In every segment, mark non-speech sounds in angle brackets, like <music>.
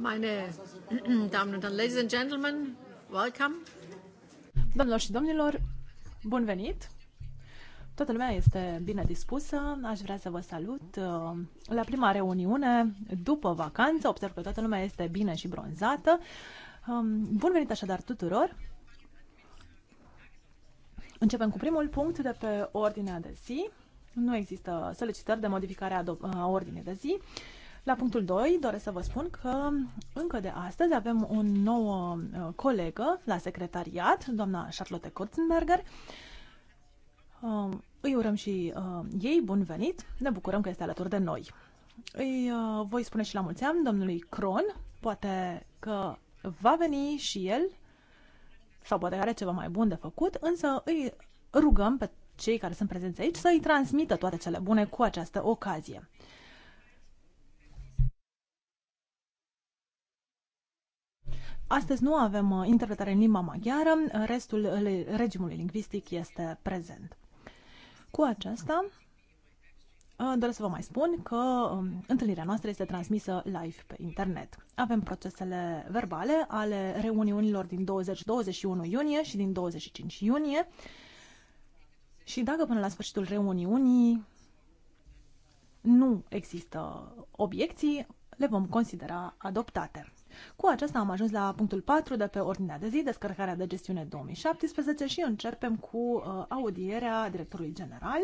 Meine <clears throat> Damen und Herren, ladies and gentlemen, welcome. Domnilor și domnilor, bun venit! Toată lumea este bine dispusă. Aș vrea să vă salut uh, la prima reuniune după vacanță. Observ că toată lumea este bine și bronzată. Um, bun venit așadar tuturor! Începem cu primul punct de pe ordinea de zi. Nu există solicitări de modificare a, ordinei ordinii de zi. La punctul 2 doresc să vă spun că încă de astăzi avem o nouă uh, colegă la secretariat, doamna Charlotte Kurzenberger. Uh, îi urăm și uh, ei bun venit, ne bucurăm că este alături de noi. Îi voi spune și la mulți ani domnului Cron, poate că va veni și el sau poate are ceva mai bun de făcut, însă îi rugăm pe cei care sunt prezenți aici să îi transmită toate cele bune cu această ocazie. Astăzi nu avem uh, interpretare în limba maghiară, uh, restul uh, regimului lingvistic este prezent. Cu aceasta, doresc să vă mai spun că um, întâlnirea noastră este transmisă live pe internet. Avem procesele verbale ale reuniunilor din 20-21 iunie și din 25 iunie și dacă până la sfârșitul reuniunii nu există obiecții, le vom considera adoptate. Cu aceasta am ajuns la punctul 4 de pe ordinea de zi, descărcarea de gestiune 2017 și începem cu uh, audierea directorului general.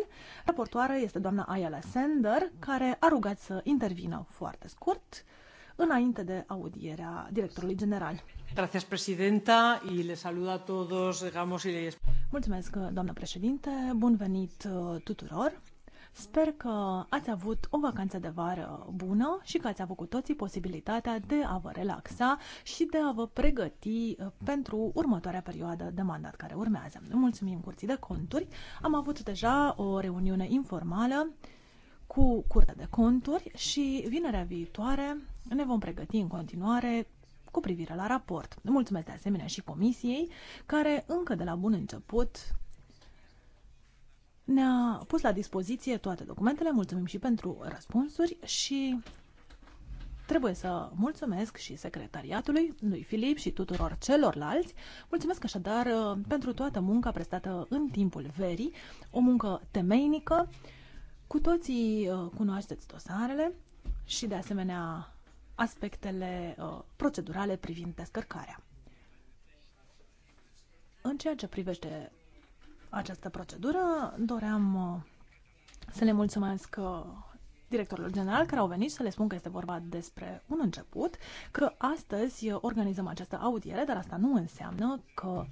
Raportoarea este doamna Ayala Sender, care a rugat să intervină foarte scurt înainte de audierea directorului general. Gracias, presidenta, y le saludo a todos, digamos, y le... Mulțumesc, doamnă președinte, bun venit uh, tuturor. Sper că ați avut o vacanță de vară bună și că ați avut cu toții posibilitatea de a vă relaxa și de a vă pregăti uh, pentru următoarea perioadă de mandat care urmează. Mulțumim Curții de Conturi. Am avut deja o reuniune informală cu Curtea de Conturi și vinerea viitoare ne vom pregăti în continuare cu privire la raport. Mulțumesc de asemenea și comisiei, care încă de la bun început ne-a pus la dispoziție toate documentele, mulțumim și pentru răspunsuri și Trebuie să mulțumesc și secretariatului, lui Filip și tuturor celorlalți. Mulțumesc așadar uh, pentru toată munca prestată în timpul verii, o muncă temeinică. Cu toții uh, cunoașteți dosarele și de asemenea aspectele uh, procedurale privind descărcarea. În ceea ce privește această procedură. Doream uh, să le mulțumesc uh, directorilor general care au venit să le spun că este vorba despre un început, că astăzi uh, organizăm această audiere, dar asta nu înseamnă că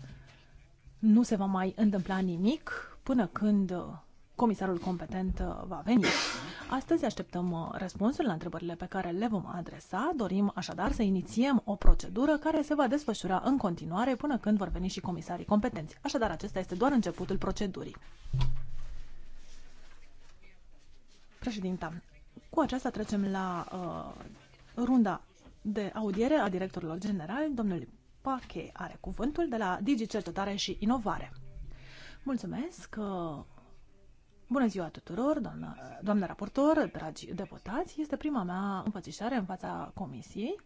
nu se va mai întâmpla nimic până când comisarul competent uh, va veni. Astăzi așteptăm uh, răspunsul la întrebările pe care le vom adresa. Dorim așadar să inițiem o procedură care se va desfășura în continuare până când vor veni și comisarii competenți. Așadar, acesta este doar începutul procedurii. Președinta, cu aceasta trecem la uh, runda de audiere a directorilor generali. Domnul Pache are cuvântul de la Digi Cercetare și Inovare. Mulțumesc! Uh, Bună ziua tuturor, doamna, doamna raportor, dragi deputați. Este prima mea înfățișare în fața comisiei.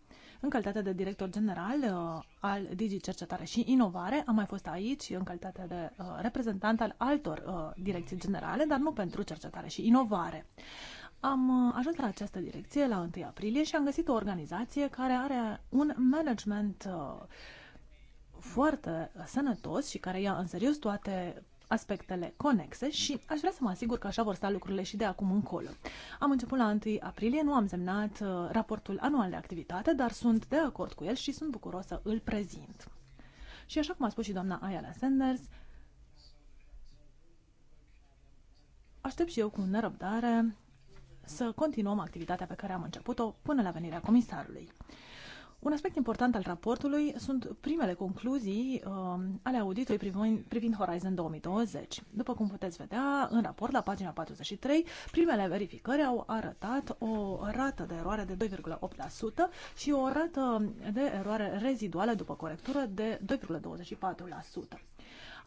În calitate de director general uh, al Digi Cercetare și Inovare, am mai fost aici în calitate de uh, reprezentant al altor uh, direcții generale, dar nu pentru cercetare și inovare. Am ajuns la această direcție la 1 aprilie și am găsit o organizație care are un management foarte sănătos și care ia în serios toate aspectele conexe și aș vrea să mă asigur că așa vor sta lucrurile și de acum încolo. Am început la 1 aprilie, nu am semnat uh, raportul anual de activitate, dar sunt de acord cu el și sunt bucuros să îl prezint. Și așa cum a spus și doamna Ayala Sanders, aștept și eu cu nerăbdare să continuăm activitatea pe care am început-o până la venirea comisarului. Un aspect important al raportului sunt primele concluzii uh, ale auditului privind, privind Horizon 2020. După cum puteți vedea, în raport la pagina 43, primele verificări au arătat o rată de eroare de 2,8% și o rată de eroare reziduală după corectură de 2,24%.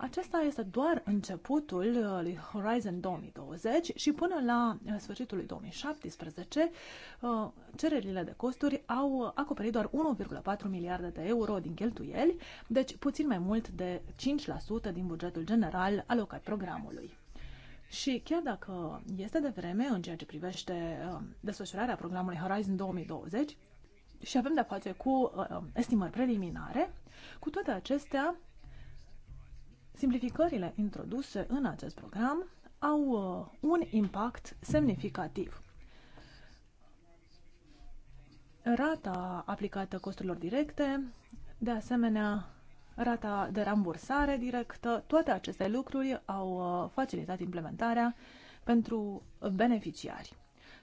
Acesta este doar începutul uh, lui Horizon 2020 și până la uh, sfârșitul lui 2017 uh, cererile de costuri au acoperit doar 1,4 miliarde de euro din cheltuieli, deci puțin mai mult de 5% din bugetul general alocat programului. Și chiar dacă este de vreme în ceea ce privește desfășurarea programului Horizon 2020 și avem de-a face cu estimări preliminare, cu toate acestea, Simplificările introduse în acest program au uh, un impact semnificativ. Rata aplicată costurilor directe, de asemenea rata de rambursare directă, toate aceste lucruri au uh, facilitat implementarea pentru beneficiari.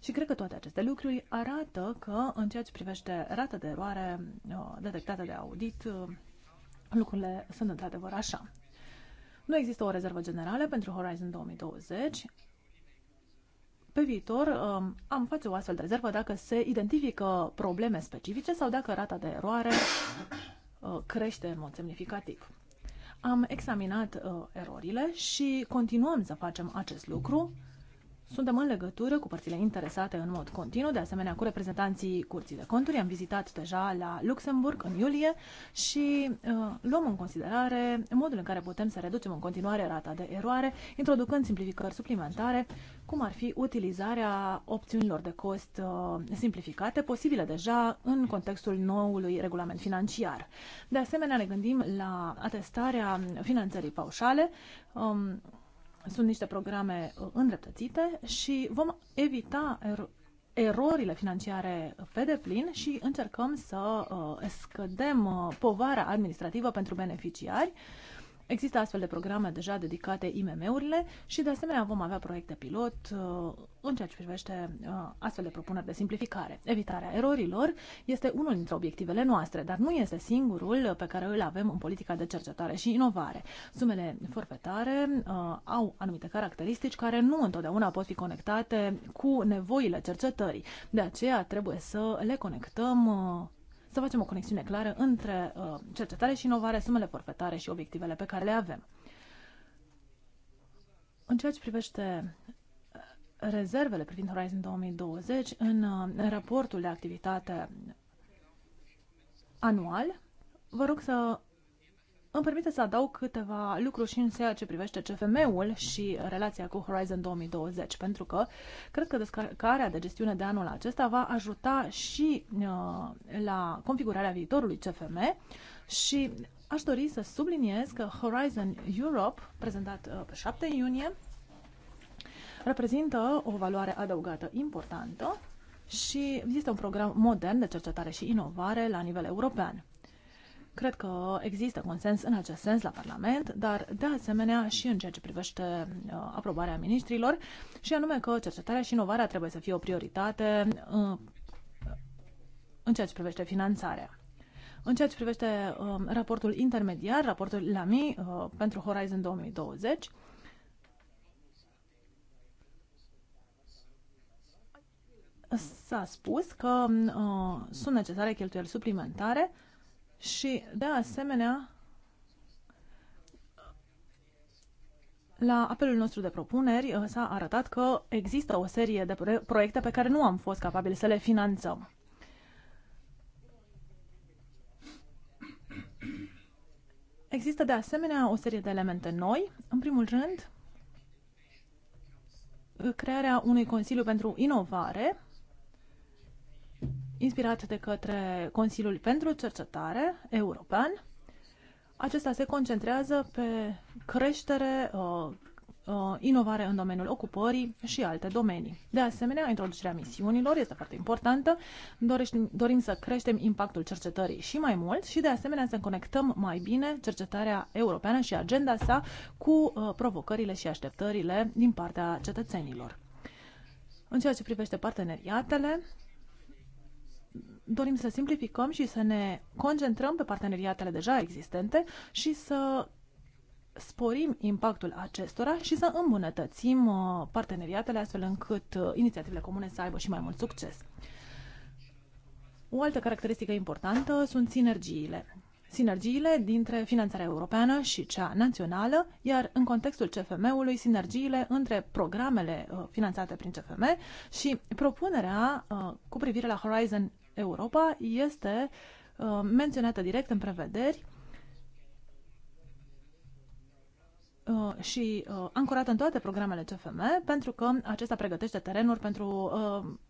Și cred că toate aceste lucruri arată că, în ceea ce privește rata de eroare uh, detectată de audit, uh, lucrurile sunt într-adevăr așa. Nu există o rezervă generală pentru Horizon 2020. Pe viitor um, am face o astfel de rezervă dacă se identifică probleme specifice sau dacă rata de eroare uh, crește în mod semnificativ. Am examinat uh, erorile și continuăm să facem acest lucru suntem în legătură cu părțile interesate în mod continuu, de asemenea cu reprezentanții Curții de Conturi. Am vizitat deja la Luxemburg în iulie și uh, luăm în considerare modul în care putem să reducem în continuare rata de eroare, introducând simplificări suplimentare, cum ar fi utilizarea opțiunilor de cost uh, simplificate, posibile deja în contextul noului regulament financiar. De asemenea, ne gândim la atestarea finanțării paușale. Um, sunt niște programe uh, îndreptățite și vom evita er- erorile financiare pe deplin și încercăm să uh, scădem uh, povara administrativă pentru beneficiari Există astfel de programe deja dedicate IMM-urile și de asemenea vom avea proiecte pilot uh, în ceea ce privește uh, astfel de propuneri de simplificare. Evitarea erorilor este unul dintre obiectivele noastre, dar nu este singurul uh, pe care îl avem în politica de cercetare și inovare. Sumele forfetare au anumite caracteristici care nu întotdeauna pot fi conectate cu nevoile cercetării. De aceea trebuie să le conectăm să facem o conexiune clară între uh, cercetare și inovare, sumele forfetare și obiectivele pe care le avem. În ceea ce privește uh, rezervele privind Horizon 2020, în uh, raportul de activitate anual, vă rog să îmi permite să adaug câteva lucruri și în ceea ce privește CFM-ul și relația cu Horizon 2020, pentru că cred că descarcarea de gestiune de anul acesta va ajuta și uh, la configurarea viitorului CFM și aș dori să subliniez că Horizon Europe, prezentat uh, pe 7 iunie, reprezintă o valoare adăugată importantă și este un program modern de cercetare și inovare la nivel european. Cred că există consens în acest sens la Parlament, dar de asemenea și în ceea ce privește uh, aprobarea ministrilor, și anume că cercetarea și inovarea trebuie să fie o prioritate uh, în ceea ce privește finanțarea. În ceea ce privește uh, raportul intermediar, raportul LAMI pentru Horizon 2020, s-a spus că sunt necesare cheltuieli suplimentare și, de asemenea, La apelul nostru de propuneri uh, s-a arătat că există o serie de proiecte pe care nu am fost capabili să le finanțăm. Există de asemenea o serie de elemente noi. În primul rând, crearea unui Consiliu pentru Inovare, inspirat de către Consiliul pentru Cercetare European. Acesta se concentrează pe creștere, uh, uh, inovare în domeniul ocupării și alte domenii. De asemenea, introducerea misiunilor este foarte importantă. dorim să creștem impactul cercetării și mai mult și, de asemenea, să conectăm mai bine cercetarea europeană și agenda sa cu uh, provocările și așteptările din partea cetățenilor. În ceea ce privește parteneriatele, dorim să simplificăm și să ne concentrăm pe parteneriatele deja existente și să sporim impactul acestora și să îmbunătățim uh, parteneriatele astfel încât uh, inițiativele comune să aibă și mai mult succes. O altă caracteristică importantă sunt sinergiile. Sinergiile dintre finanțarea europeană și cea națională, iar în contextul CFM-ului, sinergiile între programele uh, finanțate prin CFM și propunerea cu privire la Horizon Europa este uh, menționată direct în prevederi uh, și uh, ancorată în toate programele CFM, pentru că acesta pregătește terenul pentru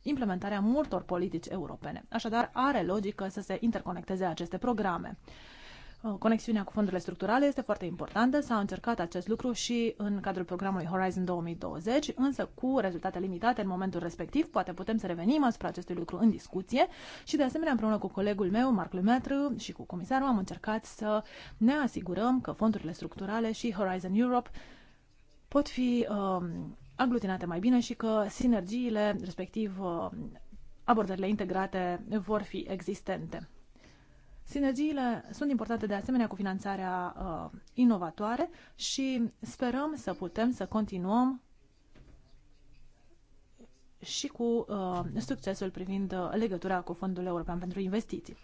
implementarea multor politici europene. Așadar, are logică să se interconecteze aceste programe. Conexiunea cu fondurile structurale este foarte importantă. S-a încercat acest lucru și în cadrul programului Horizon 2020, însă cu rezultate limitate în momentul respectiv. Poate putem să revenim asupra acestui lucru în discuție și, de asemenea, împreună cu colegul meu, Marc Lumetru, și cu comisarul, am încercat să ne asigurăm că fondurile structurale și Horizon Europe pot fi um, aglutinate mai bine și că sinergiile, respectiv um, abordările integrate, vor fi existente. Sinergiile sunt importante de asemenea cu finanțarea uh, inovatoare și sperăm să putem să continuăm și cu uh, succesul privind uh, legătura cu Fondul European pentru Investiții.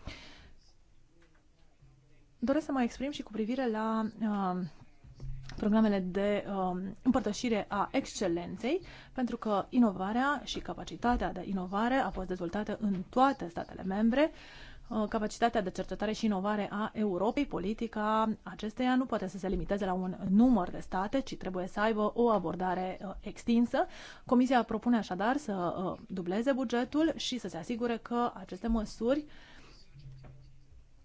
Doresc să mă exprim și cu privire la uh, programele de uh, împărtășire a excelenței, pentru că inovarea și capacitatea de inovare a fost dezvoltată în toate statele membre. Uh, Uh, capacitatea de cercetare și inovare a Europei, politica acesteia nu poate să se limiteze la un număr de state, ci trebuie să aibă o abordare uh, extinsă. Comisia propune așadar să uh, dubleze bugetul și să se asigure că aceste măsuri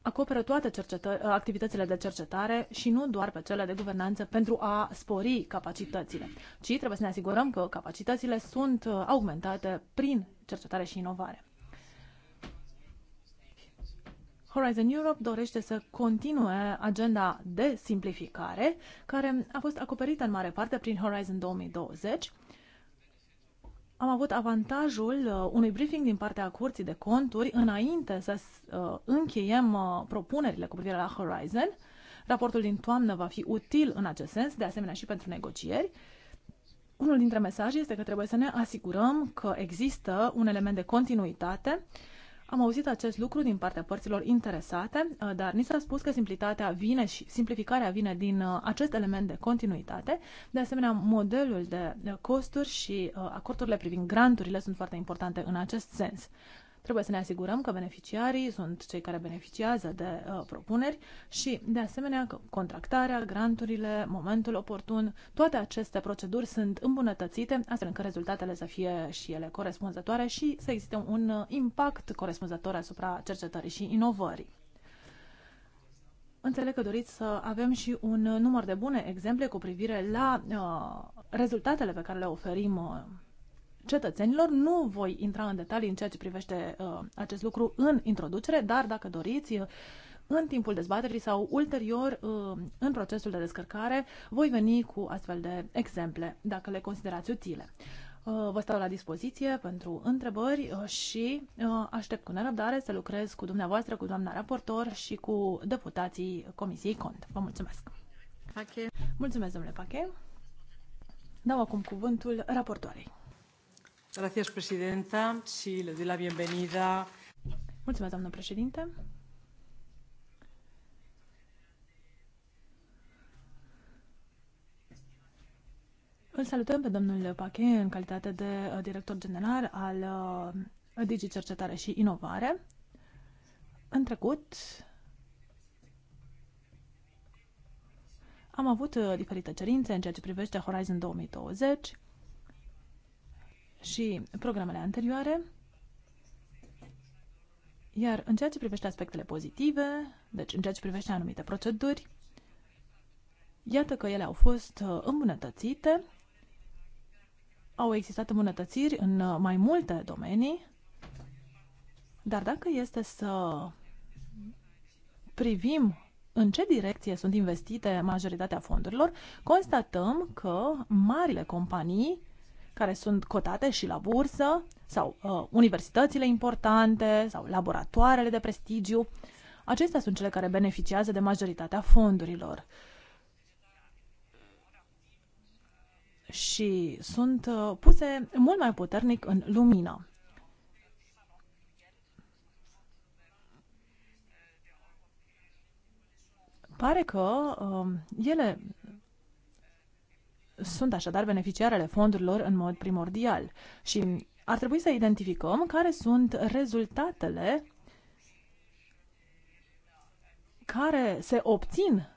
acoperă toate activitățile de cercetare și nu doar pe cele de guvernanță pentru a spori capacitățile, ci trebuie să ne asigurăm că capacitățile sunt augmentate prin cercetare și inovare. Horizon Europe dorește să continue agenda de simplificare, care a fost acoperită în mare parte prin Horizon 2020. Am avut avantajul uh, unui briefing din partea Curții de Conturi înainte să uh, încheiem uh, propunerile cu privire la Horizon. Raportul din toamnă va fi util în acest sens, de asemenea și pentru negocieri. Unul dintre mesaje este că trebuie să ne asigurăm că există un element de continuitate am auzit acest lucru din partea părților interesate, uh, dar ni s-a spus că simplitatea vine și simplificarea vine din uh, acest element de continuitate. De asemenea, modelul de costuri și uh, acordurile privind granturile sunt foarte importante în acest sens. Trebuie să ne asigurăm că beneficiarii sunt cei care beneficiază de uh, propuneri și, de asemenea, contractarea, granturile, momentul oportun, toate aceste proceduri sunt îmbunătățite, astfel încât rezultatele să fie și ele corespunzătoare și să existe un uh, impact corespunzător asupra cercetării și inovării. Înțeleg că doriți să avem și un uh, număr de bune exemple cu privire la uh, rezultatele pe care le oferim uh, cetățenilor. Nu voi intra în detalii în ceea ce privește uh, acest lucru în introducere, dar dacă doriți, uh, în timpul dezbaterii sau ulterior uh, în procesul de descărcare, voi veni cu astfel de exemple, dacă le considerați utile. Uh, vă stau la dispoziție pentru întrebări uh, și aștept cu nerăbdare să lucrez cu dumneavoastră, cu doamna raportor și cu deputații Comisiei Cont. Vă mulțumesc! Pache. Mulțumesc, domnule Pache. Dau acum cuvântul raportoarei. Gracias, presidenta. Sí, le doy la bienvenida. Mulțumesc, doamnă președinte. Îl salutăm pe domnul Pache în calitate de uh, director general al uh, Digi Cercetare și Inovare. În trecut am avut uh, diferite cerințe în ceea ce privește Horizon 2020 și programele anterioare. Iar în ceea ce privește aspectele pozitive, deci în ceea ce privește anumite proceduri, iată că ele au fost uh, îmbunătățite, au existat îmbunătățiri în uh, mai multe domenii, dar dacă este să privim în ce direcție sunt investite majoritatea fondurilor, constatăm că marile companii care sunt cotate și la bursă, sau uh, universitățile importante, sau laboratoarele de prestigiu. Acestea sunt cele care beneficiază de majoritatea fondurilor. Și sunt uh, puse mult mai puternic în lumină. Pare că uh, ele sunt așadar beneficiarele fondurilor în mod primordial și ar trebui să identificăm care sunt rezultatele care se obțin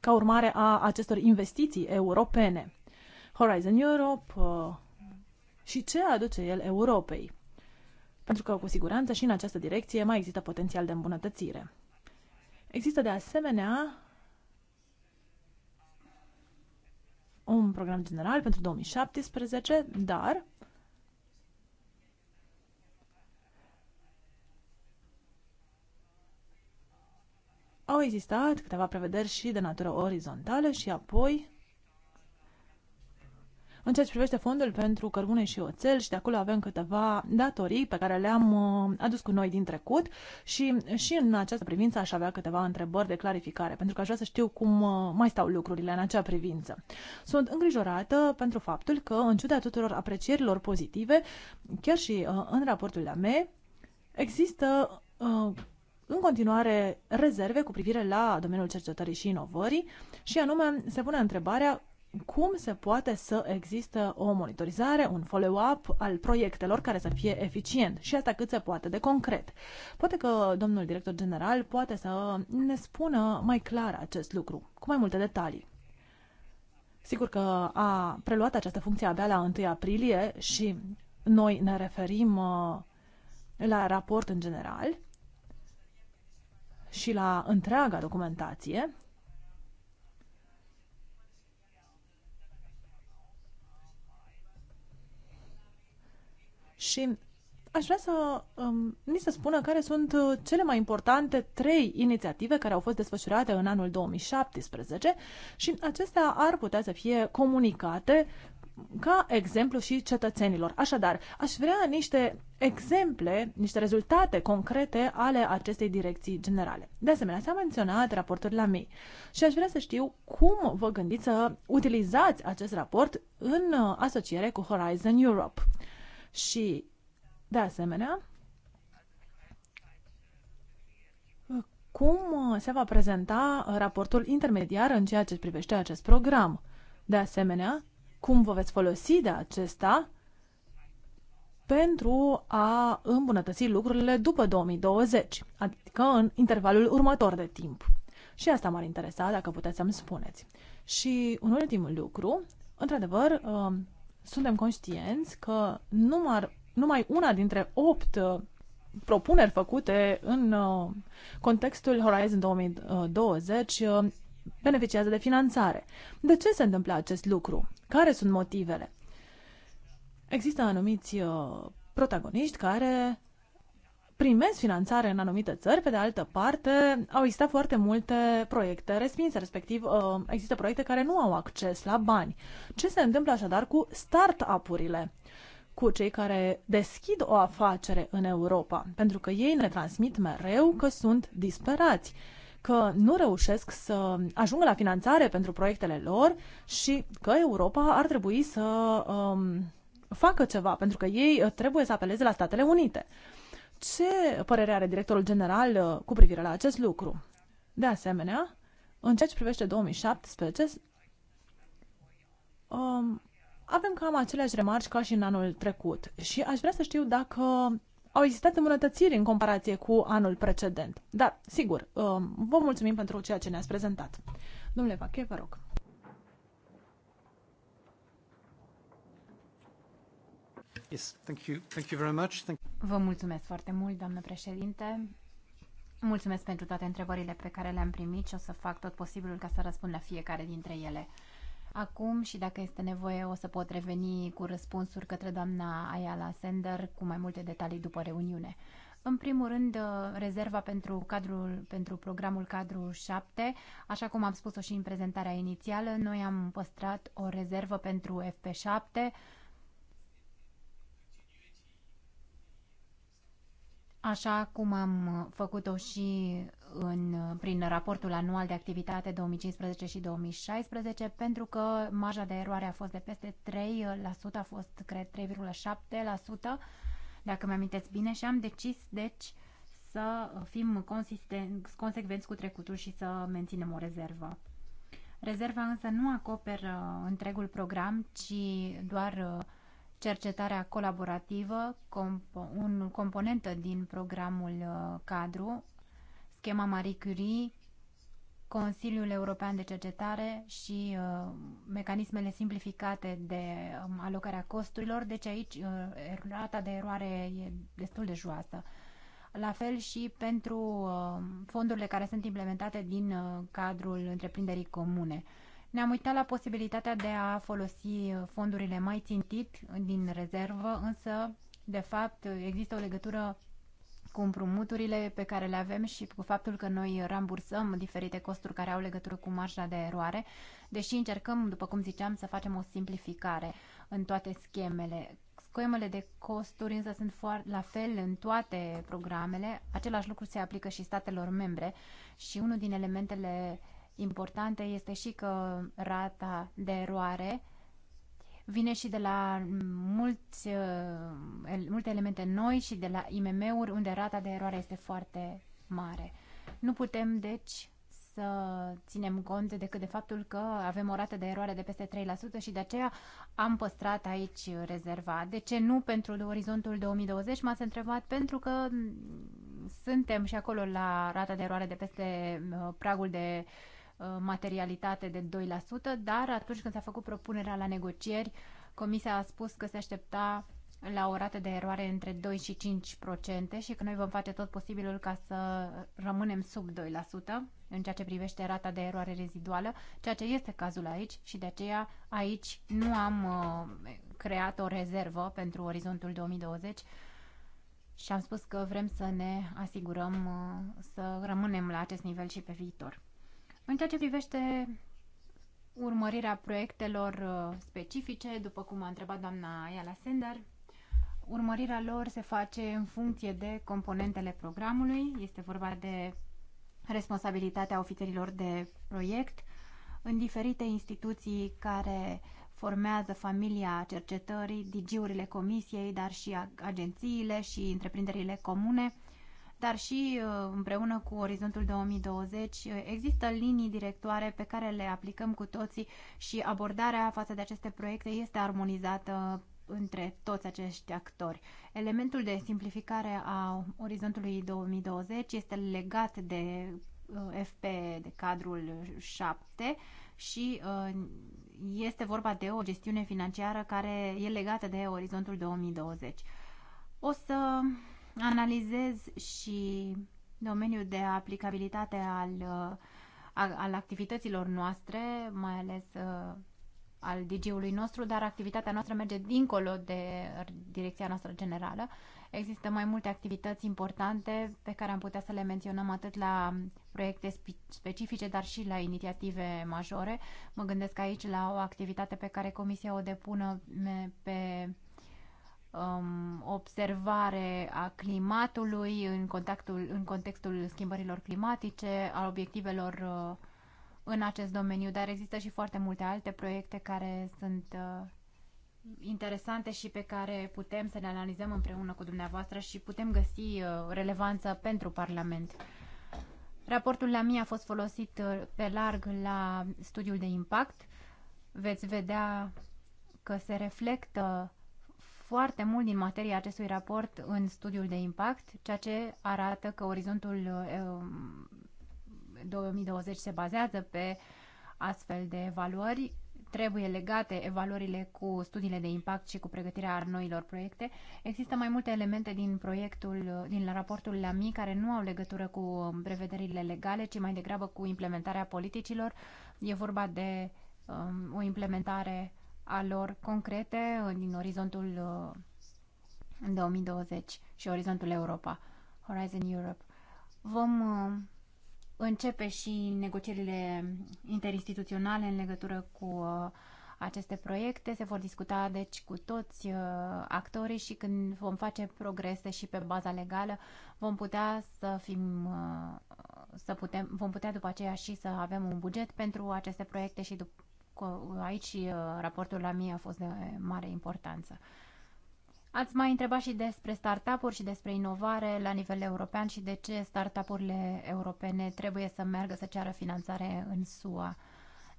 ca urmare a acestor investiții europene. Horizon Europe uh, și ce aduce el Europei. Pentru că, cu siguranță, și în această direcție mai există potențial de îmbunătățire. Există, de asemenea, un program general pentru 2017, dar au existat câteva prevederi și de natură orizontală și apoi în ceea ce privește fondul pentru cărbune și oțel și de acolo avem câteva datorii pe care le-am uh, adus cu noi din trecut și, și în această privință aș avea câteva întrebări de clarificare, pentru că aș vrea să știu cum uh, mai stau lucrurile în acea privință. Sunt îngrijorată pentru faptul că, în ciuda tuturor aprecierilor pozitive, chiar și uh, în raportul la ME, există în continuare rezerve cu privire la domeniul cercetării și inovării și anume se pune întrebarea cum se poate să există o monitorizare, un follow-up al proiectelor care să fie eficient și asta cât se poate de concret. Poate că domnul director general poate să ne spună mai clar acest lucru, cu mai multe detalii. Sigur că a preluat această funcție abia la 1 aprilie și noi ne referim uh, la raport în general și la întreaga documentație, Și aș vrea să um, ni se spună care sunt uh, cele mai importante trei inițiative care au fost desfășurate în anul 2017 și acestea ar putea să fie comunicate ca exemplu și cetățenilor. Așadar, aș vrea niște exemple, niște rezultate concrete ale acestei direcții generale. De asemenea, s-a menționat raportul la mei și aș vrea să știu cum vă gândiți să utilizați acest raport în uh, asociere cu Horizon Europe. Și, de asemenea, cum uh, se va prezenta uh, raportul intermediar în ceea ce privește acest program? De asemenea, cum vă veți folosi de acesta pentru a îmbunătăți lucrurile după 2020, adică în intervalul următor de timp. Și asta m-ar interesa, dacă puteți să-mi spuneți. Și un ultim lucru, într-adevăr, uh, suntem conștienți că numar, numai una dintre opt uh, propuneri făcute în uh, contextul Horizon 2020 uh, beneficiază de finanțare. De ce se întâmplă acest lucru? Care sunt motivele? Există anumiți protagoniști care primesc finanțare în anumite țări, pe de altă parte au existat foarte multe proiecte respinse, respectiv uh, există proiecte care nu au acces la bani. Ce se întâmplă așadar cu start-up-urile? cu cei care deschid o afacere în Europa, pentru că ei ne transmit mereu că sunt disperați, că nu reușesc să ajungă la finanțare pentru proiectele lor și că Europa ar trebui să um, facă ceva, pentru că ei uh, trebuie să apeleze la Statele Unite. Ce părere are directorul general uh, cu privire la acest lucru? De asemenea, în ceea ce privește 2017, um, avem cam aceleași remarci ca și în anul trecut și aș vrea să știu dacă au existat îmbunătățiri în comparație cu anul precedent. Dar, sigur, um, vă mulțumim pentru ceea ce ne-ați prezentat. Domnule Pache, vă rog. Yes, thank you. Thank you very much. Thank Vă mulțumesc foarte mult, doamnă președinte. Mulțumesc pentru toate întrebările pe care le-am primit și o să fac tot posibilul ca să răspund la fiecare dintre ele. Acum și dacă este nevoie o să pot reveni cu răspunsuri către doamna Ayala Sender cu mai multe detalii după reuniune. În primul rând, uh, rezerva pentru, cadrul, pentru programul cadru 7, așa cum am spus-o și în prezentarea inițială, noi am păstrat o rezervă pentru FP7, așa cum am uh, făcut-o și în, uh, prin raportul anual de activitate 2015 și 2016, pentru că marja de eroare a fost de peste 3%, uh, a fost, cred, 3,7%, dacă mi amintesc bine, și am decis, deci, să fim consecvenți cu trecutul și să menținem o rezervă. Rezerva însă nu acoperă întregul program, ci doar cercetarea colaborativă, compo un componentă din programul uh, cadru, schema Marie Curie, Consiliul European de Cercetare și uh, mecanismele simplificate de um, alocarea costurilor, deci aici uh, rata de eroare e destul de joasă. La fel și pentru uh, fondurile care sunt implementate din uh, cadrul întreprinderii comune. Uh, ne-am uitat la posibilitatea de a folosi uh, fondurile mai țintit din rezervă, însă, de fapt, există o legătură cu împrumuturile pe care le avem și cu faptul că noi rambursăm diferite costuri care au legătură cu marja de eroare, deși încercăm, după cum ziceam, să facem o simplificare în toate schemele. Schemele de costuri însă sunt foarte, la fel în toate programele. Același lucru se aplică și statelor membre și unul din elementele importante este și că rata de eroare vine și de la mulți, uh, multe elemente noi și de la IMM-uri, unde rata de eroare este foarte mare. Nu putem, deci, să ținem cont decât de faptul că avem o rată de eroare de peste 3% și de aceea am păstrat aici rezerva. De ce nu pentru orizontul 2020? M-ați întrebat pentru că suntem și acolo la rata de eroare de peste uh, pragul de Uh, materialitate de 2%, dar atunci când s-a făcut propunerea la negocieri, Comisia a spus că se aștepta la o rată de eroare între 2 și 5% și că noi vom face tot posibilul ca să rămânem sub 2% în ceea ce privește rata de eroare reziduală, ceea ce este cazul aici și de aceea aici nu am uh, creat o rezervă pentru orizontul 2020 și am spus că vrem să ne asigurăm uh, să rămânem la acest nivel și pe viitor. În ceea ce privește urmărirea proiectelor uh, specifice, după cum a întrebat doamna Iala Sender, urmărirea lor se face în funcție de componentele programului, este vorba de responsabilitatea ofițerilor de proiect în diferite instituții care formează familia cercetării, digiurile comisiei, dar și agențiile și întreprinderile comune dar și uh, împreună cu Orizontul 2020 uh, există linii directoare pe care le aplicăm cu toții și abordarea față de aceste proiecte este armonizată între toți acești actori. Elementul de simplificare a orizontului 2020 este legat de uh, FP, de cadrul 7 și este vorba de o gestiune financiară care e legată de orizontul 2020. O să Analizez și domeniul de aplicabilitate al, uh, al activităților noastre, mai ales uh, al DG-ului nostru, dar activitatea noastră merge dincolo de direcția noastră generală. Există mai multe activități importante pe care am putea să le menționăm atât la proiecte specifice, dar și la inițiative majore. Mă gândesc aici la o activitate pe care Comisia o depună pe um, observare a climatului în, contactul, în contextul schimbărilor climatice, a obiectivelor uh, în acest domeniu, dar există și foarte multe alte proiecte care sunt uh, interesante și pe care putem să le analizăm împreună cu dumneavoastră și putem găsi uh, relevanță pentru Parlament. Raportul la mie a fost folosit uh, pe larg la studiul de impact. Veți vedea că se reflectă foarte mult din materia acestui raport în studiul de impact, ceea ce arată că orizontul 2020 uh, se bazează pe astfel de evaluări. Trebuie legate evaluările cu studiile de impact și cu pregătirea noilor proiecte. Există mai multe elemente din proiectul, uh, din raportul LAMI care nu au legătură cu um, prevederile legale, ci mai degrabă cu implementarea politicilor. E vorba de um, o implementare uh, a lor concrete uh, din orizontul 2020 uh, și orizontul Europa, Horizon Europe. Vom uh, începe și negocierile interinstituționale în legătură cu aceste proiecte. Se vor discuta, deci, cu toți actorii și când vom face progrese și pe baza legală, vom putea să fim, să putem, vom putea după aceea și să avem un buget pentru aceste proiecte și după aici uh, raportul la mie a fost de mare importanță. Ați mai întrebat și despre startup-uri și despre inovare la nivel european și de ce startup-urile europene trebuie să meargă să ceară finanțare în SUA.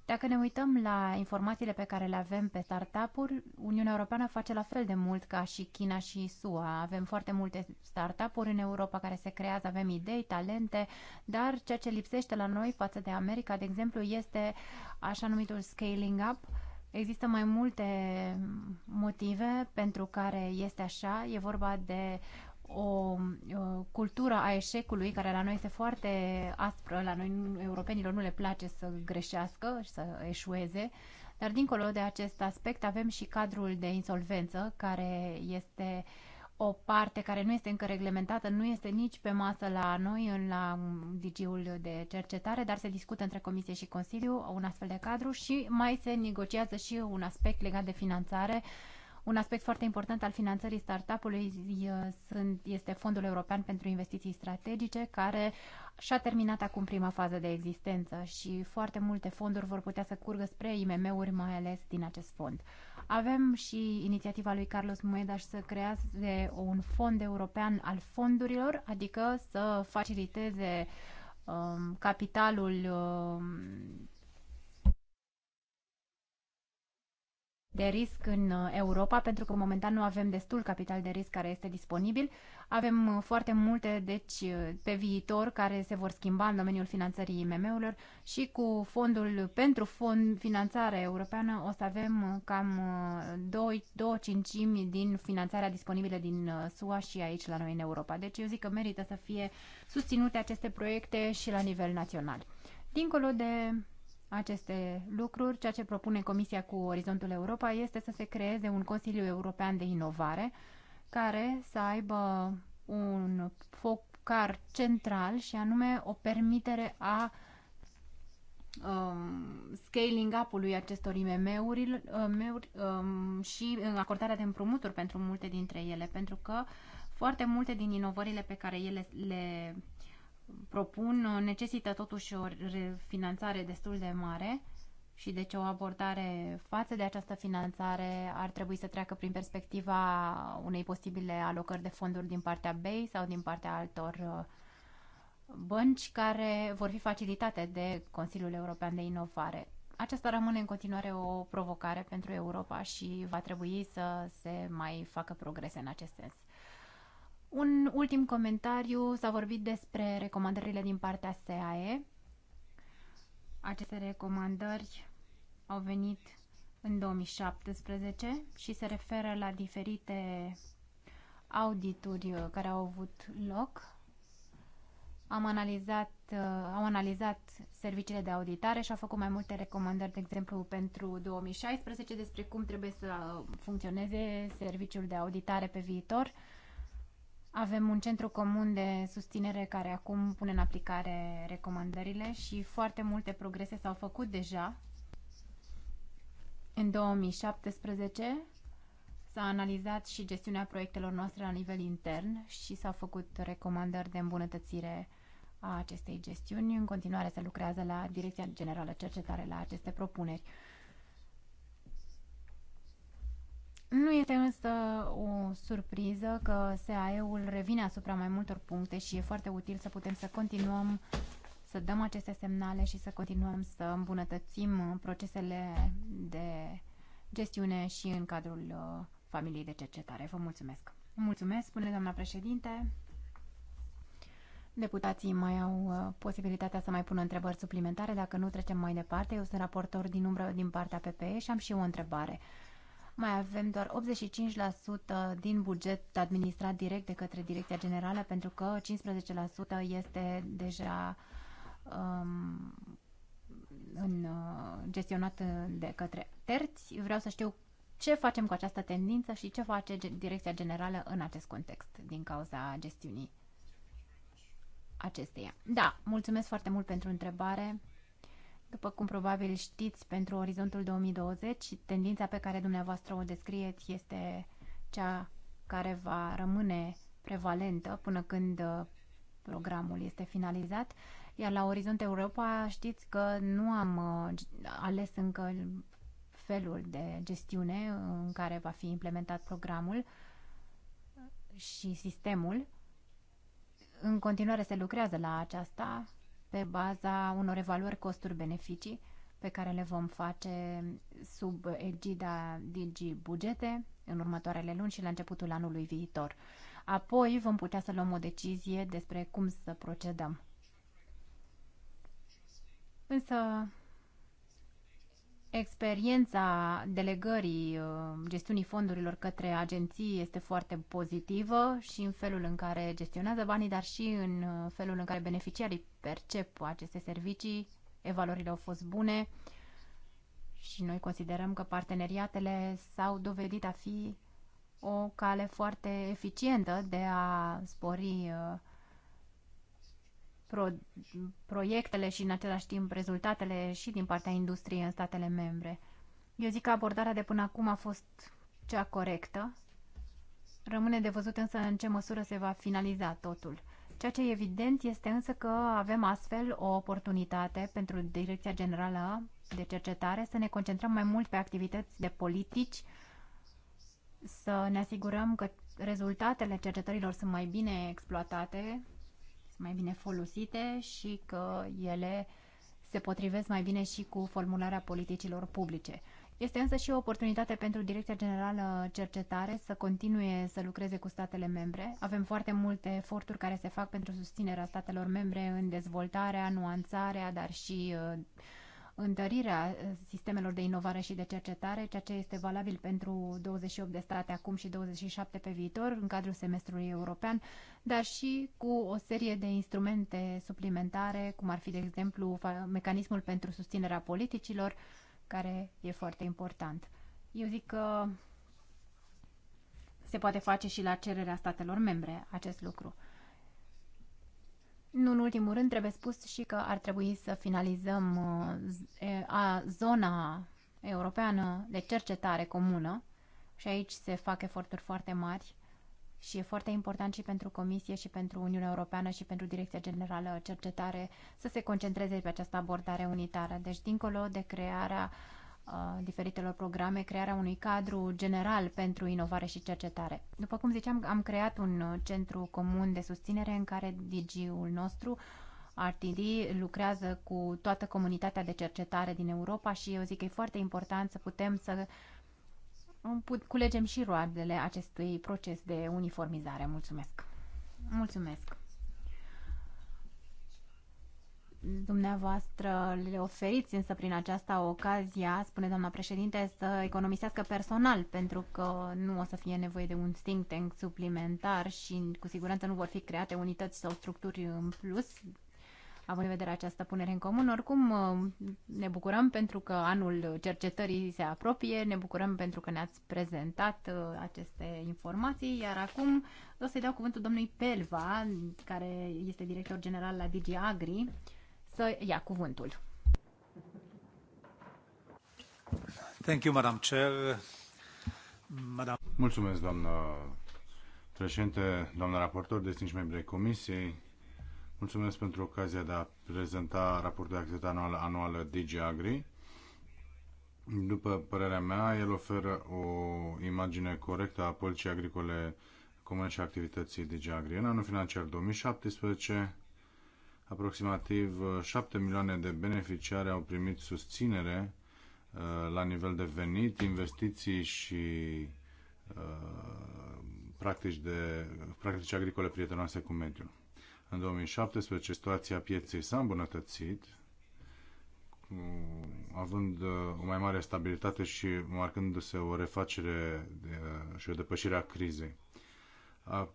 Dacă ne uităm la informațiile pe care le avem pe startup-uri, Uniunea Europeană face la fel de mult ca și China și SUA. Avem foarte multe startup-uri în Europa care se creează, avem idei, talente, dar ceea ce lipsește la noi față de America, de exemplu, este așa numitul scaling up, Există mai multe motive pentru care este așa. E vorba de o cultură a eșecului care la noi este foarte aspră, la noi europenilor nu le place să greșească și să eșueze, dar dincolo de acest aspect avem și cadrul de insolvență care este o parte care nu este încă reglementată, nu este nici pe masă la noi, în la DG-ul de cercetare, dar se discută între Comisie și Consiliu un astfel de cadru și mai se negociază și un aspect legat de finanțare uh, un aspect foarte important al finanțării startup-ului este Fondul European pentru Investiții Strategice, care și-a terminat acum prima fază de existență și foarte multe fonduri vor putea să curgă spre IMM-uri, mai ales din acest fond. Avem și inițiativa lui Carlos Muedas să creeze un fond european al fondurilor, adică să faciliteze um, capitalul um, de risc în uh, Europa, pentru că momentan nu avem destul capital de risc care este disponibil. Avem uh, foarte multe, deci, uh, pe viitor, care se vor schimba în domeniul finanțării IMM-urilor și cu fondul pentru fond finanțare europeană o să avem cam 2, 5 cincimi din finanțarea disponibilă din SUA și aici la noi în Europa. Deci eu zic că merită să fie susținute aceste proiecte și la nivel național. Dincolo de aceste lucruri. Ceea ce propune Comisia cu Orizontul Europa este să se creeze un Consiliu European de Inovare care să aibă un focar central și anume o permitere a um, scaling up-ului acestor IMM-uri um, um, și acordarea de împrumuturi pentru multe dintre ele, pentru că foarte multe din inovările pe care ele le propun uh, necesită totuși o finanțare destul de mare și deci o abordare față de această finanțare ar trebui să treacă prin perspectiva unei posibile alocări de fonduri din partea BEI sau din partea altor uh, bănci care vor fi facilitate de Consiliul European de Inovare. Aceasta rămâne în continuare o provocare pentru Europa și va trebui să se mai facă progrese în acest sens. Un ultim comentariu, s-a vorbit despre recomandările din partea SAE. Aceste recomandări au venit în 2017 și se referă la diferite audituri uh, care au avut loc. Am analizat, uh, au analizat serviciile de auditare și au făcut mai multe recomandări, de exemplu, pentru 2016 despre cum trebuie să funcționeze serviciul de auditare pe viitor. Avem un centru comun de susținere care acum pune în aplicare recomandările și foarte multe progrese s-au făcut deja. În 2017 s-a analizat și gestiunea proiectelor noastre la nivel intern și s-au făcut recomandări de îmbunătățire a acestei gestiuni. În continuare se lucrează la Direcția Generală Cercetare la aceste propuneri. Nu este însă o surpriză că SAE-ul revine asupra mai multor puncte și e foarte util să putem să continuăm să dăm aceste semnale și să continuăm să îmbunătățim procesele de gestiune și în cadrul uh, familiei de cercetare. Vă mulțumesc! Mulțumesc, spune doamna președinte. Deputații mai au uh, posibilitatea să mai pună întrebări suplimentare. Dacă nu, trecem mai departe. Eu sunt raportor din umbră din partea PPE și am și eu o întrebare mai avem doar 85% din buget administrat direct de către Direcția Generală, pentru că 15% este deja um, în, uh, gestionat de către terți. Vreau să știu ce facem cu această tendință și ce face Direcția Generală în acest context din cauza gestiunii acesteia. Da, mulțumesc foarte mult pentru întrebare. După cum probabil știți, pentru orizontul 2020, tendința pe care dumneavoastră o descrieți este cea care va rămâne prevalentă până când uh, programul este finalizat. Iar la Orizont Europa știți că nu am uh, ales încă felul de gestiune în care va fi implementat programul și sistemul. În continuare se lucrează la aceasta pe baza unor evaluări costuri-beneficii pe care le vom face sub egida Digi Bugete în următoarele luni și la începutul anului viitor. Apoi vom putea să luăm o decizie despre cum să procedăm. Însă Experiența delegării uh, gestiunii fondurilor către agenții este foarte pozitivă și în felul în care gestionează banii, dar și în uh, felul în care beneficiarii percep aceste servicii. Evaluările au fost bune și noi considerăm că parteneriatele s-au dovedit a fi o cale foarte eficientă de a spori uh, pro- proiectele și în același timp rezultatele și din partea industriei în statele membre. Eu zic că abordarea de până acum a fost cea corectă. Rămâne de văzut însă în ce măsură se va finaliza totul. Ceea ce e evident este însă că avem astfel o oportunitate pentru Direcția Generală de Cercetare să ne concentrăm mai mult pe activități de politici, să ne asigurăm că rezultatele cercetărilor sunt mai bine exploatate mai bine folosite și că ele se potrivesc mai bine și cu formularea politicilor publice. Este însă și o oportunitate pentru Direcția Generală Cercetare să continue să lucreze cu statele membre. Avem foarte multe eforturi care se fac pentru susținerea statelor membre în dezvoltarea, nuanțarea, dar și uh, întărirea sistemelor de inovare și de cercetare, ceea ce este valabil pentru 28 de state acum și 27 pe viitor în cadrul semestrului european dar și cu o serie de instrumente suplimentare, cum ar fi, de exemplu, mecanismul pentru susținerea politicilor, care e foarte important. Eu zic că se poate face și la cererea statelor membre acest lucru. Nu în ultimul rând, trebuie spus și că ar trebui să finalizăm uh, a zona europeană de cercetare comună și aici se fac eforturi foarte mari și e foarte important și pentru Comisie și pentru Uniunea Europeană și pentru Direcția Generală Cercetare să se concentreze pe această abordare unitară. Deci, dincolo de crearea uh, diferitelor programe, crearea unui cadru general pentru inovare și cercetare. După cum ziceam, am creat un centru comun de susținere în care DG-ul nostru RTD lucrează cu toată comunitatea de cercetare din Europa și eu zic că e foarte important să putem să culegem și roadele acestui proces de uniformizare. Mulțumesc! Mulțumesc! Dumneavoastră le oferiți însă prin această ocazia, spune doamna președinte, să economisească personal, pentru că nu o să fie nevoie de un think tank suplimentar și cu siguranță nu vor fi create unități sau structuri în plus având în vedere această punere în comun. Oricum, uh, ne bucurăm pentru că anul cercetării se apropie, ne bucurăm pentru că ne-ați prezentat uh, aceste informații, iar acum o să-i dau cuvântul domnului Pelva, care este director general la DG Agri, să ia cuvântul. Thank you, Madam Chair. Madam... Mulțumesc, doamnă președinte, doamnă raportor, destinși membrii Comisiei, Mulțumesc pentru ocazia de a prezenta raportul de activitate anuală, anuală DigiAgri. După părerea mea, el oferă o imagine corectă a politicii agricole comune și activității DigiAgri. În anul financiar 2017, aproximativ 7 uh, milioane de beneficiari au primit susținere uh, la nivel de venit, investiții și uh, practici, de, practici agricole prietenoase cu mediul. În 2017 situația pieței s-a îmbunătățit, având uh, o mai mare stabilitate și marcându-se o refacere uh, și o depășire a crizei.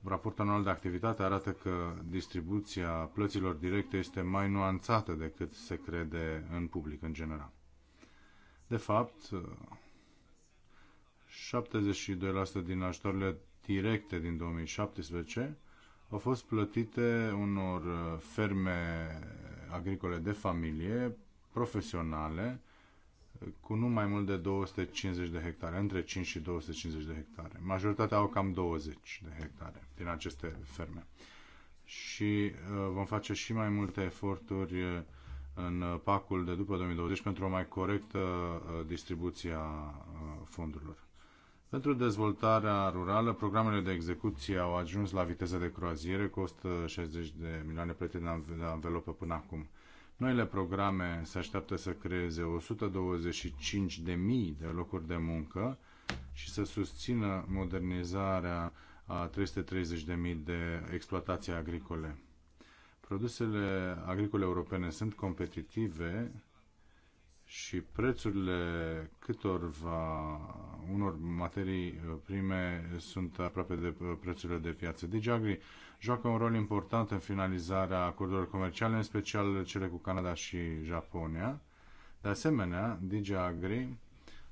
Raportul anual de activitate arată că distribuția plăților directe este mai nuanțată decât se crede în public în general. De fapt, 72% uh, din ajutorile directe din 2017 au fost plătite unor uh, ferme agricole de familie, profesionale, cu nu mai mult de 250 de hectare, între 5 și 250 de hectare. Majoritatea au cam 20 de hectare din aceste ferme. Și uh, vom face și mai multe eforturi uh, în pacul de după 2020 pentru o mai corectă distribuție a fondurilor. Pentru dezvoltarea rurală, programele de execuție au ajuns la viteză de croaziere cu 160 de milioane plătite în anvelopă până acum. Noile programe se așteaptă să creeze 125 de mii de locuri de muncă și să susțină modernizarea a 330 de mii de exploatații agricole. Produsele agricole europene sunt competitive și prețurile câtorva unor materii uh, prime sunt aproape de uh, prețurile de piață. DigiAgri joacă un rol important în finalizarea acordurilor comerciale, în special cele cu Canada și Japonia. De asemenea, DigiAgri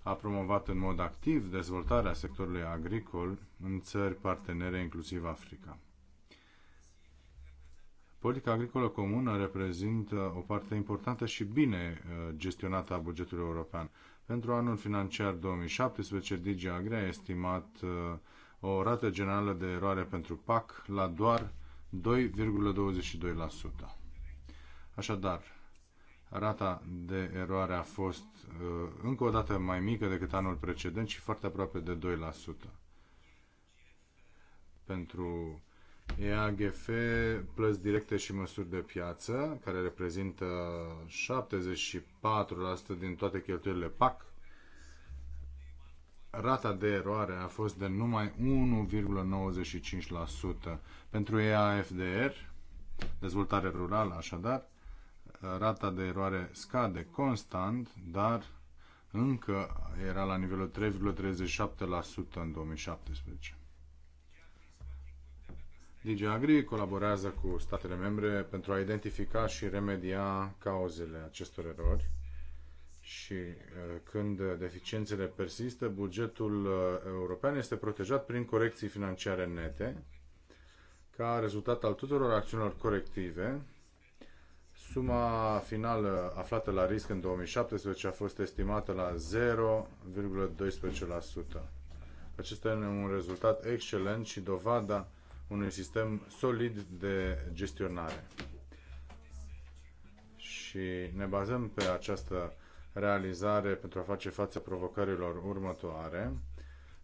a promovat în mod activ dezvoltarea sectorului agricol în țări partenere, inclusiv Africa. Politica agricolă comună reprezintă o parte importantă și bine uh, gestionată a bugetului european. Pentru anul financiar 2017, DG Agri a estimat uh, o rată generală de eroare pentru PAC la doar 2,22%. Așadar, rata de eroare a fost uh, încă o dată mai mică decât anul precedent și foarte aproape de 2%. Pentru EAGF, plăți directe și măsuri de piață, care reprezintă 74% din toate cheltuielile PAC. Rata de eroare a fost de numai 1,95%. Pentru EAFDR, dezvoltare rurală așadar, rata de eroare scade constant, dar încă era la nivelul 3,37% în 2017. DG Agri colaborează cu statele membre pentru a identifica și remedia cauzele acestor erori și uh, când deficiențele persistă, bugetul uh, european este protejat prin corecții financiare nete. Ca rezultat al tuturor acțiunilor corective, suma finală aflată la risc în 2017 a fost estimată la 0,12%. Acesta este un rezultat excelent și dovada unui sistem solid de gestionare. Și ne bazăm pe această realizare pentru a face față provocărilor următoare.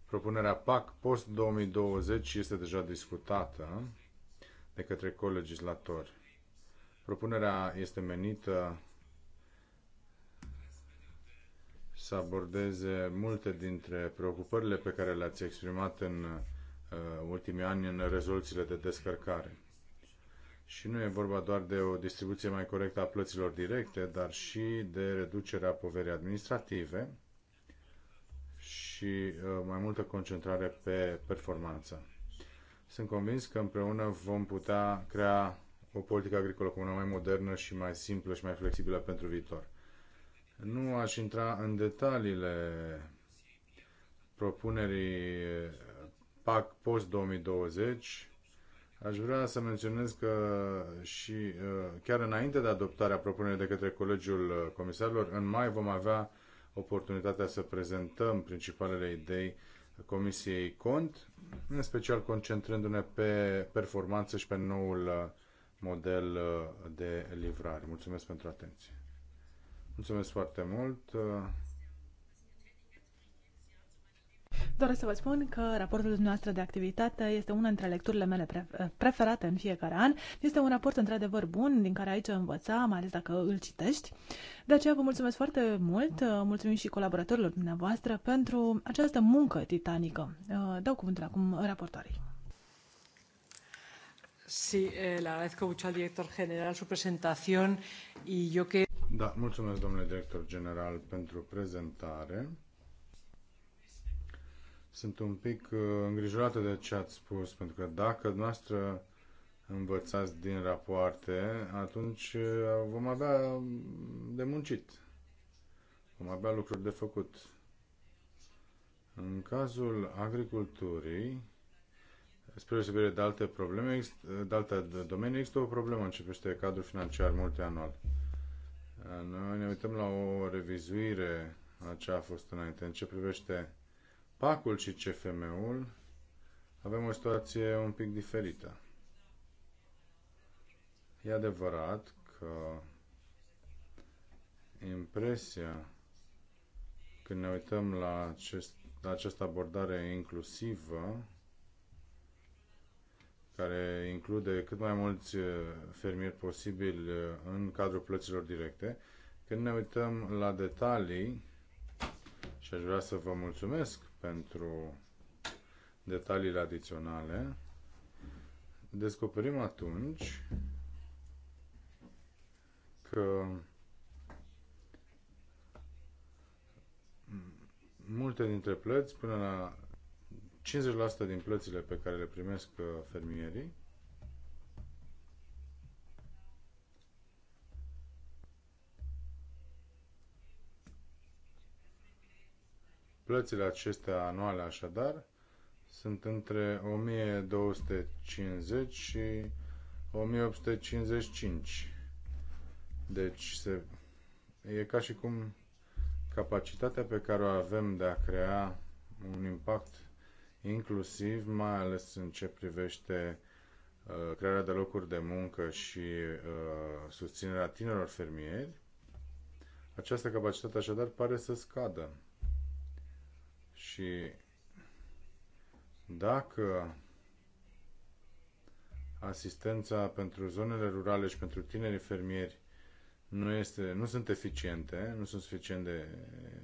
Propunerea PAC post-2020 este deja discutată de către colegislatori. Propunerea este menită să abordeze multe dintre preocupările pe care le-ați exprimat în Uh, ultimii ani în rezoluțiile de descărcare. Și nu e vorba doar de o distribuție mai corectă a plăților directe, dar și de reducerea poverii administrative și uh, mai multă concentrare pe performanță. Sunt convins că împreună vom putea crea o politică agricolă comună mai modernă și mai simplă și mai flexibilă pentru viitor. Nu aș intra în detaliile propunerii PAC post-2020, aș vrea să menționez că și uh, chiar înainte de adoptarea propunerii de către Colegiul uh, Comisarilor, în mai vom avea oportunitatea să prezentăm principalele idei Comisiei Cont, în special concentrându-ne pe performanță și pe noul uh, model de livrare. Mulțumesc pentru atenție. Mulțumesc foarte mult. Doresc să vă spun că raportul dumneavoastră de activitate este una dintre lecturile mele preferate în fiecare an. Este un raport într-adevăr bun, din care aici învăța, mai ales dacă îl citești. De aceea vă mulțumesc foarte mult, uh, mulțumim și colaboratorilor dumneavoastră pentru această muncă titanică. Uh, dau cuvântul acum raportoarei. Sí, eh, le agradezco mucho al director general su presentación y yo que... Da, mulțumesc, domnule director general, pentru prezentare sunt un pic uh, îngrijorată de ce ați spus, pentru că dacă noastră învățați din rapoarte, atunci uh, vom avea de muncit. Vom avea lucruri de făcut. În cazul agriculturii, spre deosebire de alte probleme, de alte domenii, există o problemă în ce cadrul financiar multianual. Noi ne uităm la o revizuire a ce a fost înainte. În ce privește PAC-ul și CFM-ul avem o situație un pic diferită. E adevărat că impresia când ne uităm la, acest, la această abordare inclusivă care include cât mai mulți uh, fermieri posibil uh, în cadrul plăților directe. Când ne uităm la detalii, și aș vrea să vă mulțumesc pentru detaliile adiționale. Descoperim atunci că multe dintre plăți, până la 50% din plățile pe care le primesc uh, fermierii, Plățile acestea anuale, așadar, sunt între 1250 și 1855. Deci se, e ca și cum capacitatea pe care o avem de a crea un impact inclusiv, mai ales în ce privește uh, crearea de locuri de muncă și uh, susținerea tinerilor fermieri, această capacitate așadar pare să scadă. Și dacă asistența pentru zonele rurale și pentru tinerii fermieri nu, este, nu sunt eficiente, nu sunt suficient de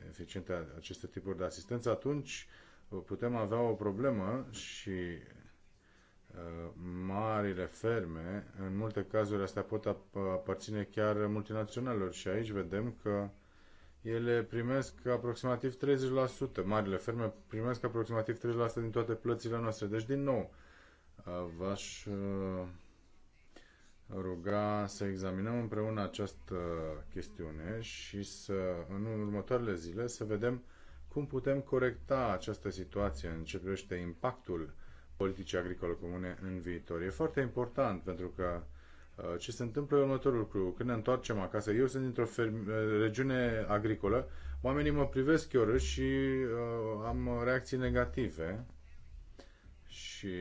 eficiente aceste tipuri de asistență, atunci uh, putem avea o problemă și uh, marile ferme, în multe cazuri astea pot aparține chiar multinaționalelor și aici vedem că ele primesc aproximativ 30%, marile ferme primesc aproximativ 30% din toate plățile noastre. Deci, din nou, uh, v-aș uh, ruga să examinăm împreună această chestiune și să, în următoarele zile, să vedem cum putem corecta această situație în ce privește impactul politicii agricole comune în viitor. E foarte important pentru că Uh, ce se întâmplă e următorul lucru. Când ne întoarcem acasă, eu sunt dintr-o uh, regiune agricolă, oamenii mă privesc chiar și uh, am reacții negative. Și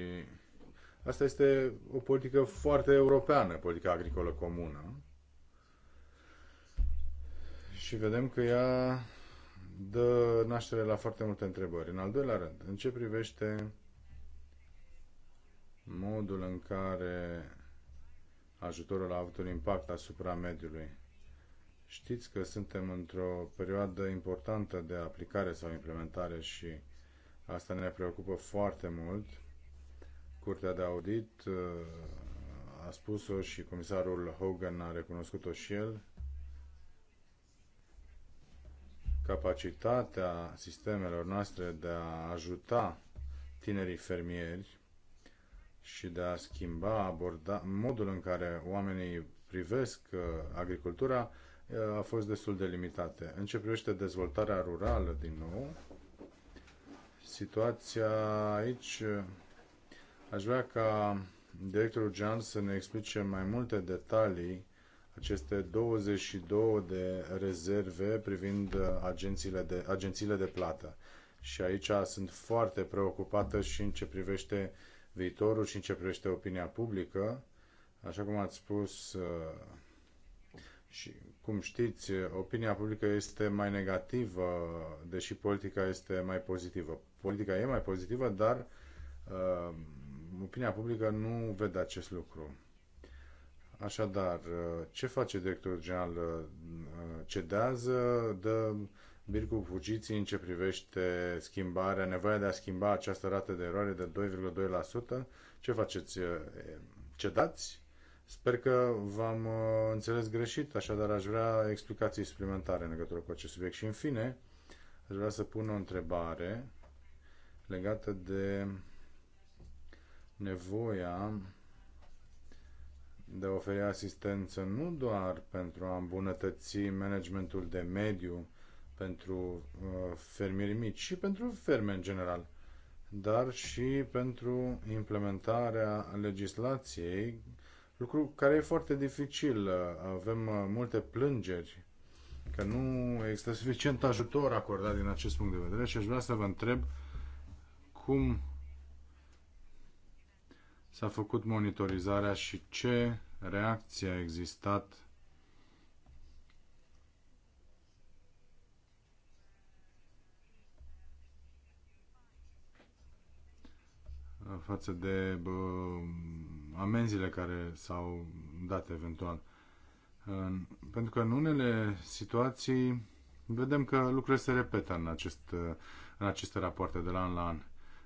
asta este o politică foarte europeană, politica agricolă comună. Și vedem că ea dă naștere la foarte multe întrebări. În al doilea rând, în ce privește modul în care ajutorul a avut un impact asupra mediului. Știți că suntem într-o perioadă importantă de aplicare sau implementare și asta ne preocupă foarte mult. Curtea de audit uh, a spus-o și comisarul Hogan a recunoscut-o și el. Capacitatea sistemelor noastre de a ajuta tinerii fermieri și de a schimba aborda, modul în care oamenii privesc uh, agricultura uh, a fost destul de limitate. În ce privește dezvoltarea rurală, din nou, situația aici uh, aș vrea ca directorul Jean să ne explice mai multe detalii aceste 22 de rezerve privind agențiile de, agențiile de plată. Și aici sunt foarte preocupată și în ce privește uh, viitorul și în ce privește opinia publică. Așa cum ați spus uh, și cum știți, opinia publică este mai negativă, deși politica este mai pozitivă. Politica e mai pozitivă, dar uh, opinia publică nu vede acest lucru. Așadar, uh, ce face directorul general? Cedează, dă Bircu Fugiții în ce privește schimbarea, nevoia de a schimba această rată de eroare de 2,2%. Ce faceți? Eh, ce dați? Sper că v-am eh, înțeles greșit, așadar aș vrea explicații suplimentare în legătură cu acest subiect. Și în fine, aș vrea să pun o întrebare legată de nevoia de a oferi asistență nu doar pentru a îmbunătăți managementul de mediu, pentru uh, fermieri mici și pentru ferme în general, dar și pentru implementarea legislației, lucru care e foarte dificil. Uh, avem uh, multe plângeri că nu există suficient ajutor acordat din acest punct de vedere și aș vrea să vă întreb cum s-a făcut monitorizarea și ce reacție a existat față de amenziile care s-au dat eventual. Pentru că în unele situații vedem că lucrurile se repetă în, acest, în aceste rapoarte de la an la an.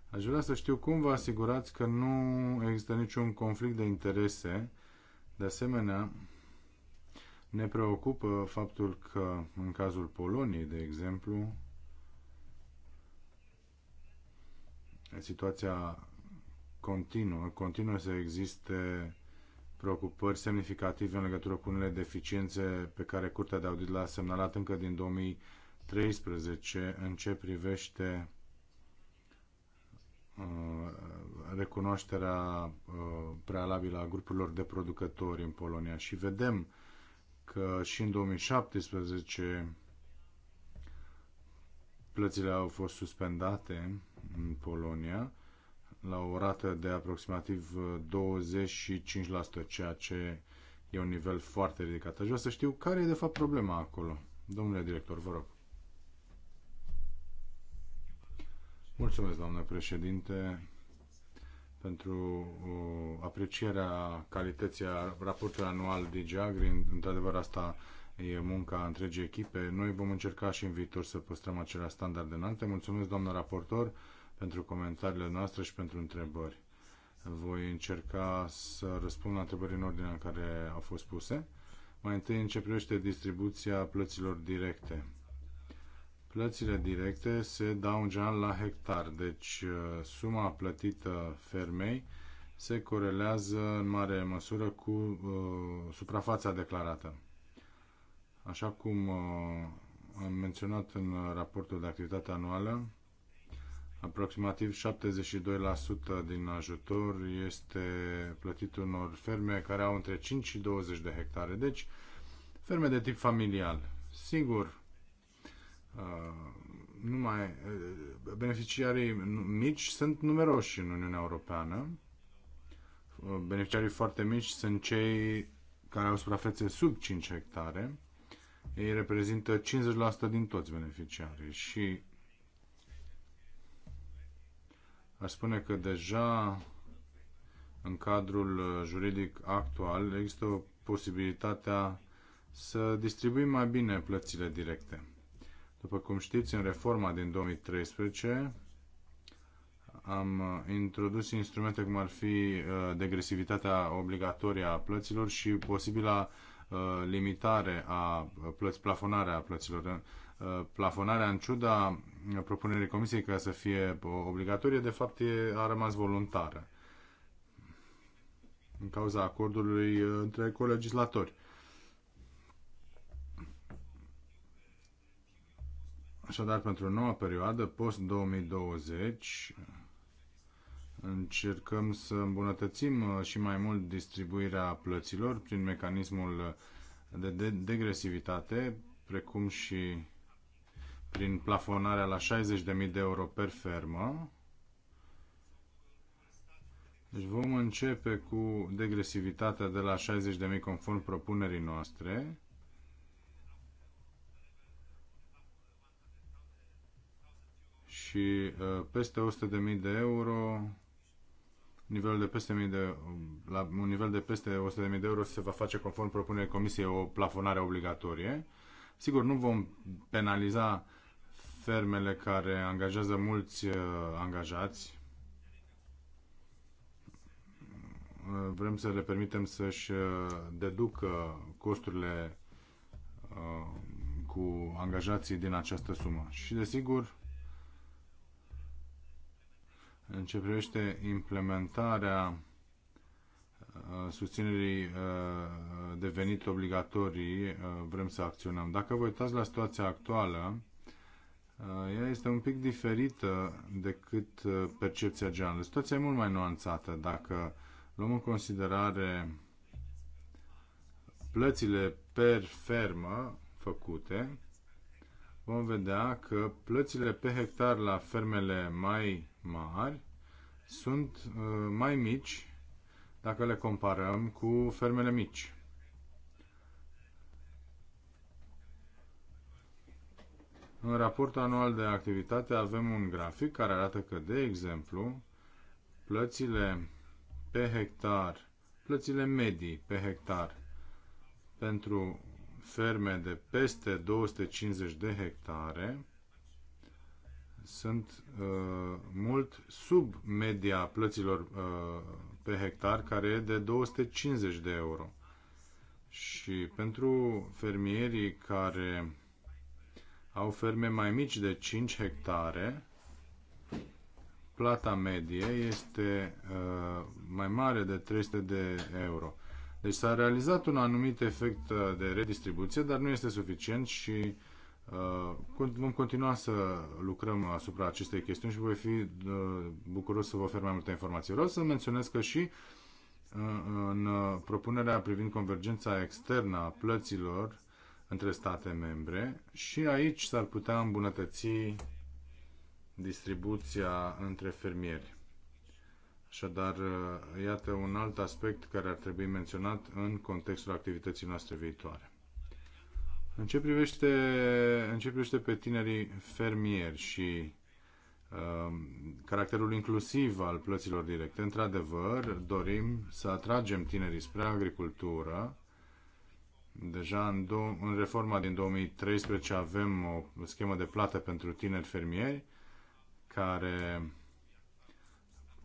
Aș vrea să știu cum vă asigurați că nu există niciun conflict de interese. De asemenea, ne preocupă faptul că în cazul Poloniei, de exemplu, situația continuă. Continuă să existe preocupări semnificative în legătură cu unele deficiențe pe care Curtea de Audit l a semnalat încă din 2013 în ce privește uh, recunoașterea uh, prealabilă a grupurilor de producători în Polonia și vedem că și în 2017 plățile au fost suspendate în Polonia la o rată de aproximativ 25%, uh, ceea ce e un nivel foarte ridicat. Aș vrea să știu care e de fapt problema acolo. Domnule director, vă rog. Mulțumesc, doamnă președinte, pentru uh, aprecierea calității a raportului anual DigiAgri. Într-adevăr, asta e munca întregii echipe. Noi vom încerca și în viitor să păstrăm acelea standarde înalte. Mulțumesc, doamnă raportor pentru comentariile noastre și pentru întrebări. Voi încerca să răspund la întrebări în ordinea în care au fost puse. Mai întâi începește distribuția plăților directe. Plățile directe se dau în general la hectar, deci uh, suma plătită fermei se corelează în mare măsură cu uh, suprafața declarată. Așa cum uh, am menționat în raportul de activitate anuală, Aproximativ 72% din ajutor este plătit unor ferme care au între 5 și 20 de hectare, deci ferme de tip familial. Sigur, uh, numai uh, beneficiarii mici sunt numeroși în Uniunea Europeană. Uh, beneficiarii foarte mici sunt cei care au suprafețe sub 5 hectare. Ei reprezintă 50% din toți beneficiarii și Aș spune că deja în cadrul juridic actual există o posibilitatea să distribuim mai bine plățile directe. După cum știți, în reforma din 2013 am introdus instrumente cum ar fi uh, degresivitatea obligatorie a plăților și posibila uh, limitare a plăți, plafonarea plăților. Uh, plafonarea în ciuda propunerii comisiei ca să fie obligatorie, de fapt e, a rămas voluntară în cauza acordului uh, între colegislatori. Așadar, pentru noua perioadă, post-2020, încercăm să îmbunătățim uh, și mai mult distribuirea plăților prin mecanismul de degresivitate, precum și prin plafonarea la 60.000 de euro per fermă. Deci vom începe cu degresivitatea de la 60.000 conform propunerii noastre. Și uh, peste 100.000 de euro nivelul de peste de, la un nivel de peste 100.000 de euro se va face conform propunerii Comisiei o plafonare obligatorie. Sigur, nu vom penaliza fermele care angajează mulți uh, angajați. Uh, vrem să le permitem să-și uh, deducă costurile cu angajații din această sumă. Și desigur, în ce privește implementarea susținerii de venit obligatorii vrem să acționăm. Dacă vă uitați la situația actuală, Uh, ea este un pic diferită decât uh, percepția generală. Situația e mult mai nuanțată dacă luăm în considerare plățile per fermă făcute, vom vedea că plățile pe hectar la fermele mai mari sunt uh, mai mici dacă le comparăm cu fermele mici. În raportul anual de activitate avem un grafic care arată că, de exemplu, plățile pe hectar, plățile medii pe hectar pentru ferme de peste 250 de hectare sunt uh, mult sub media plăților uh, pe hectar, care e de 250 de euro. Și pentru fermierii care au ferme mai mici de 5 hectare, plata medie este uh, mai mare de 300 de euro. Deci s-a realizat un anumit efect uh, de redistribuție, dar nu este suficient și uh, vom continua să lucrăm asupra acestei chestiuni și voi fi uh, bucuros să vă ofer mai multe informații. Vreau să menționez că și uh, în uh, propunerea privind convergența externă a plăților între state membre și aici s-ar putea îmbunătăți distribuția între fermieri. Așadar, uh, iată un alt aspect care ar trebui menționat în contextul activității noastre viitoare. În ce privește, în ce privește pe tinerii fermieri și uh, caracterul inclusiv al plăților directe, într-adevăr, dorim să atragem tinerii spre agricultură, Deja în, do- în reforma din 2013 avem o schemă de plată pentru tineri fermieri care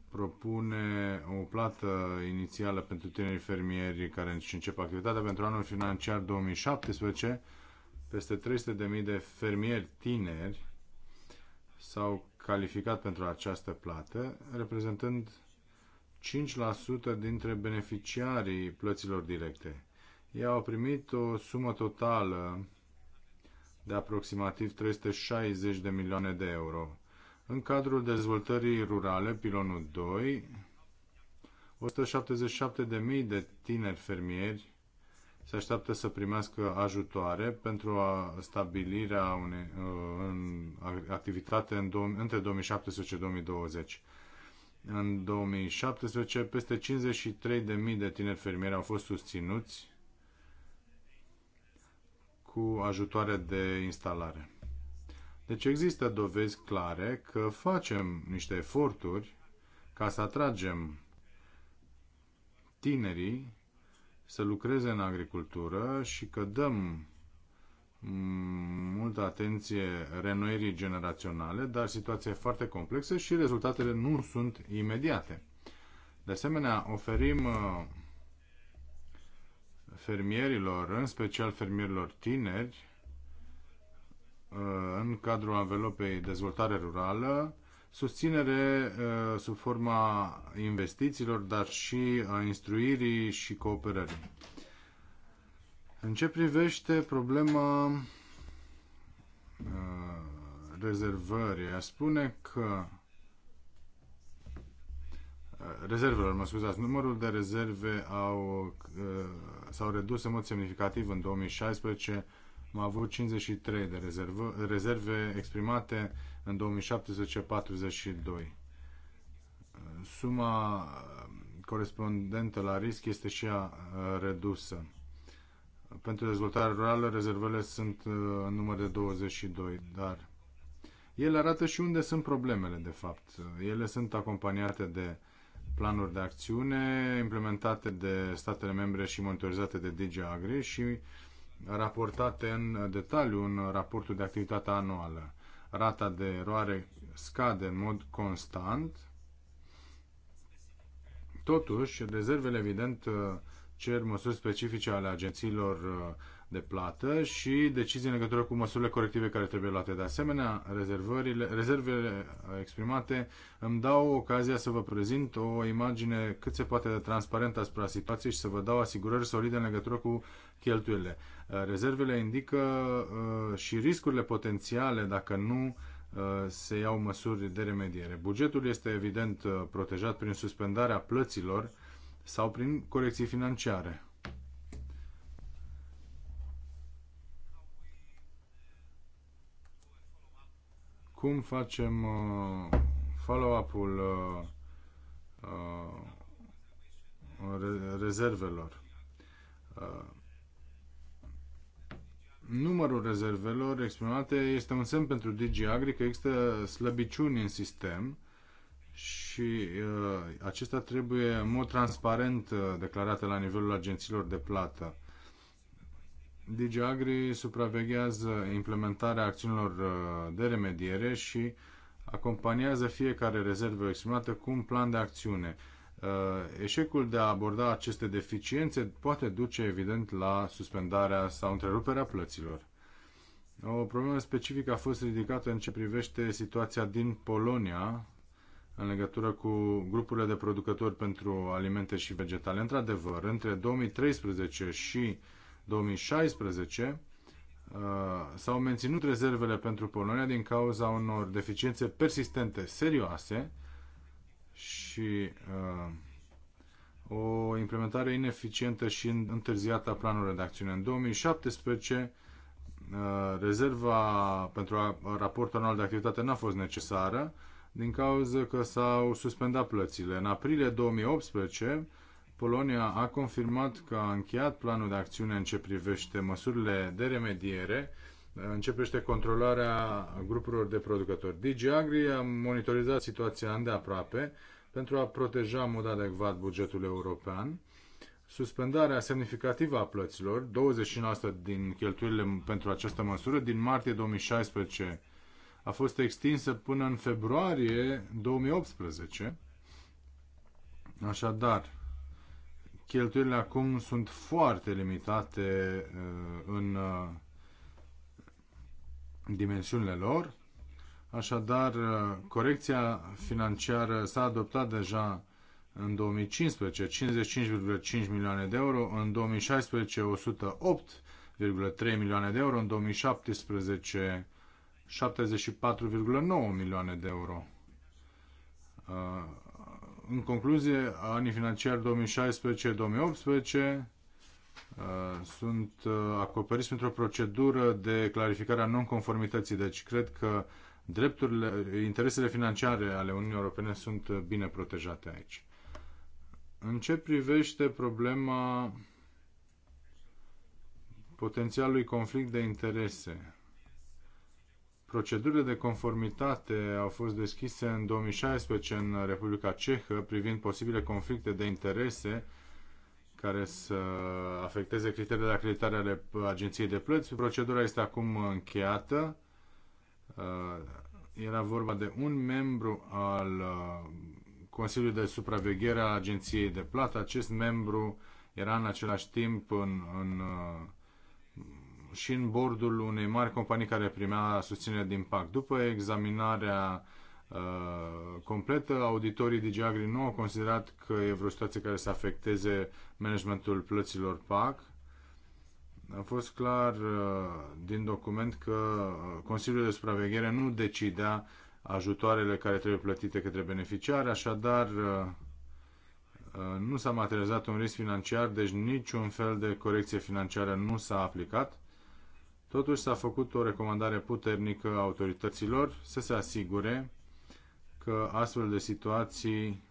propune o plată inițială pentru tinerii fermieri care își încep activitatea pentru anul financiar 2017. Peste 300.000 de fermieri tineri s-au calificat pentru această plată, reprezentând 5% dintre beneficiarii plăților directe ei au primit o sumă totală de aproximativ 360 de milioane de euro. În cadrul dezvoltării rurale, pilonul 2, 177.000 de de tineri fermieri se așteaptă să primească ajutoare pentru a stabilirea unei uh, în activitate în, între 2017-2020. În 2017, peste 53.000 de tineri fermieri au fost susținuți cu ajutoare de instalare. Deci există dovezi clare că facem niște eforturi ca să atragem tinerii să lucreze în agricultură și că dăm multă atenție renoierii generaționale, dar situația e foarte complexă și rezultatele nu sunt imediate. De asemenea, oferim uh, fermierilor, în special fermierilor tineri, uh, în cadrul anvelopei dezvoltare rurală, susținere uh, sub forma investițiilor, dar și a instruirii și cooperării. În ce privește problema uh, rezervării, a spune că Uh, rezervelor, mă scuzați, numărul de rezerve au, uh, s-au redus în mod semnificativ în 2016. Am avut 53 de rezervă, rezerve exprimate în 2017 42. Uh, suma corespondentă la risc este și ea redusă. Pentru dezvoltare rurală, rezervele sunt în număr de 22, dar ele arată și unde sunt problemele, de fapt. Ele sunt acompaniate de uh, planuri de acțiune implementate de statele membre și monitorizate de DG Agri și raportate în detaliu în raportul de activitate anuală. Rata de eroare scade în mod constant. Totuși, rezervele evident cer măsuri specifice ale agențiilor de plată și decizii în legătură cu măsurile corective care trebuie luate. De asemenea, rezervările, rezervele exprimate îmi dau ocazia să vă prezint o imagine cât se poate de transparentă asupra situației și să vă dau asigurări solide în legătură cu cheltuielile. Uh, rezervele indică uh, și riscurile potențiale dacă nu uh, se iau măsuri de remediere. Bugetul este evident protejat prin suspendarea plăților sau prin corecții financiare. cum facem uh, follow-up-ul uh, uh, rezervelor. Uh, numărul rezervelor exprimate este un semn pentru DG Agri că există slăbiciuni în sistem și uh, acesta trebuie în mod transparent uh, declarate la nivelul agențiilor de plată. DigiAgri supraveghează implementarea acțiunilor uh, de remediere și acompaniază fiecare rezervă exprimată cu un plan de acțiune. Uh, eșecul de a aborda aceste deficiențe poate duce, evident, la suspendarea sau întreruperea plăților. O problemă specifică a fost ridicată în ce privește situația din Polonia în legătură cu grupurile de producători pentru alimente și vegetale. Într-adevăr, între 2013 și 2016 uh, s-au menținut rezervele pentru Polonia din cauza unor deficiențe persistente serioase și uh, o implementare ineficientă și întârziată a planurilor de acțiune. În 2017 uh, rezerva pentru raportul anual de activitate n-a fost necesară din cauza că s-au suspendat plățile. În aprilie 2018 Polonia a confirmat că a încheiat planul de acțiune în ce privește măsurile de remediere, în ce privește controlarea grupurilor de producători. DG Agri a monitorizat situația îndeaproape pentru a proteja în mod adecvat bugetul european. Suspendarea semnificativă a plăților, 29% din cheltuielile pentru această măsură, din martie 2016 a fost extinsă până în februarie 2018. Așadar, Cheltuielile acum sunt foarte limitate uh, în uh, dimensiunile lor. Așadar, uh, corecția financiară s-a adoptat deja în 2015 55,5 milioane de euro, în 2016 108,3 milioane de euro, în 2017 74,9 milioane de euro. În concluzie, anii financiari 2016-2018 uh, sunt uh, acoperiți printr-o procedură de clarificare a nonconformității. Deci cred că drepturile, interesele financiare ale Uniunii Europene sunt uh, bine protejate aici. În ce privește problema potențialului conflict de interese, Procedurile de conformitate au fost deschise în 2016 în Republica Cehă privind posibile conflicte de interese care să afecteze criteriile de acreditare ale agenției de plăți. Procedura este acum încheiată. Uh, era vorba de un membru al uh, Consiliului de Supraveghere a Agenției de Plată. Acest membru era în același timp în, în uh, și în bordul unei mari companii care primea susținere din PAC. După examinarea uh, completă, auditorii DigiAgri nu au considerat că e vreo situație care să afecteze managementul plăților PAC. A fost clar uh, din document că uh, Consiliul de Supraveghere nu decidea ajutoarele care trebuie plătite către beneficiari, așadar uh, uh, nu s-a materializat un risc financiar, deci niciun fel de corecție financiară nu s-a aplicat. Totuși s-a făcut o recomandare puternică autorităților să se asigure că astfel de situații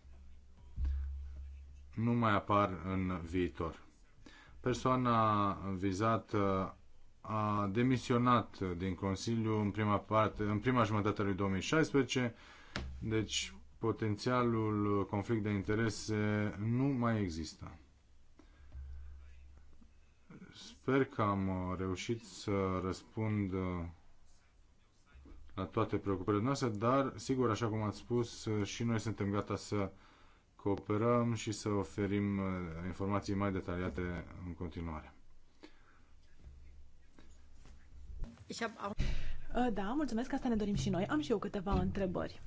nu mai apar în viitor. Persoana vizată a demisionat din Consiliu în prima, parte, în prima jumătate a lui 2016, deci potențialul conflict de interese nu mai există. Sper că am uh, reușit să răspund uh, la toate preocupările noastre, dar, sigur, așa cum ați spus, uh, și noi suntem gata să cooperăm și să oferim informații mai detaliate în continuare. Da, mulțumesc, asta ne dorim și noi. Am și eu câteva întrebări.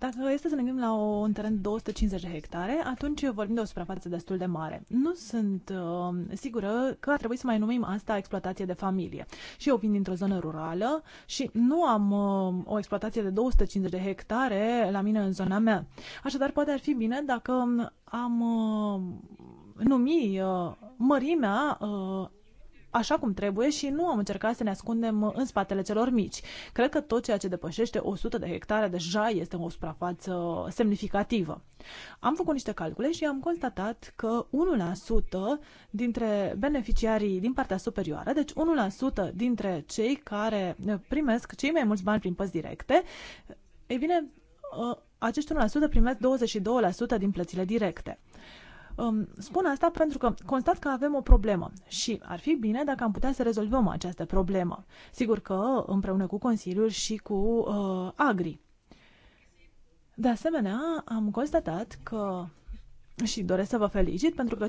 Dacă este să ne gândim la o, un teren de 250 de hectare, atunci vorbim de o suprafață destul de mare. Nu sunt uh, sigură că ar trebui să mai numim asta exploatație de familie. Și eu vin dintr-o zonă rurală și nu am uh, o exploatație de 250 de hectare la mine în zona mea. Așadar, poate ar fi bine dacă am uh, numi uh, mărimea uh, așa cum trebuie și nu am încercat să ne ascundem în spatele celor mici. Cred că tot ceea ce depășește 100 de hectare deja este o suprafață semnificativă. Am făcut niște calcule și am constatat că 1% dintre beneficiarii din partea superioară, deci 1% dintre cei care primesc cei mai mulți bani prin păți directe, ei bine, ă, acești 1% primesc 22% din plățile directe spun asta pentru că constat că avem o problemă și ar fi bine dacă am putea să rezolvăm această problemă. Sigur că împreună cu Consiliul și cu uh, Agri. De asemenea, am constatat că și doresc să vă felicit pentru că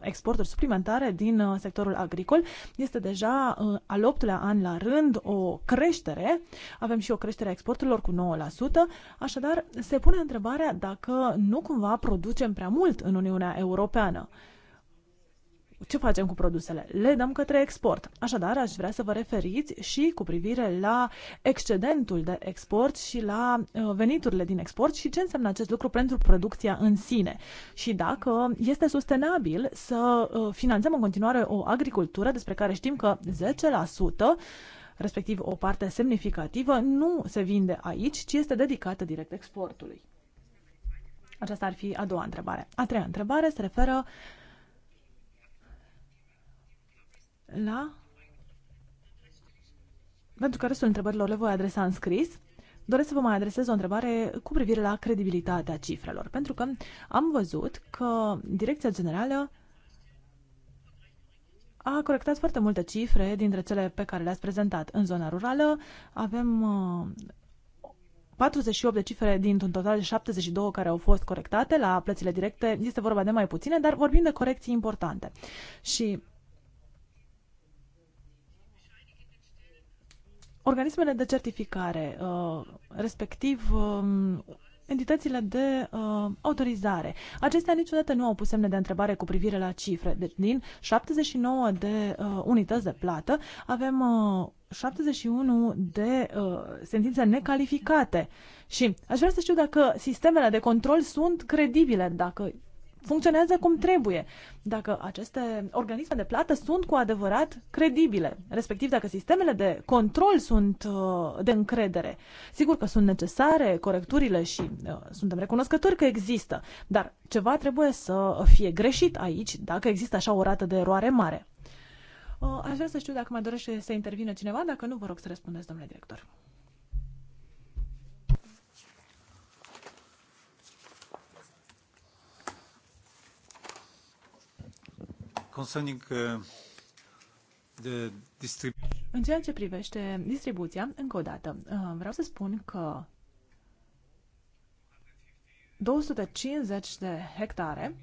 5,1% exporturi suplimentare din uh, sectorul agricol este deja uh, al optulea an la rând o creștere. Avem și o creștere a exporturilor cu 9%, așadar se pune întrebarea dacă nu cumva producem prea mult în Uniunea Europeană ce facem cu produsele? Le dăm către export. Așadar, aș vrea să vă referiți și cu privire la excedentul de export și la uh, veniturile din export și ce înseamnă acest lucru pentru producția în sine. Și dacă este sustenabil să uh, finanțăm în continuare o agricultură despre care știm că 10% respectiv o parte semnificativă, nu se vinde aici, ci este dedicată direct exportului. Aceasta ar fi a doua întrebare. A treia întrebare se referă uh, la... Pentru că restul întrebărilor le voi adresa în scris, doresc să vă mai adresez o întrebare cu privire la credibilitatea cifrelor. Pentru că am văzut că Direcția Generală a corectat foarte multe cifre dintre cele pe care le-ați prezentat. În zona rurală avem 48 uh, de cifre dintr-un total de 72 care au fost corectate la plățile directe. Este vorba de mai puține, dar vorbim de corecții importante. Și organismele de certificare, uh, respectiv um, entitățile de uh, autorizare. Acestea niciodată nu au pus semne de întrebare cu privire la cifre. Deci din 79 de uh, unități de plată avem uh, 71 de uh, sentințe necalificate. Și aș vrea să știu dacă sistemele de control sunt credibile, dacă funcționează cum trebuie, dacă aceste organisme de plată sunt cu adevărat credibile, respectiv dacă sistemele de control sunt uh, de încredere. Sigur că sunt necesare corecturile și uh, suntem recunoscători că există, dar ceva trebuie să fie greșit aici dacă există așa o rată de eroare mare. Uh, aș vrea să știu dacă mai dorește să intervină cineva, dacă nu, vă rog să răspundeți, domnule director. Uh, în ceea ce privește distribuția, încă o dată, uh, vreau să spun că 250 de hectare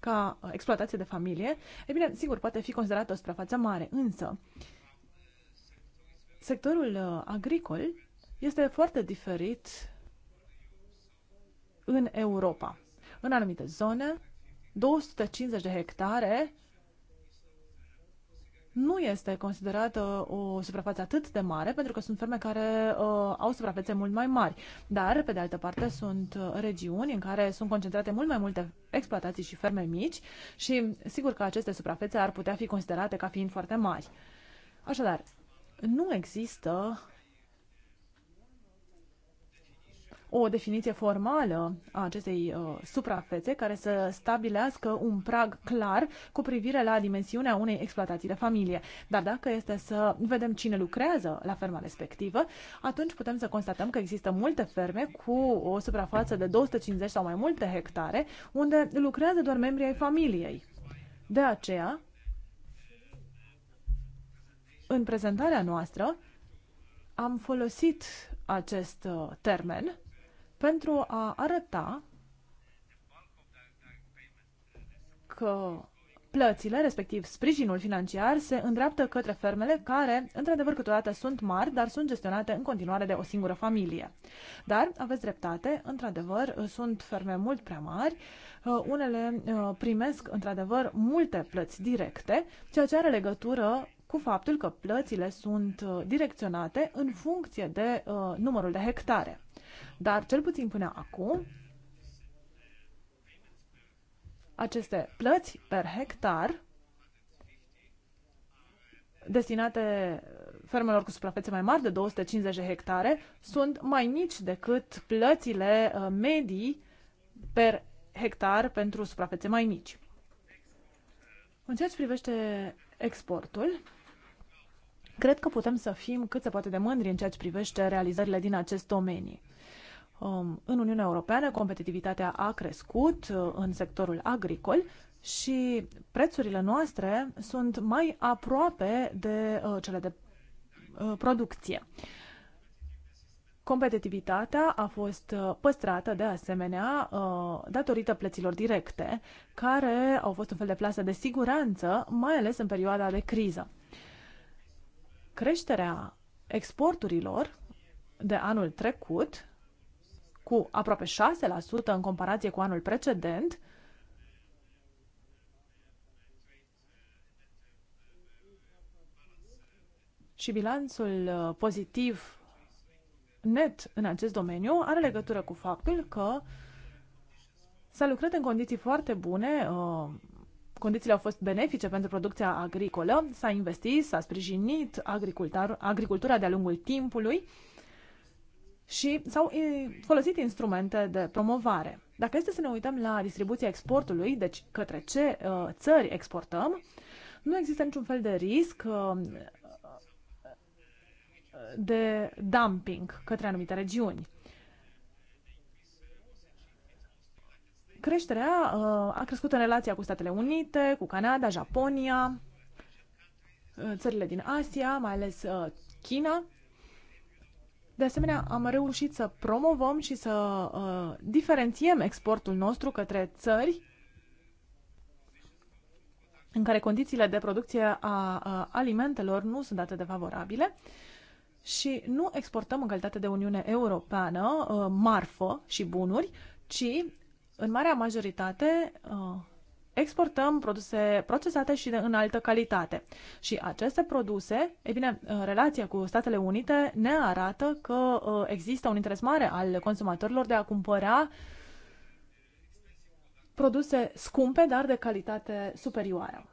ca exploatație de familie, e bine, sigur, poate fi considerată o suprafață mare, însă sectorul uh, agricol este foarte diferit în Europa. În anumite zone, 250 de hectare nu este considerată o suprafață atât de mare, pentru că sunt ferme care uh, au suprafețe mult mai mari. Dar, pe de altă parte, sunt uh, regiuni în care sunt concentrate mult mai multe exploatații și ferme mici și sigur că aceste suprafețe ar putea fi considerate ca fiind foarte mari. Așadar, nu există o definiție formală a acestei uh, suprafețe care să stabilească un prag clar cu privire la dimensiunea unei exploatații de familie. Dar dacă este să vedem cine lucrează la ferma respectivă, atunci putem să constatăm că există multe ferme cu o suprafață de 250 sau mai multe hectare unde lucrează doar membrii ai familiei. De aceea, în prezentarea noastră am folosit acest uh, termen pentru a arăta că plățile, respectiv sprijinul financiar, se îndreaptă către fermele care, într-adevăr, câteodată sunt mari, dar sunt gestionate în continuare de o singură familie. Dar, aveți dreptate, într-adevăr, sunt ferme mult prea mari, uh, unele uh, primesc, într-adevăr, multe plăți directe, ceea ce are legătură cu faptul că plățile sunt uh, direcționate în funcție de numărul de hectare. Dar cel puțin până acum, aceste plăți per hectar destinate fermelor cu suprafețe mai mari de 250 de hectare sunt mai mici decât plățile uh, medii per hectar pentru suprafețe mai mici. În ceea ce privește exportul, cred că putem să fim cât se poate de mândri în ceea ce privește realizările din acest domeniu. Um, în Uniunea Europeană competitivitatea a crescut uh, în sectorul agricol și prețurile noastre sunt mai aproape de uh, cele de uh, producție. Competitivitatea a fost păstrată de asemenea datorită plăților directe, care au fost un fel de plasă de siguranță, mai ales în perioada de criză. Creșterea exporturilor de anul trecut cu aproape 6% în comparație cu anul precedent, și bilanțul uh, pozitiv net în acest domeniu are legătură cu faptul că s-a lucrat în condiții foarte bune, uh, condițiile au fost benefice pentru producția agricolă, s-a investit, s-a sprijinit agricultura de-a lungul timpului și s-au folosit instrumente de promovare. Dacă este să ne uităm la distribuția exportului, deci către ce uh, țări exportăm, nu există niciun fel de risc uh, de dumping către anumite regiuni. Creșterea uh, a crescut în relația cu Statele Unite, cu Canada, Japonia, uh, țările din Asia, mai ales uh, China de asemenea, am reușit să promovăm și să uh, diferențiem exportul nostru către țări în care condițiile de producție a, uh, alimentelor nu sunt atât de favorabile și nu exportăm în calitate de Uniune Europeană uh, marfă și bunuri, ci în marea majoritate uh, exportăm produse procesate și de înaltă calitate. Și aceste produse, e bine, relația cu Statele Unite ne arată că uh, există un interes mare al consumatorilor de a cumpăra produse scumpe, dar de calitate superioară.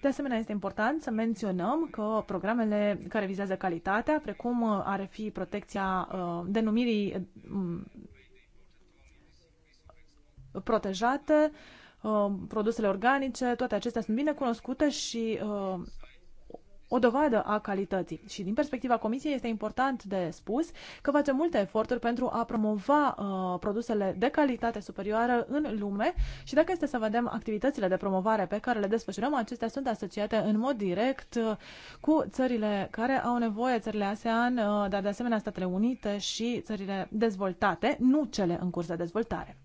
De asemenea, este important să menționăm că programele care vizează calitatea, precum uh, ar fi protecția uh, denumirii um, protejate, Uh, produsele organice, toate acestea sunt bine cunoscute și uh, o dovadă a calității. Și din perspectiva Comisiei este important de spus că facem multe eforturi pentru a promova uh, produsele de calitate superioară în lume și dacă este să vedem activitățile de promovare pe care le desfășurăm, acestea sunt asociate în mod direct uh, cu țările care au nevoie, țările ASEAN, uh, dar de asemenea Statele Unite și țările dezvoltate, nu cele în curs de dezvoltare.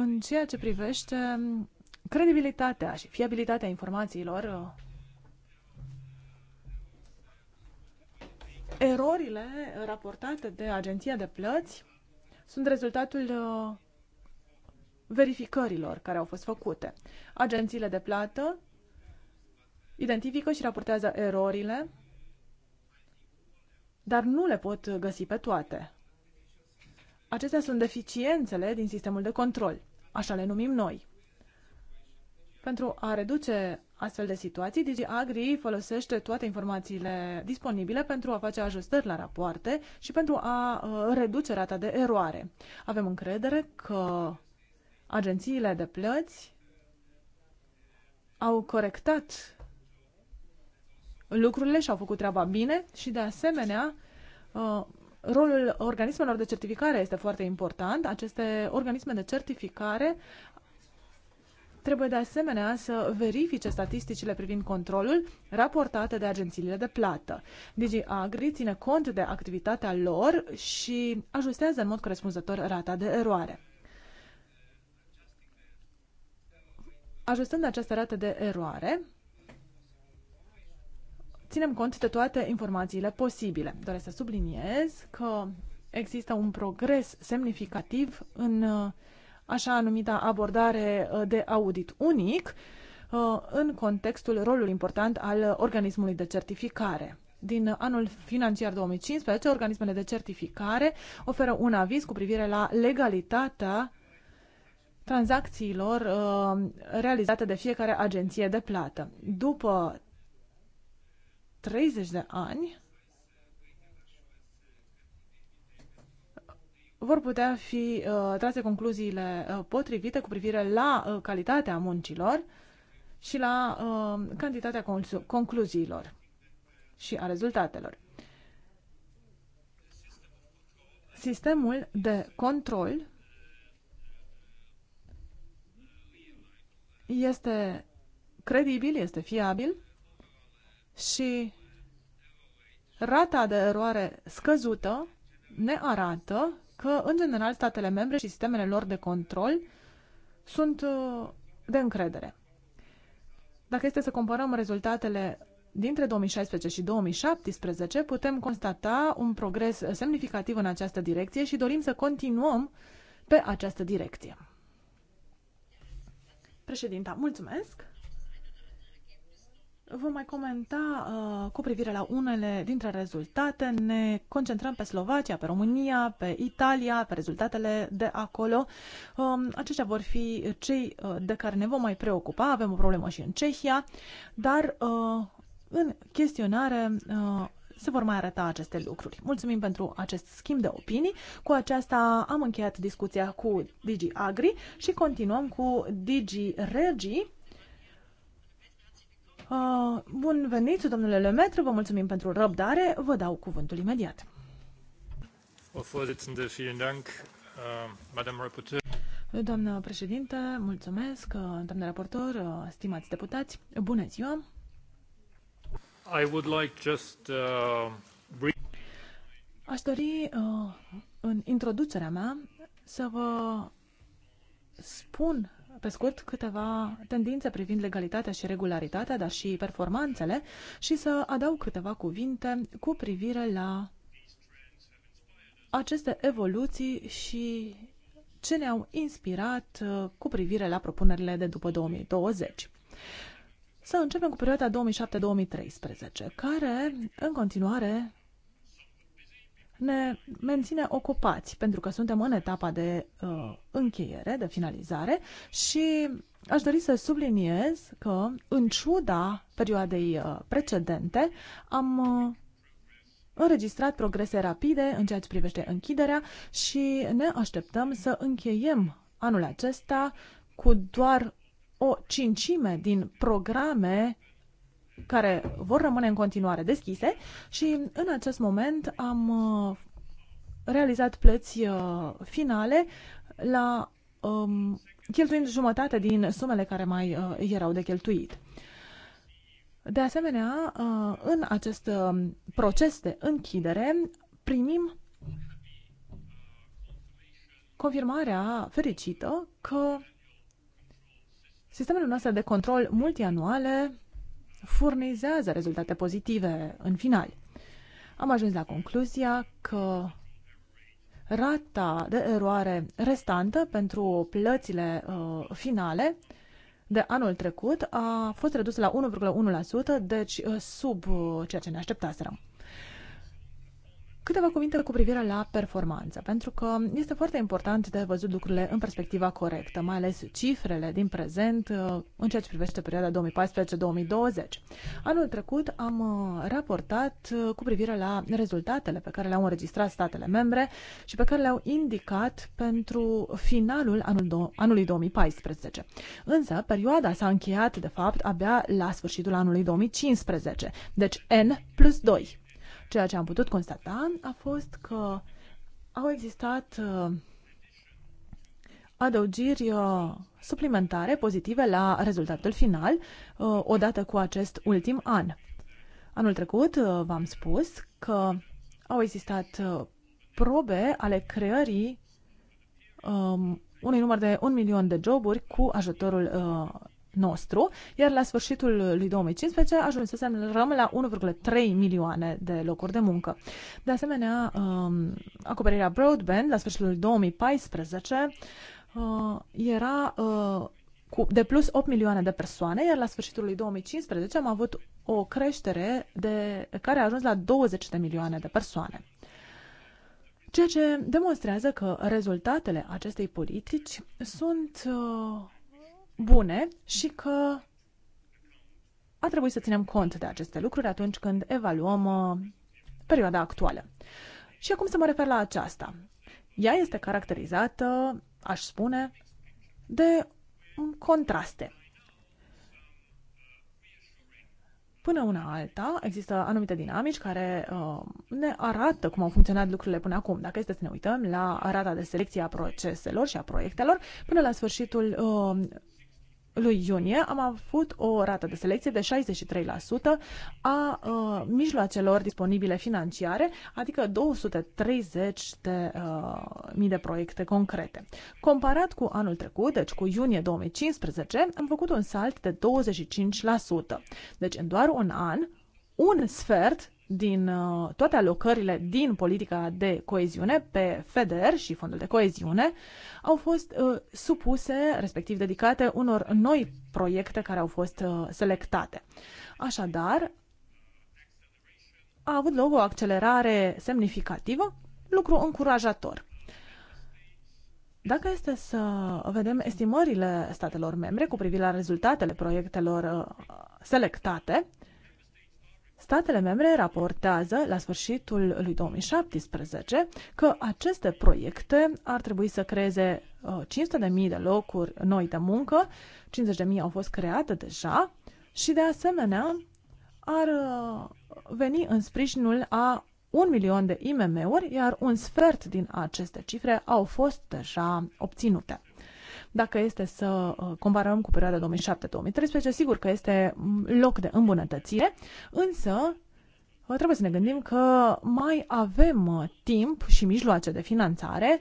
În ceea ce privește credibilitatea și fiabilitatea informațiilor, erorile raportate de agenția de plăți sunt rezultatul uh, verificărilor care au fost făcute. Agențiile de plată identifică și raportează erorile, dar nu le pot găsi pe toate. Acestea sunt deficiențele din sistemul de control așa le numim noi. Pentru a reduce astfel de situații, DigiAgri Agri folosește toate informațiile disponibile pentru a face ajustări la rapoarte și pentru a uh, reduce rata de eroare. Avem încredere că agențiile de plăți au corectat lucrurile și au făcut treaba bine și de asemenea uh, Rolul organismelor de certificare este foarte important. Aceste organisme de certificare trebuie de asemenea să verifice statisticile privind controlul raportate de agențiile de plată. Digi Agri ține cont de activitatea lor și ajustează în mod corespunzător rata de eroare. Ajustând această rată de eroare, ținem cont de toate informațiile posibile. Doresc să subliniez că există un progres semnificativ în uh, așa numita abordare uh, de audit unic uh, în contextul rolului important al organismului de certificare. Din anul financiar 2015, organismele de certificare oferă un aviz cu privire la legalitatea tranzacțiilor realizate de fiecare agenție de plată. După 30 de ani vor putea fi uh, trase concluziile uh, potrivite cu privire la uh, calitatea muncilor și la uh, cantitatea concluziilor și a rezultatelor. Sistemul de control este credibil, este fiabil și rata de eroare scăzută ne arată că, în general, statele membre și sistemele lor de control sunt uh, de încredere. Dacă este să comparăm rezultatele dintre 2016 și 2017, putem constata un progres semnificativ în această direcție și dorim să continuăm pe această direcție. Președinta, mulțumesc! Vom mai comenta uh, cu privire la unele dintre rezultate. Ne concentrăm pe Slovacia, pe România, pe Italia, pe rezultatele de acolo. Um, aceștia vor fi cei uh, de care ne vom mai preocupa. Avem o problemă și în Cehia, dar uh, în chestionare uh, se vor mai arăta aceste lucruri. Mulțumim pentru acest schimb de opinii. Cu aceasta am încheiat discuția cu Digi Agri și continuăm cu Digi Regii Uh, bun venit, domnule Lemetru, vă mulțumim pentru răbdare, vă dau cuvântul imediat. O Vorsitzende, vielen Dank, uh, Madame Doamnă președinte, mulțumesc, uh, doamnă raportor, uh, stimați deputați, bună ziua! I would like just, uh, Aș dori, uh, în introducerea mea, să vă spun pe scurt, câteva tendințe privind legalitatea și regularitatea, dar și performanțele, și să adaug câteva cuvinte cu privire la aceste evoluții și ce ne-au inspirat uh, cu privire la propunerile de după 2020. Să începem cu perioada 2007-2013, care în continuare ne menține ocupați, pentru că suntem în etapa de uh, încheiere, de finalizare și aș dori să subliniez că, în ciuda perioadei uh, precedente, am uh, înregistrat progrese rapide în ceea ce privește închiderea și ne așteptăm să încheiem anul acesta cu doar o cincime din programe care vor rămâne în continuare deschise și în acest moment am uh, realizat plăți uh, finale la um, cheltuind jumătate din sumele care mai uh, erau de cheltuit. De asemenea, uh, în acest uh, proces de închidere primim confirmarea fericită că sistemele noastre de control multianuale furnizează rezultate pozitive în final. Am ajuns la concluzia că rata de eroare restantă pentru plățile uh, finale de anul trecut a fost redusă la 1,1%, deci uh, sub uh, ceea ce ne așteptaserăm. Câteva cuvinte cu privire la performanță, pentru că este foarte important de văzut lucrurile în perspectiva corectă, mai ales cifrele din prezent uh, în ceea ce privește perioada 2014-2020. Anul trecut am uh, raportat uh, cu privire la rezultatele pe care le-au înregistrat statele membre și pe care le-au indicat pentru finalul anul anului 2014. Însă, perioada s-a încheiat, de fapt, abia la sfârșitul anului 2015, deci N plus 2. Ceea ce am putut constata a fost că au existat uh, adăugiri uh, suplimentare pozitive la rezultatul final, uh, odată cu acest ultim an. Anul trecut v-am spus că au existat probe ale creării um, unui număr de un milion de joburi cu ajutorul uh, nostru, iar la sfârșitul lui 2015 ajunsesem la 1,3 milioane de locuri de muncă. De asemenea, um, acoperirea broadband la sfârșitul lui 2014 uh, era uh, de plus 8 milioane de persoane, iar la sfârșitul lui 2015 am avut o creștere de, care a ajuns la 20 de milioane de persoane. Ceea ce demonstrează că rezultatele acestei politici sunt uh, bune și că a trebuit să ținem cont de aceste lucruri atunci când evaluăm uh, perioada actuală. Și acum să mă refer la aceasta. Ea este caracterizată, aș spune, de contraste. Până una alta, există anumite dinamici care uh, ne arată cum au funcționat lucrurile până acum. Dacă este să ne uităm la rata de selecție a proceselor și a proiectelor, până la sfârșitul uh, lui iunie am avut o rată de selecție de 63% a uh, mijloacelor disponibile financiare, adică 230 de, uh, mii de proiecte concrete. Comparat cu anul trecut, deci cu iunie 2015, am făcut un salt de 25%. Deci în doar un an, un sfert din uh, toate alocările din politica de coeziune pe FEDER și fondul de coeziune au fost uh, supuse, respectiv dedicate, unor noi proiecte care au fost uh, selectate. Așadar, a avut loc o accelerare semnificativă, lucru încurajator. Dacă este să vedem estimările statelor membre cu privire la rezultatele proiectelor uh, selectate, Statele membre raportează la sfârșitul lui 2017 că aceste proiecte ar trebui să creeze 500.000 uh, de locuri noi de muncă, 50.000 au fost create deja și de asemenea ar uh, veni în sprijinul a un milion de IMM-uri, iar un sfert din aceste cifre au fost deja obținute. Dacă este să uh, comparăm cu perioada 2007-2013, sigur că este mm, loc de îmbunătățire, însă uh, trebuie să ne gândim că mai avem uh, timp și mijloace de finanțare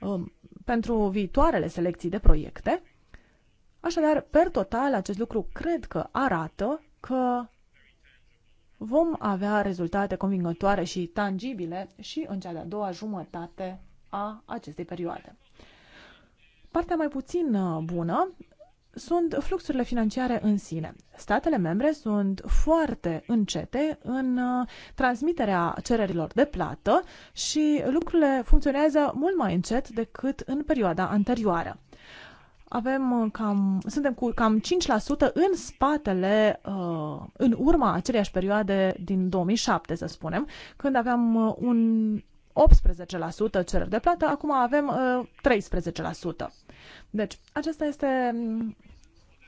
um, pentru viitoarele selecții de proiecte. Așadar, per total, acest lucru cred că arată că vom avea rezultate convingătoare și tangibile și în cea de-a doua jumătate a acestei perioade. Partea mai puțin uh, bună sunt fluxurile financiare în sine. Statele membre sunt foarte încete în uh, transmiterea cererilor de plată și lucrurile funcționează mult mai încet decât în perioada anterioară. Avem uh, cam, suntem cu cam 5% în spatele, în urma aceleiași perioade din 2007, să spunem, când aveam un 18% cereri de plată, acum avem 13%. Deci, aceasta este mm,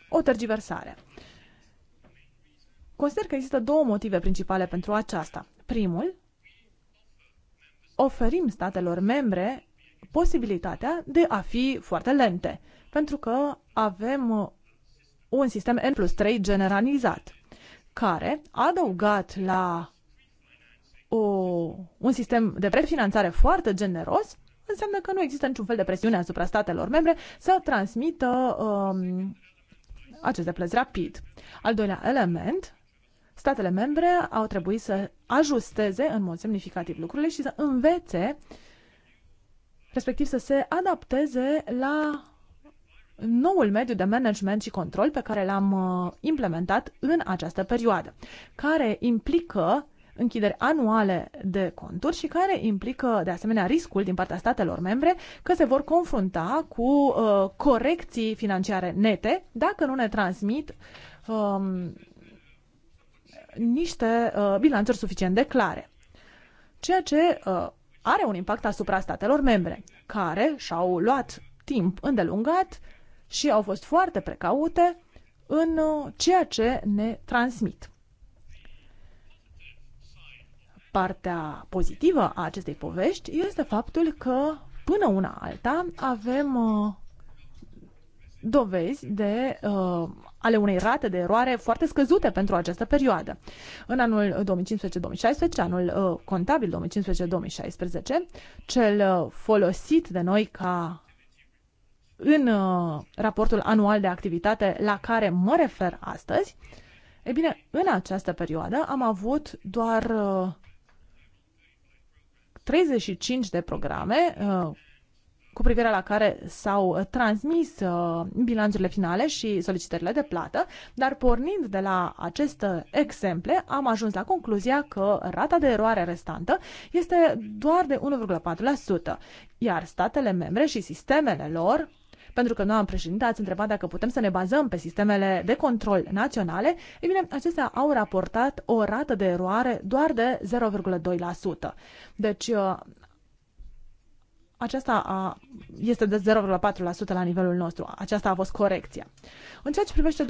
o tergiversare. Consider că există două motive principale pentru aceasta. Primul, oferim statelor membre posibilitatea de a fi foarte lente, pentru că avem uh, un sistem N plus 3 generalizat, care, adăugat la o, uh, un sistem de prefinanțare foarte generos, înseamnă că nu există niciun fel de presiune asupra statelor membre să transmită um, aceste plăți rapid. Al doilea element, statele membre au trebuit să ajusteze în mod semnificativ lucrurile și să învețe, respectiv să se adapteze la noul mediu de management și control pe care l-am uh, implementat în această perioadă, care implică închideri anuale de conturi și care implică, de asemenea, riscul din partea statelor membre că se vor confrunta cu uh, corecții financiare nete dacă nu ne transmit um, niște uh, bilanțuri suficient de clare. Ceea ce uh, are un impact asupra statelor membre, care și-au luat timp îndelungat și au fost foarte precaute în uh, ceea ce ne transmit. Partea pozitivă a acestei povești este faptul că până una alta avem uh, dovezi de uh, ale unei rate de eroare foarte scăzute pentru această perioadă. În anul 2015-2016, anul uh, contabil 2015-2016, cel uh, folosit de noi ca în uh, raportul anual de activitate la care mă refer astăzi, e bine, în această perioadă am avut doar uh, 35 de programe uh, cu privire la care s-au transmis uh, bilanțurile finale și solicitările de plată, dar pornind de la aceste exemple, am ajuns la concluzia că rata de eroare restantă este doar de 1,4%, iar statele membre și sistemele lor pentru că am președinte ați întrebat dacă putem să ne bazăm pe sistemele de control naționale, ei bine, acestea au raportat o rată de eroare doar de 0,2%. Deci uh, aceasta a, este de 0,4% la nivelul nostru. Aceasta a fost corecția. În ceea ce privește 2016-2017,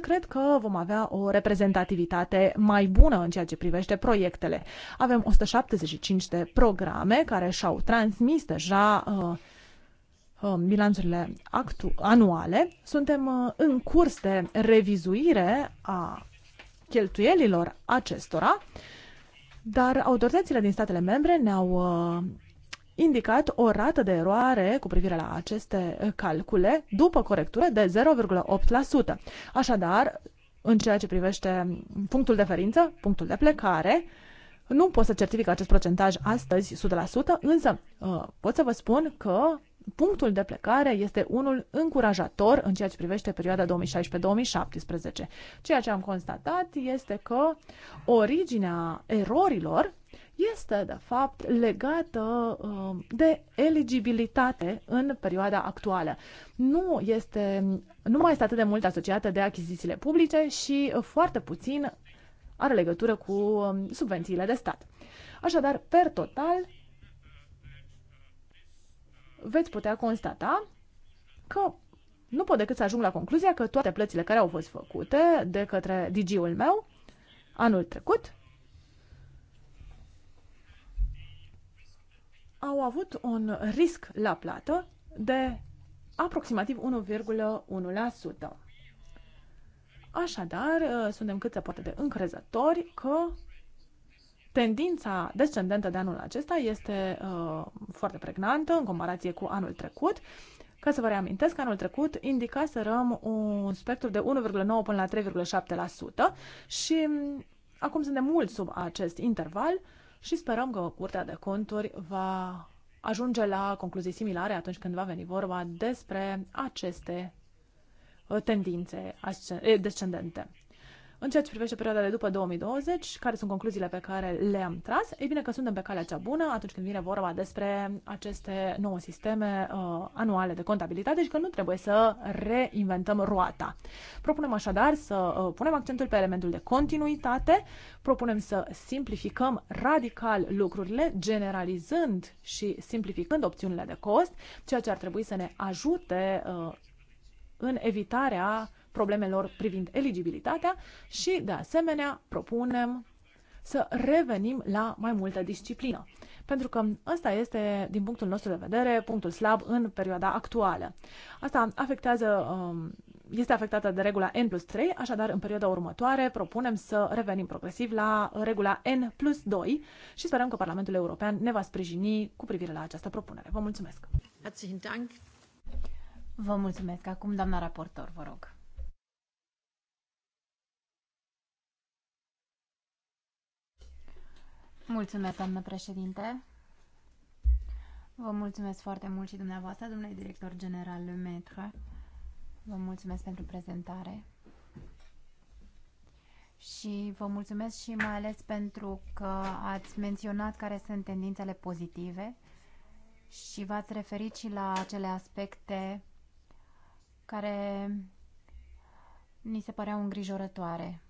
cred că vom avea o reprezentativitate mai bună în ceea ce privește proiectele. Avem 175 de programe care și-au transmis deja uh, Uh, bilanțurile actu- anuale. Suntem uh, în curs de revizuire a cheltuielilor acestora, dar autoritățile din statele membre ne-au uh, indicat o rată de eroare cu privire la aceste calcule după corectură de 0,8%. Așadar, în ceea ce privește punctul de referință, punctul de plecare, nu pot să certific acest procentaj astăzi 100%, însă pot să vă spun că punctul de plecare este unul încurajator în ceea ce privește perioada 2016-2017. Ceea ce am constatat este că originea erorilor este, de fapt, legată uh, de eligibilitate în perioada actuală. Nu, este, nu mai este atât de mult asociată de achizițiile publice și foarte puțin are legătură cu um, subvențiile de stat. Așadar, per total, veți putea constata că nu pot decât să ajung la concluzia că toate plățile care au fost făcute de către DG-ul meu anul trecut au avut un risc la plată de aproximativ 1,1%. Așadar, ă, suntem cât se poate de încrezători că Tendința descendentă de anul acesta este uh, foarte pregnantă în comparație cu anul trecut. Ca să vă reamintesc, anul trecut indica să răm un spectru de 1,9 până la 3,7% și mm, acum suntem mult sub acest interval și sperăm că Curtea de Conturi va ajunge la concluzii similare atunci când va veni vorba despre aceste uh, tendințe eh, descendente. În ceea ce privește perioada de după 2020, care sunt concluziile pe care le-am tras? Ei bine că suntem pe calea cea bună atunci când vine vorba despre aceste nouă sisteme uh, anuale de contabilitate și că nu trebuie să reinventăm roata. Propunem așadar să uh, punem accentul pe elementul de continuitate, propunem să simplificăm radical lucrurile, generalizând și simplificând opțiunile de cost, ceea ce ar trebui să ne ajute uh, în evitarea uh, problemelor privind eligibilitatea și, de asemenea, propunem să revenim la mai multă disciplină. Pentru că ăsta este, din punctul nostru de vedere, punctul slab în perioada actuală. Asta afectează, um, este afectată de regula N plus 3, așadar în perioada următoare propunem să revenim progresiv la regula N plus 2 și sperăm că Parlamentul European ne va sprijini cu privire la această propunere. Vă mulțumesc! Vă mulțumesc! Acum, doamna raportor, vă rog. Mulțumesc, doamnă președinte. Vă mulțumesc foarte mult și dumneavoastră, domnule director general Maître. Vă mulțumesc pentru prezentare. Și vă mulțumesc și mai ales pentru că ați menționat care sunt tendințele pozitive și v-ați referit și la acele aspecte care ni se păreau îngrijorătoare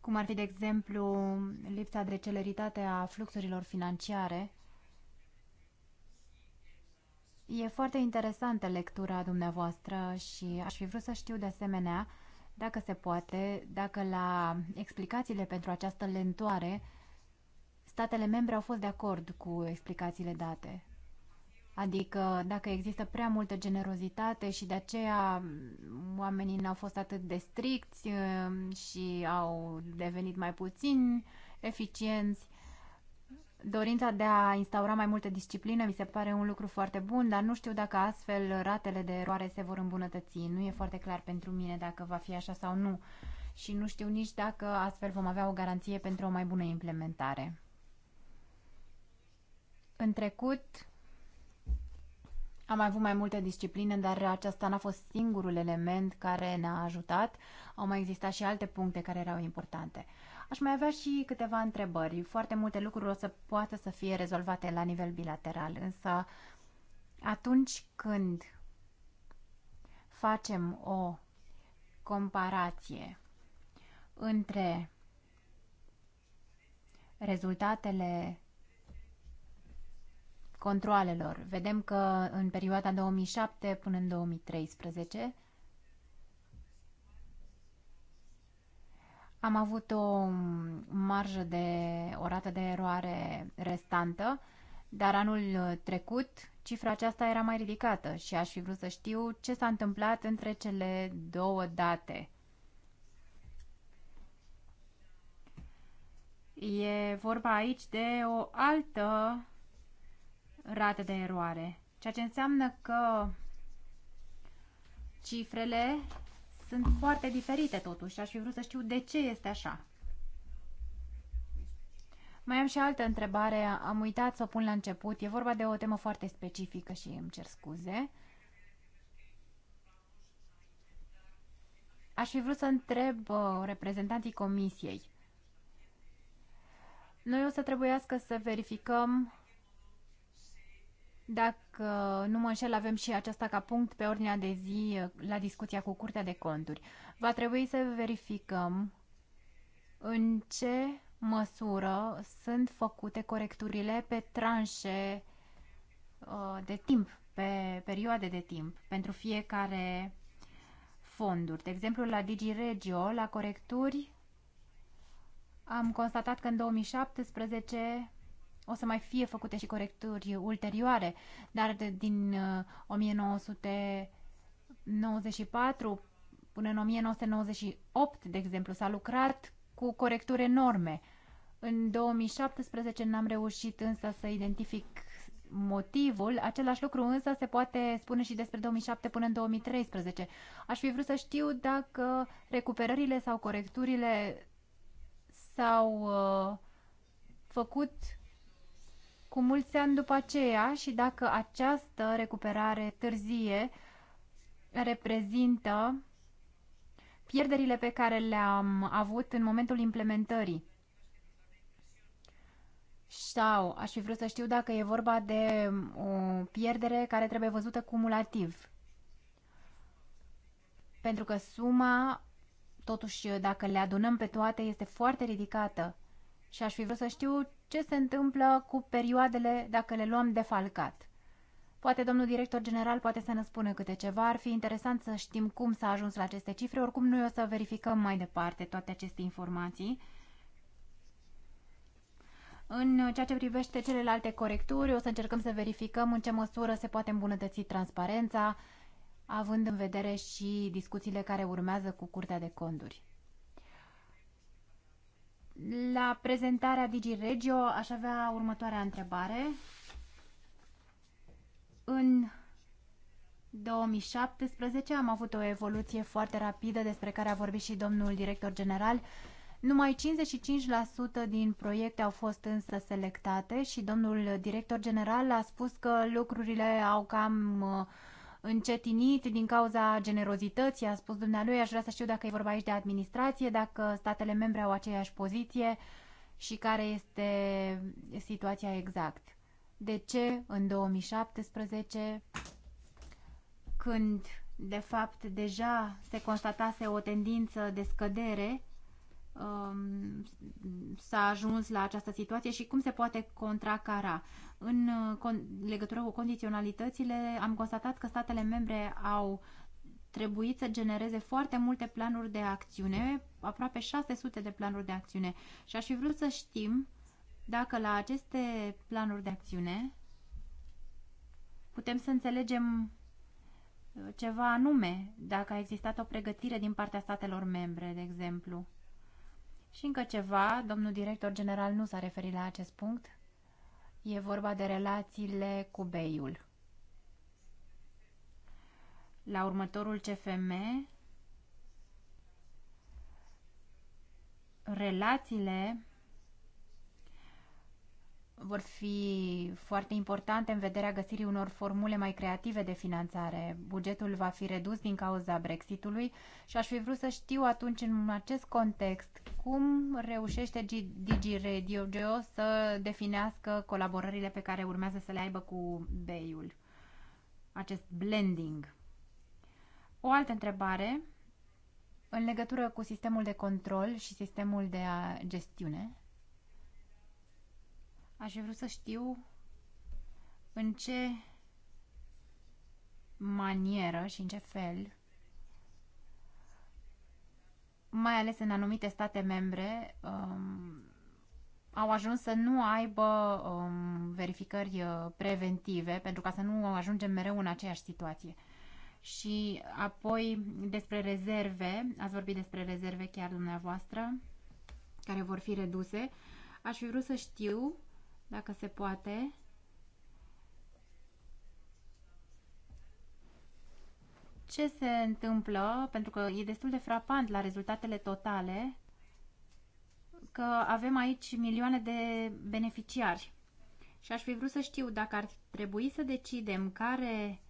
cum ar fi, de exemplu, lipsa de celeritate a fluxurilor financiare. E foarte interesantă lectura dumneavoastră și aș fi vrut să știu de asemenea, dacă se poate, dacă la explicațiile pentru această lentoare statele membre au fost de acord cu explicațiile date. Adică dacă există prea multă generozitate și de aceea oamenii n-au fost atât de stricți uh, și au devenit mai puțin eficienți, dorința de a instaura mai multă disciplină mi se pare un lucru foarte bun, dar nu știu dacă astfel ratele de eroare se vor îmbunătăți. Nu e foarte clar pentru mine dacă va fi așa sau nu și nu știu nici dacă astfel vom avea o garanție pentru o mai bună implementare. În trecut, am avut mai multe discipline, dar aceasta n-a fost singurul element care ne-a ajutat. Au mai existat și alte puncte care erau importante. Aș mai avea și câteva întrebări. Foarte multe lucruri o să poată să fie rezolvate la nivel bilateral, însă atunci când facem o comparație între rezultatele controalelor. Vedem că în perioada 2007 până în 2013 am avut o marjă de o rată de eroare restantă, dar anul trecut cifra aceasta era mai ridicată și aș fi vrut să știu ce s-a întâmplat între cele două date. E vorba aici de o altă rate de eroare, ceea ce înseamnă că cifrele sunt foarte diferite totuși și aș fi vrut să știu de ce este așa. Mai am și altă întrebare, am uitat să o pun la început. E vorba de o temă foarte specifică și îmi cer scuze. Aș fi vrut să întreb uh, reprezentanții comisiei. Noi o să trebuiască să verificăm dacă nu mă înșel, avem și aceasta ca punct pe ordinea de zi uh, la discuția cu Curtea de Conturi. Va trebui să verificăm în ce măsură sunt făcute corecturile pe tranșe uh, de timp, pe perioade de timp, pentru fiecare fonduri. De exemplu, la DigiRegio, la corecturi, am constatat că în 2017 o să mai fie făcute și corecturi ulterioare, dar de, din 1994 uh, până în 1998, de exemplu, s-a lucrat cu corecturi enorme. În 2017 n-am reușit însă să identific motivul. Același lucru însă se poate spune și despre 2007 până în 2013. Aș fi vrut să știu dacă recuperările sau corecturile s-au uh, făcut cu mulți ani după aceea și dacă această recuperare târzie reprezintă pierderile pe care le-am avut în momentul implementării. Sau aș fi vrut să știu dacă e vorba de o pierdere care trebuie văzută cumulativ. Pentru că suma, totuși, dacă le adunăm pe toate, este foarte ridicată. Și aș fi vrut să știu ce se întâmplă cu perioadele dacă le luăm defalcat. Poate domnul director general poate să ne spună câte ceva, ar fi interesant să știm cum s-a ajuns la aceste cifre, oricum noi o să verificăm mai departe toate aceste informații. În ceea ce privește celelalte corecturi, o să încercăm să verificăm în ce măsură se poate îmbunătăți transparența, având în vedere și discuțiile care urmează cu Curtea de Conduri. La prezentarea DigiRegio aș avea următoarea întrebare. În 2017 am avut o evoluție foarte rapidă despre care a vorbit și domnul director general. Numai 55% din proiecte au fost însă selectate și domnul director general a spus că lucrurile au cam uh, încetinit din cauza generozității, a spus dumnealui, aș vrea să știu dacă e vorba aici de administrație, dacă statele membre au aceeași poziție și care este situația exact. De ce în 2017, când de fapt deja se constatase o tendință de scădere, Um, s-a ajuns la această situație și cum se poate contracara. În uh, legătură cu condiționalitățile, am constatat că statele membre au trebuit să genereze foarte multe planuri de acțiune, aproape 600 de planuri de acțiune. Și aș fi vrut să știm dacă la aceste planuri de acțiune putem să înțelegem uh, ceva anume, dacă a existat o pregătire din partea statelor membre, de exemplu. Și încă ceva, domnul director general nu s-a referit la acest punct. E vorba de relațiile cu Beiul. La următorul CFM, relațiile vor fi foarte importante în vederea găsirii unor formule mai creative de finanțare. Bugetul va fi redus din cauza Brexitului și aș fi vrut să știu atunci în acest context cum reușește Digi Radio Geo să definească colaborările pe care urmează să le aibă cu BEI-ul, acest blending. O altă întrebare în legătură cu sistemul de control și sistemul de gestiune Aș vrea să știu în ce manieră și în ce fel, mai ales în anumite state membre, um, au ajuns să nu aibă um, verificări uh, preventive, pentru ca să nu ajungem mereu în aceeași situație. Și apoi despre rezerve, ați vorbit despre rezerve chiar dumneavoastră, care vor fi reduse. Aș fi vrut să știu dacă se poate. Ce se întâmplă, pentru că e destul de frapant la rezultatele totale, că avem aici milioane de beneficiari. Și aș fi vrut să știu dacă ar trebui să decidem care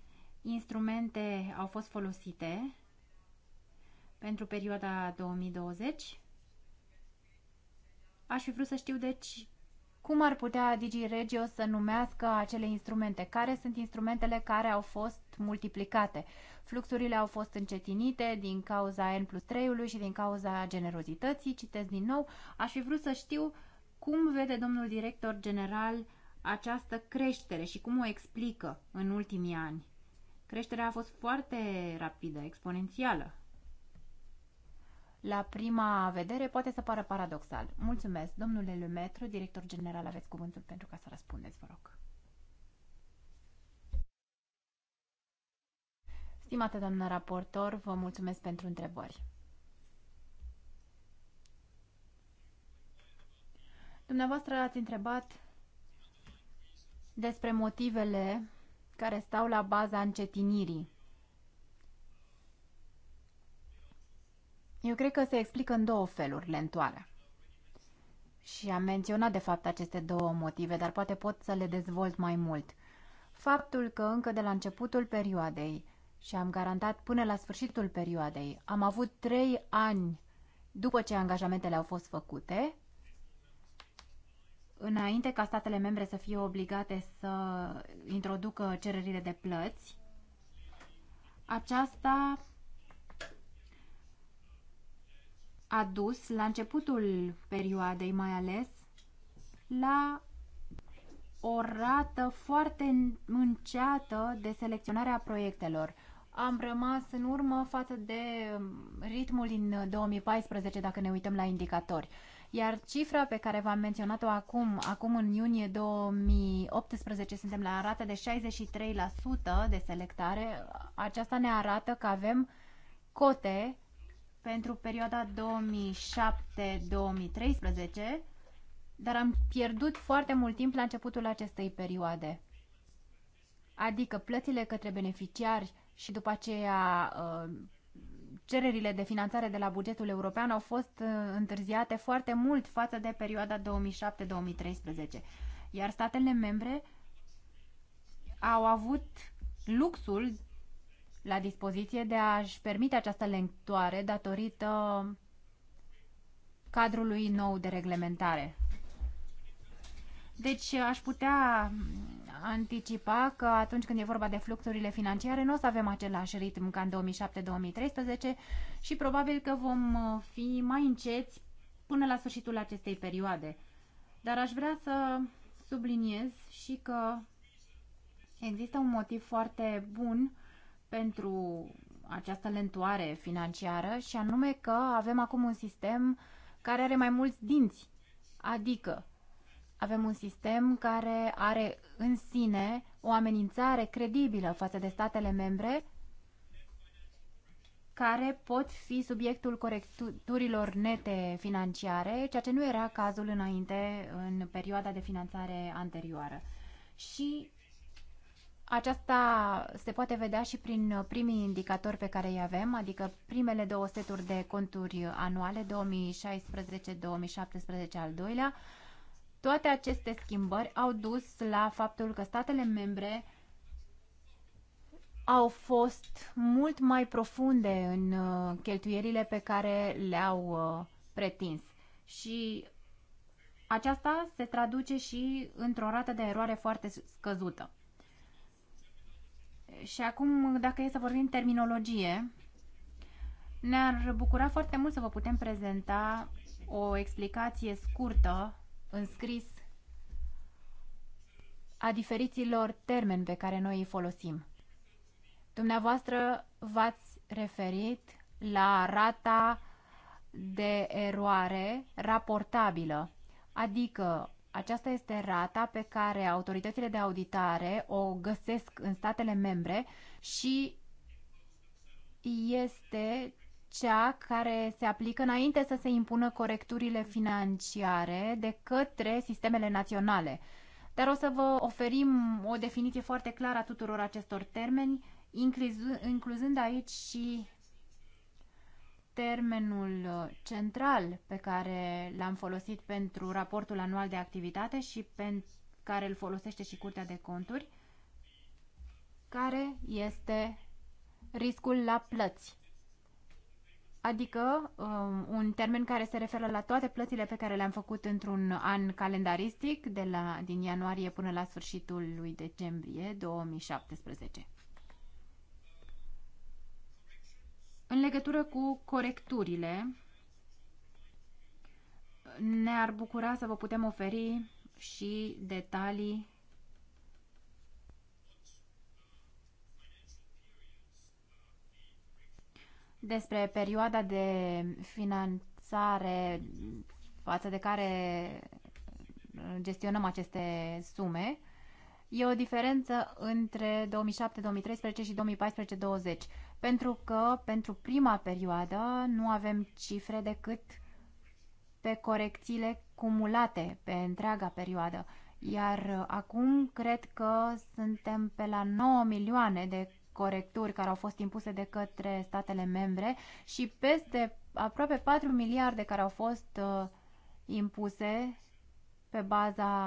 instrumente au fost folosite pentru perioada 2020. Aș fi vrut să știu, deci, cum ar putea Regio să numească acele instrumente? Care sunt instrumentele care au fost multiplicate? Fluxurile au fost încetinite din cauza N plus 3-ului și din cauza generozității. Citesc din nou. Aș fi vrut să știu cum vede domnul director general această creștere și cum o explică în ultimii ani. Creșterea a fost foarte rapidă, exponențială la prima vedere poate să pară paradoxal. Mulțumesc, domnule Lumetru, director general, aveți cuvântul pentru ca să răspundeți, vă rog. Stimată doamnă raportor, vă mulțumesc pentru întrebări. Dumneavoastră ați întrebat despre motivele care stau la baza încetinirii Eu cred că se explică în două feluri lentoarea. Și am menționat, de fapt, aceste două motive, dar poate pot să le dezvolt mai mult. Faptul că încă de la începutul perioadei și am garantat până la sfârșitul perioadei, am avut trei ani după ce angajamentele au fost făcute, înainte ca statele membre să fie obligate să introducă cererile de plăți, aceasta adus, la începutul perioadei mai ales, la o rată foarte înceată de selecționare a proiectelor. Am rămas în urmă față de ritmul din 2014, dacă ne uităm la indicatori. Iar cifra pe care v-am menționat-o acum, acum în iunie 2018, suntem la rată de 63% de selectare. Aceasta ne arată că avem cote pentru perioada 2007-2013, dar am pierdut foarte mult timp la începutul acestei perioade. Adică plățile către beneficiari și după aceea uh, cererile de finanțare de la bugetul european au fost uh, întârziate foarte mult față de perioada 2007-2013, iar statele membre au avut luxul la dispoziție de a-și permite această lentoare datorită cadrului nou de reglementare. Deci aș putea anticipa că atunci când e vorba de fluxurile financiare nu o să avem același ritm ca în 2007-2013 și probabil că vom fi mai înceți până la sfârșitul acestei perioade. Dar aș vrea să subliniez și că există un motiv foarte bun pentru această lentoare financiară și anume că avem acum un sistem care are mai mulți dinți, adică avem un sistem care are în sine o amenințare credibilă față de statele membre care pot fi subiectul corecturilor nete financiare, ceea ce nu era cazul înainte în perioada de finanțare anterioară. Și aceasta se poate vedea și prin primii indicatori pe care îi avem, adică primele două seturi de conturi anuale, 2016-2017 al doilea. Toate aceste schimbări au dus la faptul că statele membre au fost mult mai profunde în uh, cheltuierile pe care le-au uh, pretins. Și aceasta se traduce și într-o rată de eroare foarte scăzută. Și acum, dacă e să vorbim terminologie, ne-ar bucura foarte mult să vă putem prezenta o explicație scurtă, în scris, a diferiților termeni pe care noi îi folosim. Dumneavoastră v-ați referit la rata de eroare raportabilă, adică aceasta este rata pe care autoritățile de auditare o găsesc în statele membre și este cea care se aplică înainte să se impună corecturile financiare de către sistemele naționale. Dar o să vă oferim o definiție foarte clară a tuturor acestor termeni, incluzând aici și termenul uh, central pe care l-am folosit pentru raportul anual de activitate și pe care îl folosește și Curtea de Conturi, care este riscul la plăți. Adică um, un termen care se referă la toate plățile pe care le-am făcut într-un an calendaristic, de la, din ianuarie până la sfârșitul lui decembrie 2017. legătură cu corecturile, ne-ar bucura să vă putem oferi și detalii despre perioada de finanțare față de care gestionăm aceste sume. E o diferență între 2007-2013 și 2014-2020 pentru că pentru prima perioadă nu avem cifre decât pe corecțiile cumulate pe întreaga perioadă. Iar uh, acum cred că suntem pe la 9 milioane de corecturi care au fost impuse de către statele membre și peste aproape 4 miliarde care au fost uh, impuse pe baza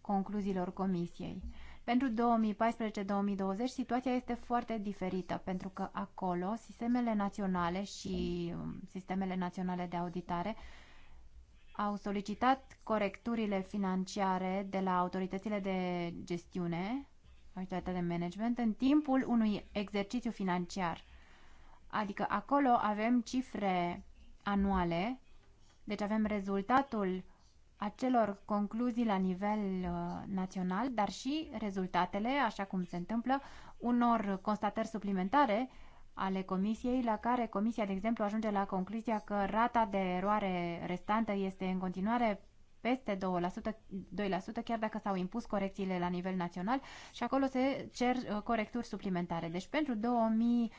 concluziilor comisiei. Pentru 2014-2020 situația este foarte diferită, pentru că acolo sistemele naționale și um, sistemele naționale de auditare au solicitat corecturile financiare de la autoritățile de gestiune, autoritatea de management, în timpul unui exercițiu financiar. Adică acolo avem cifre anuale, deci avem rezultatul acelor concluzii la nivel uh, național, dar și rezultatele, așa cum se întâmplă, unor constatări suplimentare ale comisiei, la care comisia, de exemplu, ajunge la concluzia că rata de eroare restantă este în continuare peste 2%, 2% chiar dacă s-au impus corecțiile la nivel național și acolo se cer uh, corecturi suplimentare. Deci pentru 2000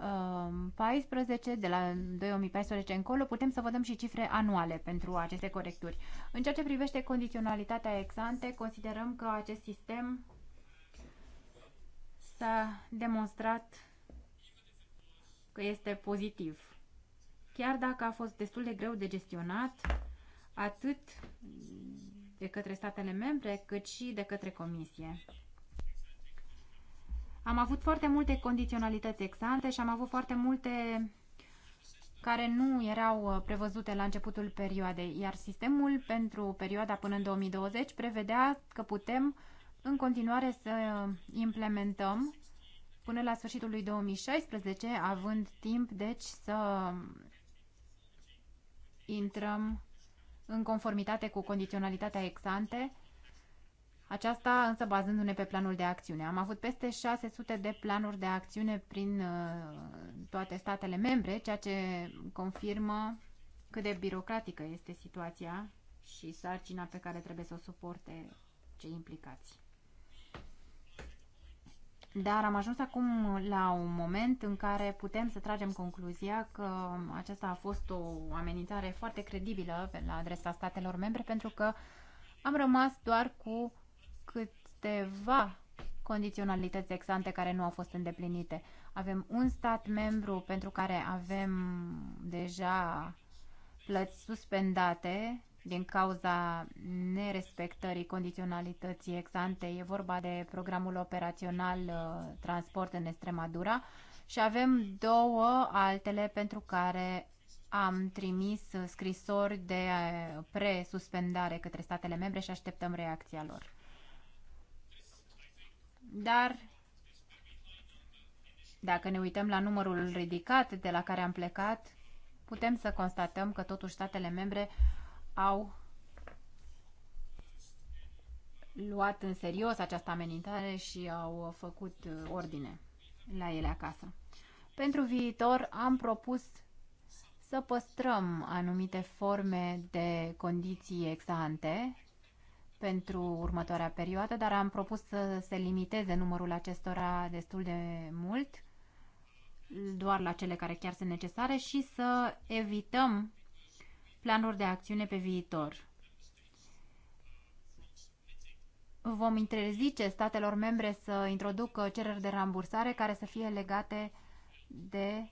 2014, um, de la 2014 încolo, putem să vă dăm și cifre anuale pentru aceste corecturi. În ceea ce privește condiționalitatea exante, considerăm că acest sistem s-a demonstrat că este pozitiv. Chiar dacă a fost destul de greu de gestionat, atât de către statele membre, cât și de către Comisie. Am avut foarte multe condiționalități exante și am avut foarte multe care nu erau uh, prevăzute la începutul perioadei, iar sistemul pentru perioada până în 2020 prevedea că putem în continuare să implementăm până la sfârșitul lui 2016, având timp, deci, să intrăm în conformitate cu condiționalitatea exante aceasta însă bazându-ne pe planul de acțiune. Am avut peste 600 de planuri de acțiune prin uh, toate statele membre, ceea ce confirmă cât de birocratică este situația și sarcina pe care trebuie să o suporte cei implicați. Dar am ajuns acum la un moment în care putem să tragem concluzia că aceasta a fost o amenințare foarte credibilă la adresa statelor membre pentru că am rămas doar cu câteva condiționalități exante care nu au fost îndeplinite. Avem un stat membru pentru care avem deja plăți suspendate din cauza nerespectării condiționalității exante. E vorba de programul operațional uh, transport în Extremadura și avem două altele pentru care am trimis scrisori de uh, presuspendare către statele membre și așteptăm reacția lor. Dar dacă ne uităm la numărul ridicat de la care am plecat, putem să constatăm că totuși statele membre au luat în serios această amenințare și au făcut uh, ordine la ele acasă. Pentru viitor am propus să păstrăm anumite forme de condiții exante pentru următoarea perioadă, dar am propus să se limiteze numărul acestora destul de mult, doar la cele care chiar sunt necesare și să evităm planuri de acțiune pe viitor. Vom interzice statelor membre să introducă cereri de rambursare care să fie legate de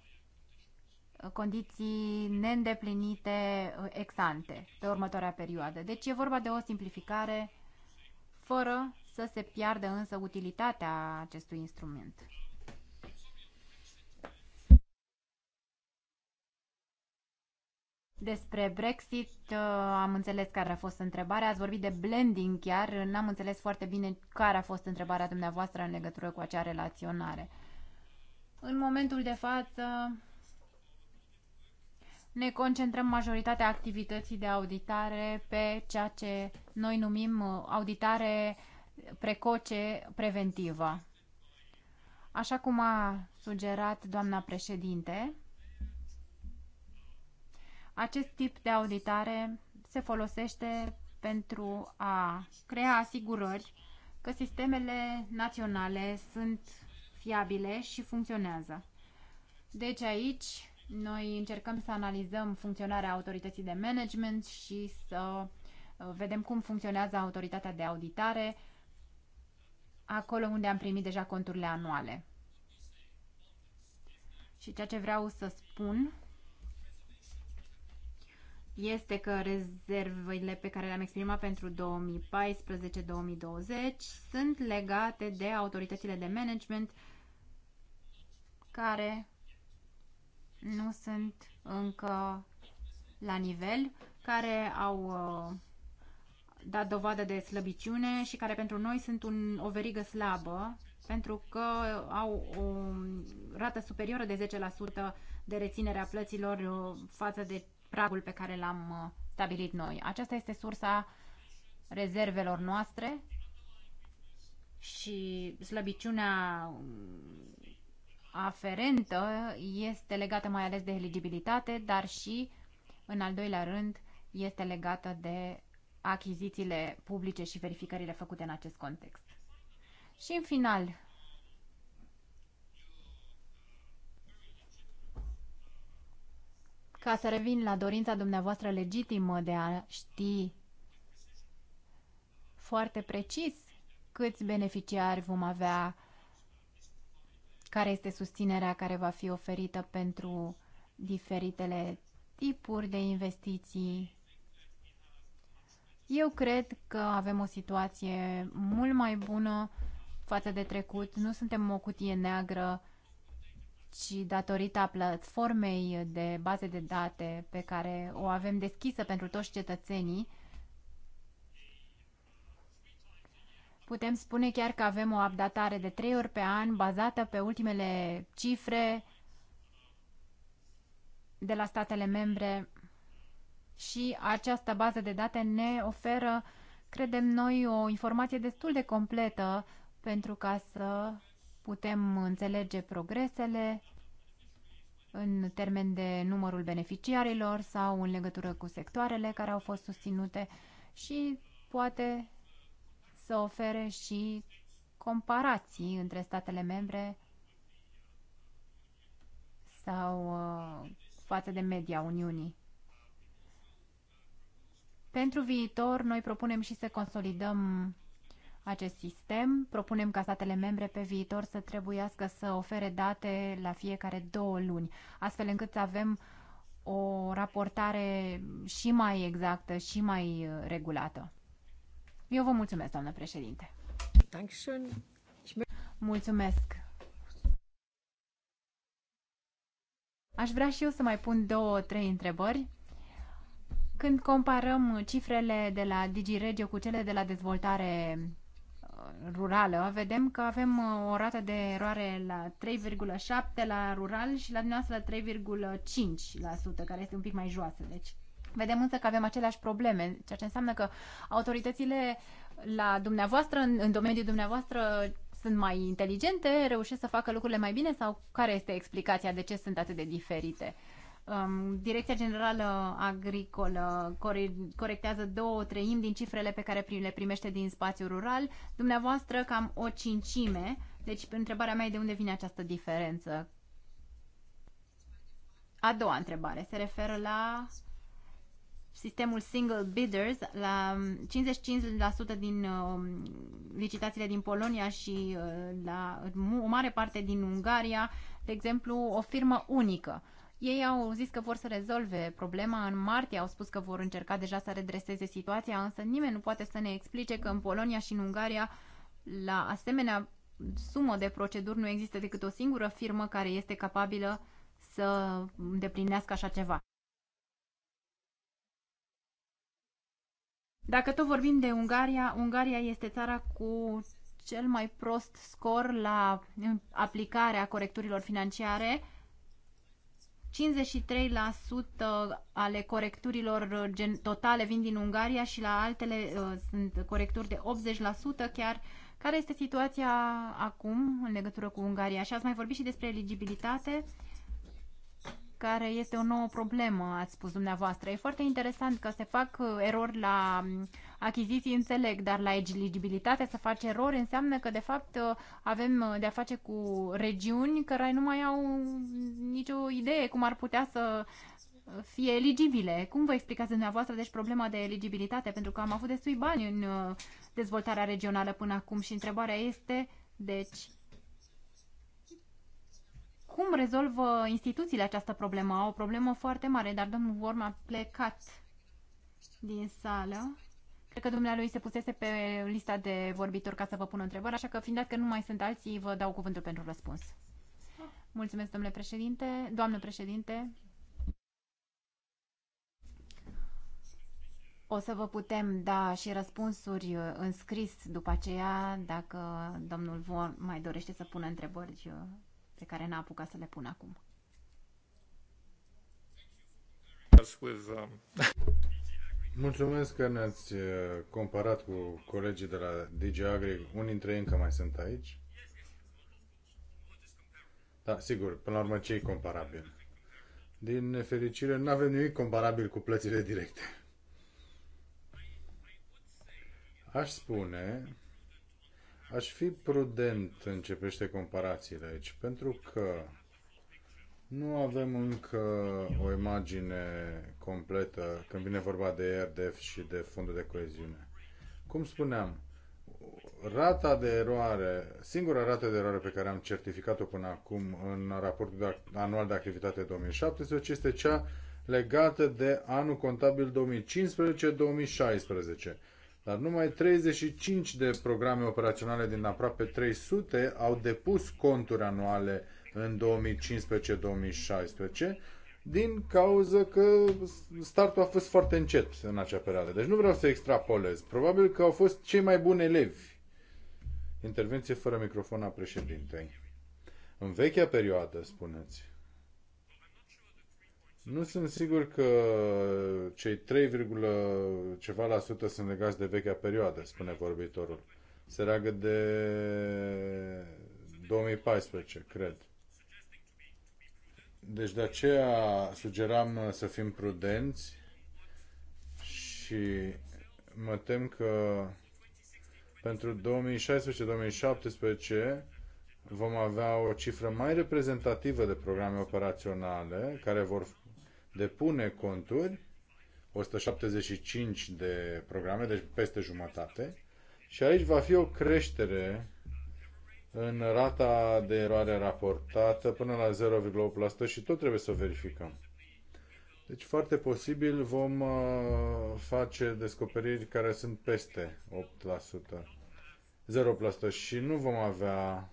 condiții neîndeplinite uh, exante pe următoarea perioadă. Deci e vorba de o simplificare fără să se piardă însă utilitatea acestui instrument. Despre Brexit uh, am înțeles care a fost întrebarea, ați vorbit de blending chiar, n-am înțeles foarte bine care a fost întrebarea dumneavoastră în legătură cu acea relaționare. În momentul de față, ne concentrăm majoritatea activității de auditare pe ceea ce noi numim uh, auditare precoce preventivă. Așa cum a sugerat doamna președinte, acest tip de auditare se folosește pentru a crea asigurări că sistemele naționale sunt fiabile și funcționează. Deci aici noi încercăm să analizăm funcționarea autorității de management și să uh, vedem cum funcționează autoritatea de auditare acolo unde am primit deja conturile anuale. Și ceea ce vreau să spun este că rezervele pe care le-am exprimat pentru 2014-2020 sunt legate de autoritățile de management care nu sunt încă la nivel, care au uh, dat dovadă de slăbiciune și care pentru noi sunt un, o verigă slabă, pentru că au o rată superioară de 10% de reținere a plăților uh, față de pragul pe care l-am uh, stabilit noi. Aceasta este sursa rezervelor noastre și slăbiciunea aferentă este legată mai ales de eligibilitate, dar și, în al doilea rând, este legată de achizițiile publice și verificările făcute în acest context. Și în final, ca să revin la dorința dumneavoastră legitimă de a ști foarte precis câți beneficiari vom avea care este susținerea care va fi oferită pentru diferitele tipuri de investiții. Eu cred că avem o situație mult mai bună față de trecut. Nu suntem o cutie neagră, ci datorită platformei de baze de date pe care o avem deschisă pentru toți cetățenii, Putem spune chiar că avem o updatare de trei ori pe an bazată pe ultimele cifre de la statele membre și această bază de date ne oferă, credem noi, o informație destul de completă pentru ca să putem înțelege progresele în termen de numărul beneficiarilor sau în legătură cu sectoarele care au fost susținute și poate să ofere și comparații între statele membre sau uh, față de media Uniunii. Pentru viitor, noi propunem și să consolidăm acest sistem. Propunem ca statele membre pe viitor să trebuiască să ofere date la fiecare două luni, astfel încât să avem o raportare și mai exactă și mai uh, regulată. Eu vă mulțumesc, doamnă președinte. Mulțumesc. Aș vrea și eu să mai pun două, trei întrebări. Când comparăm cifrele de la DigiRegio cu cele de la dezvoltare uh, rurală, vedem că avem uh, o rată de eroare la 3,7 la rural și la dumneavoastră la 3,5%, care este un pic mai joasă, deci Vedem însă că avem aceleași probleme, ceea ce înseamnă că autoritățile la dumneavoastră, în, în domeniul dumneavoastră, sunt mai inteligente, reușesc să facă lucrurile mai bine sau care este explicația de ce sunt atât de diferite? Um, Direcția Generală Agricolă core- corectează două treimi din cifrele pe care le primește din spațiul rural, dumneavoastră cam o cincime, deci întrebarea mea e de unde vine această diferență. A doua întrebare se referă la sistemul single bidders la 55% um, din um, licitațiile din Polonia și uh, la o mare parte din Ungaria, de exemplu, o firmă unică. Ei au zis că vor să rezolve problema în martie, au spus că vor încerca deja să redreseze situația, însă nimeni nu poate să ne explice că în Polonia și în Ungaria la asemenea sumă de proceduri nu există decât o singură firmă care este capabilă să îndeplinească așa ceva. Dacă tot vorbim de Ungaria, Ungaria este țara cu cel mai prost scor la aplicarea corecturilor financiare. 53% ale corecturilor totale vin din Ungaria și la altele uh, sunt corecturi de 80% chiar. Care este situația acum în legătură cu Ungaria? Și ați mai vorbit și despre eligibilitate care este o nouă problemă, ați spus dumneavoastră. E foarte interesant că se fac uh, erori la um, achiziții, înțeleg, dar la eligibilitate să faci erori înseamnă că, de fapt, uh, avem uh, de-a face cu regiuni care nu mai au nicio idee cum ar putea să fie eligibile. Cum vă explicați dumneavoastră, deci, problema de eligibilitate? Pentru că am avut destui bani în dezvoltarea regională până acum și întrebarea este, deci, cum rezolvă instituțiile această problemă? O problemă foarte mare, dar domnul Worm a plecat din sală. Cred că dumnealui se pusese pe lista de vorbitori ca să vă pună întrebări, așa că fiind dat că nu mai sunt alții, vă dau cuvântul pentru răspuns. Mulțumesc, domnule președinte, doamnă președinte. O să vă putem da și răspunsuri în scris după aceea, dacă domnul Vor mai dorește să pună întrebări pe care n-a apucat să le pun acum. Mulțumesc că ne-ați uh, comparat cu colegii de la DJ Agri. Unii dintre ei încă mai sunt aici. Da, sigur, până la urmă ce e comparabil? Din nefericire, nu avem nimic comparabil cu plățile directe. Aș spune Aș fi prudent începește comparațiile aici, pentru că nu avem încă o imagine completă când vine vorba de RDF și de fondul de coeziune. Cum spuneam, rata de eroare, singura rată de eroare pe care am certificat-o până acum în raportul anual de activitate 2017 este cea legată de anul contabil 2015-2016 dar numai 35 de programe operaționale din aproape 300 au depus conturi anuale în 2015-2016 din cauza că startul a fost foarte încet în acea perioadă. Deci nu vreau să extrapolez. Probabil că au fost cei mai buni elevi. Intervenție fără microfon a președintei. În vechea perioadă, spuneți, nu sunt sigur că cei 3, ceva la sută sunt legați de vechea perioadă, spune vorbitorul. Se leagă de 2014, cred. Deci de aceea sugeram să fim prudenți și mă tem că pentru 2016-2017 vom avea o cifră mai reprezentativă de programe operaționale care vor depune conturi, 175 de programe, deci peste jumătate, și aici va fi o creștere în rata de eroare raportată până la 0,8% și tot trebuie să o verificăm. Deci foarte posibil vom uh, face descoperiri care sunt peste 8%, 0% și nu vom avea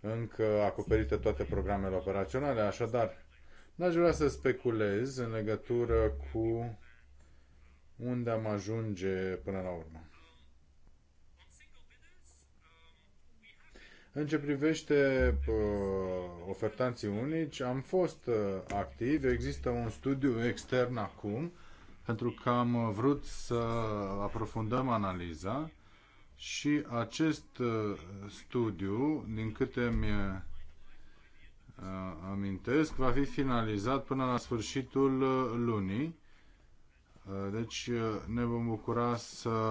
încă acoperite toate programele operaționale, așadar N-aș vrea să speculez în legătură cu unde am ajunge până la urmă. În ce privește uh, ofertanții unici, am fost uh, activ, există un studiu extern acum, pentru că am vrut să aprofundăm analiza și acest uh, studiu, din câte mi Uh, amintesc, va fi finalizat până la sfârșitul uh, lunii. Uh, deci ne vom bucura să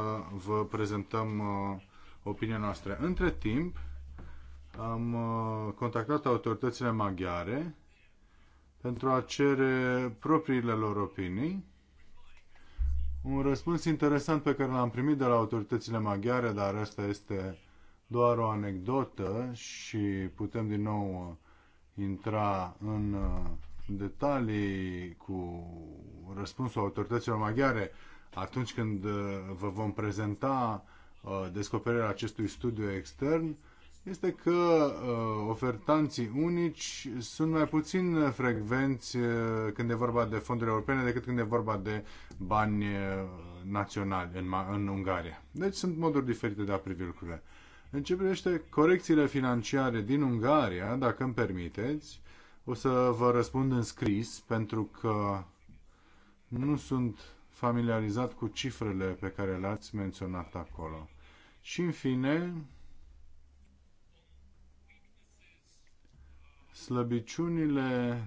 vă prezentăm opinia noastră. Între timp, am contactat autoritățile maghiare pentru a cere propriile lor opinii. Un răspuns interesant pe care l-am primit de la autoritățile maghiare, dar asta este doar o anecdotă și putem din nou intra în uh, detalii cu răspunsul autorităților maghiare atunci când uh, vă vom prezenta uh, descoperirea acestui studiu extern este că uh, ofertanții unici sunt mai puțin frecvenți uh, când e vorba de fonduri europene decât când e vorba de bani uh, naționali în, în Ungaria. Deci sunt moduri diferite de a privi lucrurile. În ce privește corecțiile financiare din Ungaria, dacă îmi permiteți, o să vă răspund în scris, pentru că nu sunt familiarizat cu cifrele pe care le-ați menționat acolo. Și, în fine, slăbiciunile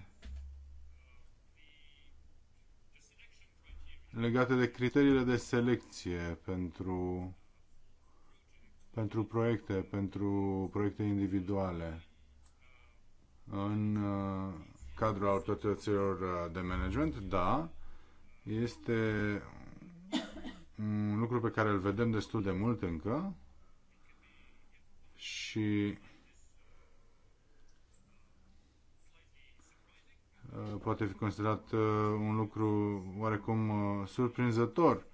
legate de criteriile de selecție pentru pentru proiecte, pentru proiecte individuale în uh, cadrul autorităților uh, de management, da, este un lucru pe care îl vedem destul de mult încă și uh, poate fi considerat un lucru oarecum surprinzător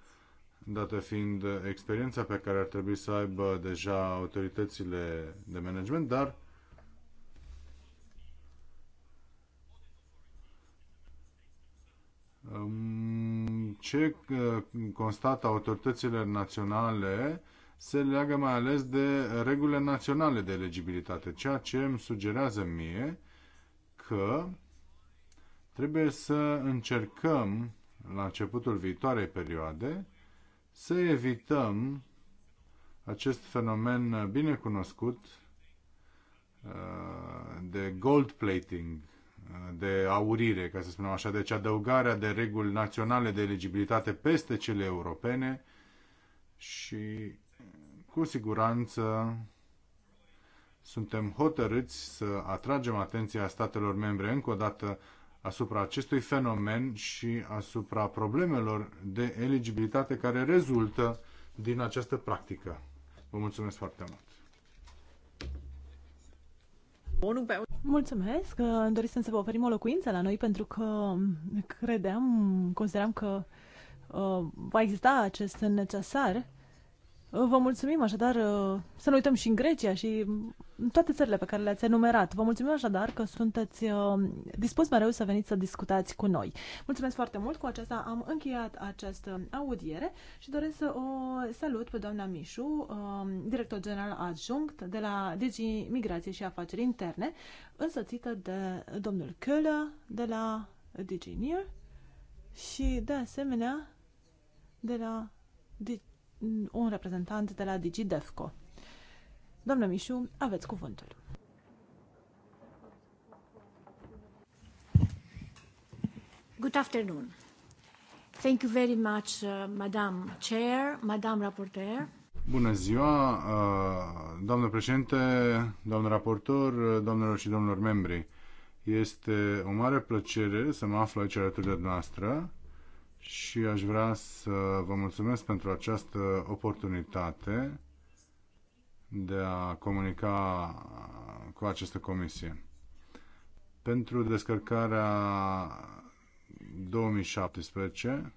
dată fiind experiența pe care ar trebui să aibă deja autoritățile de management, dar ce uh, constată autoritățile naționale se leagă mai ales de regulile naționale de eligibilitate, ceea ce îmi sugerează mie că trebuie să încercăm la începutul viitoarei perioade să evităm acest fenomen bine cunoscut uh, de gold plating, uh, de aurire, ca să spunem așa, deci adăugarea de reguli naționale de eligibilitate peste cele europene și uh, cu siguranță suntem hotărâți să atragem atenția statelor membre încă o dată asupra acestui fenomen și asupra problemelor de eligibilitate care rezultă din această practică. Vă mulțumesc foarte mult! Mulțumesc că dorit să vă oferim o locuință la noi pentru că credeam, consideram că uh, va exista acest necesar Vă mulțumim așadar uh, să ne uităm și în Grecia și în toate țările pe care le-ați enumerat. Vă mulțumim așadar că sunteți uh, dispus mereu să veniți să discutați cu noi. Mulțumesc foarte mult, cu aceasta am încheiat această audiere și doresc să o salut pe doamna Mișu, um, director general adjunct de la DG Migrație și Afaceri Interne, însățită de domnul Köhler de la DG NIR și de asemenea de la DG un reprezentant de la DigiDefco. Domnule Mișu, aveți cuvântul. Good afternoon. Thank you very much, uh, Madam Chair, Madam Rapporteur. Bună ziua, uh, doamnă președinte, doamnă raportor, uh, doamnelor și domnilor membri. Este o mare plăcere să mă aflu aici alături de dumneavoastră și aș vrea să vă mulțumesc pentru această oportunitate de a comunica cu această comisie. Pentru descărcarea 2017,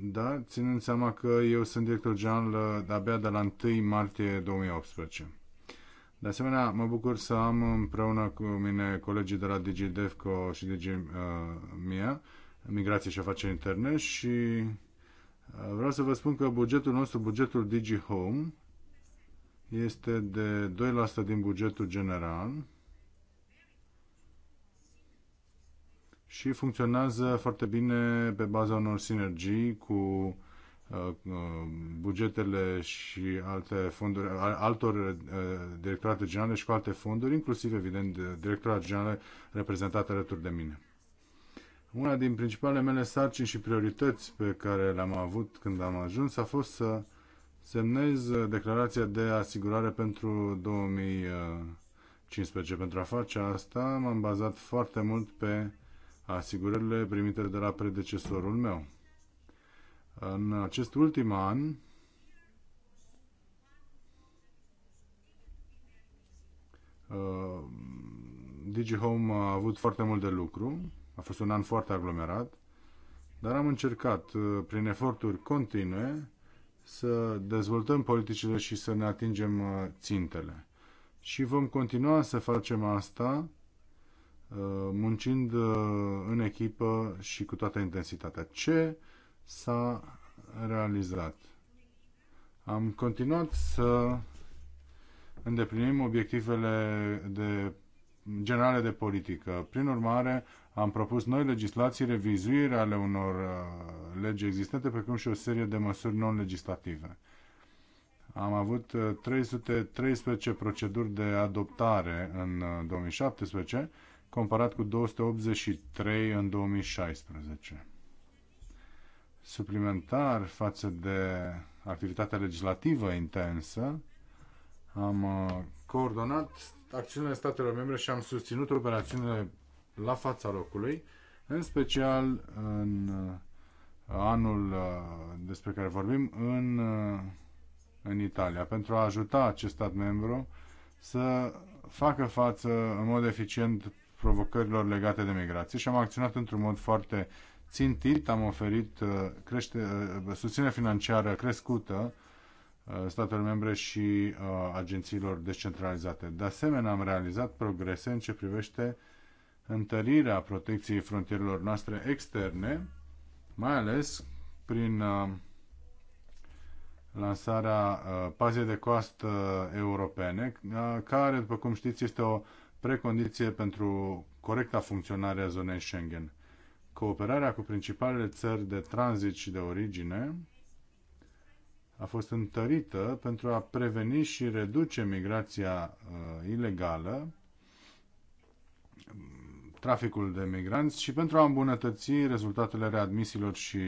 Da, ținând seama că eu sunt director general uh, abia de la 1 martie 2018. De asemenea, mă bucur să am împreună cu mine colegii de la DigiDevco și DigiMia uh, migrație și afaceri interne și uh, vreau să vă spun că bugetul nostru, bugetul Digi Home, este de 2% din bugetul general și funcționează foarte bine pe baza unor sinergii cu uh, bugetele și alte fonduri, altor uh, directorate generale și cu alte fonduri, inclusiv, evident, directorate generale reprezentate alături de mine. Una din principalele mele sarcini și priorități pe care le-am avut când am ajuns a fost să semnez declarația de asigurare pentru 2015. Pentru a face asta m-am bazat foarte mult pe asigurările primite de la predecesorul meu. În acest ultim an uh, DigiHome a avut foarte mult de lucru a fost un an foarte aglomerat, dar am încercat, uh, prin eforturi continue, să dezvoltăm politicile și să ne atingem uh, țintele. Și vom continua să facem asta uh, muncind în echipă și cu toată intensitatea. Ce s-a realizat? Am continuat să îndeplinim obiectivele de generale de politică. Prin urmare, am propus noi legislații, revizuire ale unor uh, legi existente, precum și o serie de măsuri non-legislative. Am avut 313 uh, proceduri de adoptare în 2017, uh, comparat cu 283 în 2016. Suplimentar față de activitatea legislativă intensă, am uh, coordonat acțiunile statelor membre și am susținut operațiunile la fața locului, în special în uh, anul uh, despre care vorbim, în, uh, în Italia, pentru a ajuta acest stat membru să facă față în mod eficient provocărilor legate de migrație și am acționat într-un mod foarte țintit, am oferit crește, susținere financiară crescută statelor membre și agențiilor descentralizate. De asemenea, am realizat progrese în ce privește uh, întărirea protecției frontierelor noastre externe, mai ales prin uh, lansarea uh, pazei de coastă europene, uh, care, după cum știți, este o precondiție pentru corecta funcționare a zonei Schengen. Cooperarea cu principalele țări de tranzit și de origine a fost întărită pentru a preveni și reduce migrația uh, ilegală traficul de migranți și pentru a îmbunătăți rezultatele readmisiilor și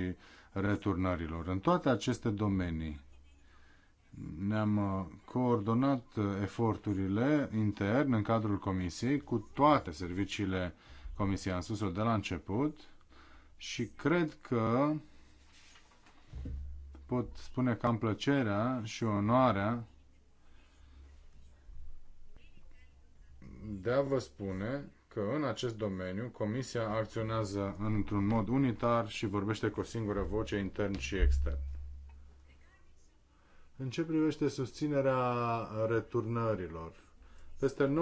returnărilor. În toate aceste domenii ne-am uh, coordonat uh, eforturile intern în cadrul Comisiei cu toate serviciile Comisiei. în sus de la început și cred că pot spune că am plăcerea și onoarea de a vă spune că în acest domeniu Comisia acționează într-un mod unitar și vorbește cu o singură voce intern și extern. În ce privește susținerea returnărilor, peste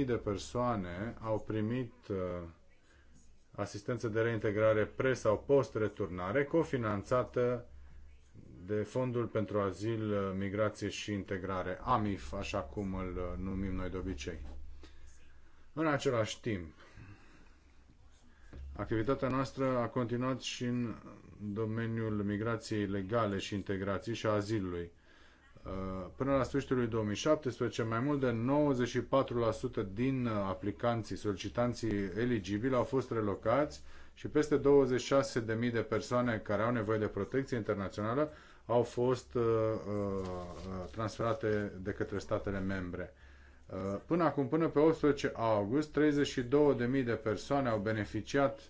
19.000 de persoane au primit uh, asistență de reintegrare pre- sau post-returnare, cofinanțată de Fondul pentru Azil, Migrație și Integrare, AMIF, așa cum îl uh, numim noi de obicei. În același timp, activitatea noastră a continuat și în domeniul migrației legale și integrației și azilului. Uh, până la sfârșitul lui 2017, mai mult de 94% din aplicanții, solicitanții eligibili au fost relocați și peste 26.000 de persoane care au nevoie de protecție internațională au fost uh, uh, transferate de către statele membre. Uh, până acum, până pe 18 august, 32.000 de persoane au beneficiat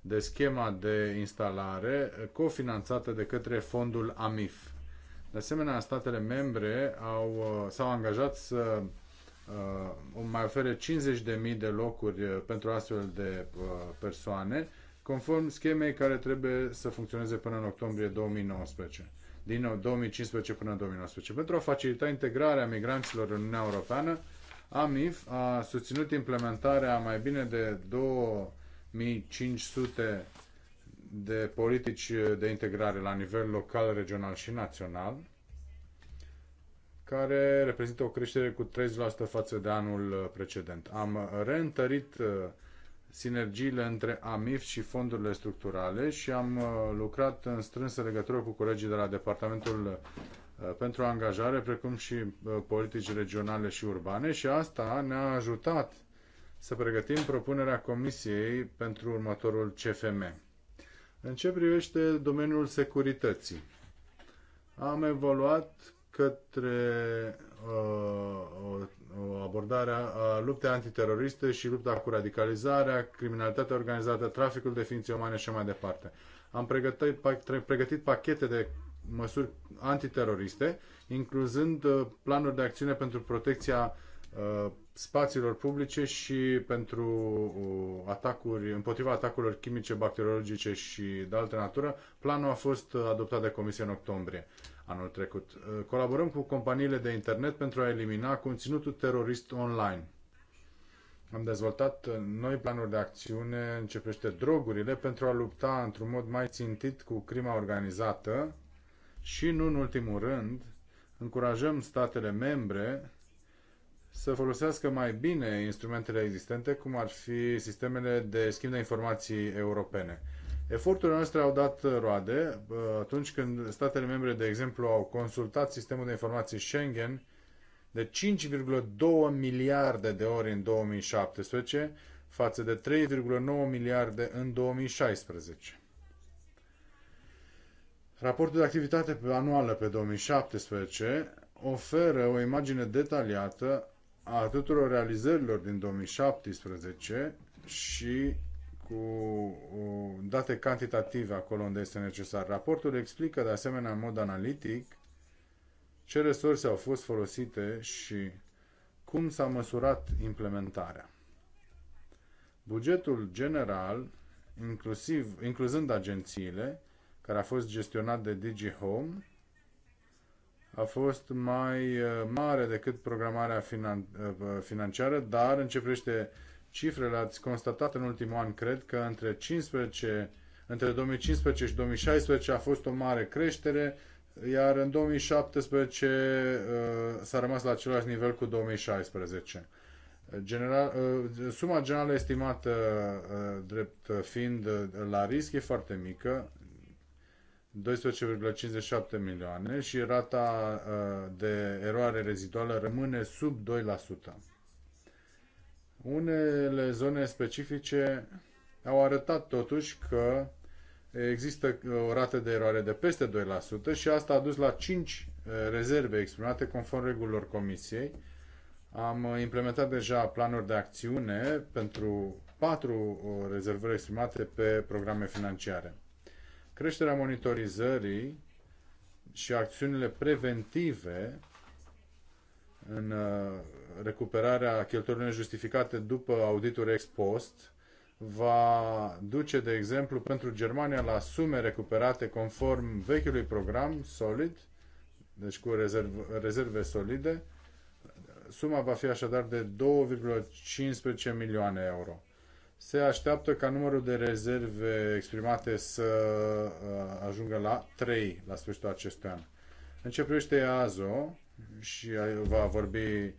de schema de instalare cofinanțată de către fondul AMIF. De asemenea, statele membre au, uh, s-au angajat să uh, mai ofere 50.000 de locuri uh, pentru astfel de uh, persoane, conform schemei care trebuie să funcționeze până în octombrie 2019 din 2015 până în 2019, pentru a facilita integrarea migranților în Uniunea Europeană AMIF a susținut implementarea mai bine de 2500 de politici de integrare la nivel local, regional și național, care reprezintă o creștere cu 30% față de anul precedent. Am reîntărit uh, sinergiile între AMIF și fondurile structurale și am uh, lucrat în strânsă legătură cu colegii de la Departamentul Uh, pentru angajare, precum și uh, politici regionale și urbane și asta ne-a ajutat să pregătim propunerea Comisiei pentru următorul CFM. În ce privește domeniul securității, am evoluat către uh, o, o abordare a luptei antiteroriste și lupta cu radicalizarea, criminalitatea organizată, traficul de ființe umane și mai departe. Am pregătit, pregătit pachete de măsuri antiteroriste, incluzând uh, planuri de acțiune pentru protecția uh, spațiilor publice și pentru uh, atacuri, împotriva atacurilor chimice, bacteriologice și de altă natură. Planul a fost adoptat de Comisie în octombrie anul trecut. Colaborăm cu companiile de internet pentru a elimina conținutul terorist online. Am dezvoltat noi planuri de acțiune în ce privește drogurile pentru a lupta într-un mod mai țintit cu crima organizată și, nu în ultimul rând, încurajăm statele membre să folosească mai bine instrumentele existente, cum ar fi sistemele de schimb de informații europene. Eforturile noastre au dat roade atunci când statele membre, de exemplu, au consultat sistemul de informații Schengen de 5,2 miliarde de ori în 2017 față de 3,9 miliarde în 2016. Raportul de activitate anuală pe 2017 oferă o imagine detaliată a tuturor realizărilor din 2017 și cu date cantitative acolo unde este necesar. Raportul explică de asemenea în mod analitic ce resurse au fost folosite și cum s-a măsurat implementarea. Bugetul general, inclusiv, incluzând agențiile, care a fost gestionat de DigiHome, a fost mai uh, mare decât programarea finan- uh, financiară, dar începește cifrele. Ați constatat în ultimul an, cred că între 15 între 2015 și 2016 a fost o mare creștere, iar în 2017 uh, s-a rămas la același nivel cu 2016. General, suma generală estimată drept fiind la risc e foarte mică, 12,57 milioane și rata uh, de eroare reziduală rămâne sub 2%. Unele zone specifice au arătat totuși că există o rată de eroare de peste 2% și asta a dus la 5 uh, rezerve exprimate conform regulilor comisiei. Am implementat deja planuri de acțiune pentru 4 uh, rezervări exprimate pe programe financiare. Creșterea monitorizării și acțiunile preventive în uh, recuperarea cheltuielor nejustificate după audituri ex post va duce, de exemplu, pentru Germania la sume recuperate conform vechiului program solid, deci cu rezerv, rezerve solide. Suma va fi așadar de 2,15 milioane euro se așteaptă ca numărul de rezerve exprimate să uh, ajungă la 3 la sfârșitul acestui an. În ce privește EASO, și va vorbi uh,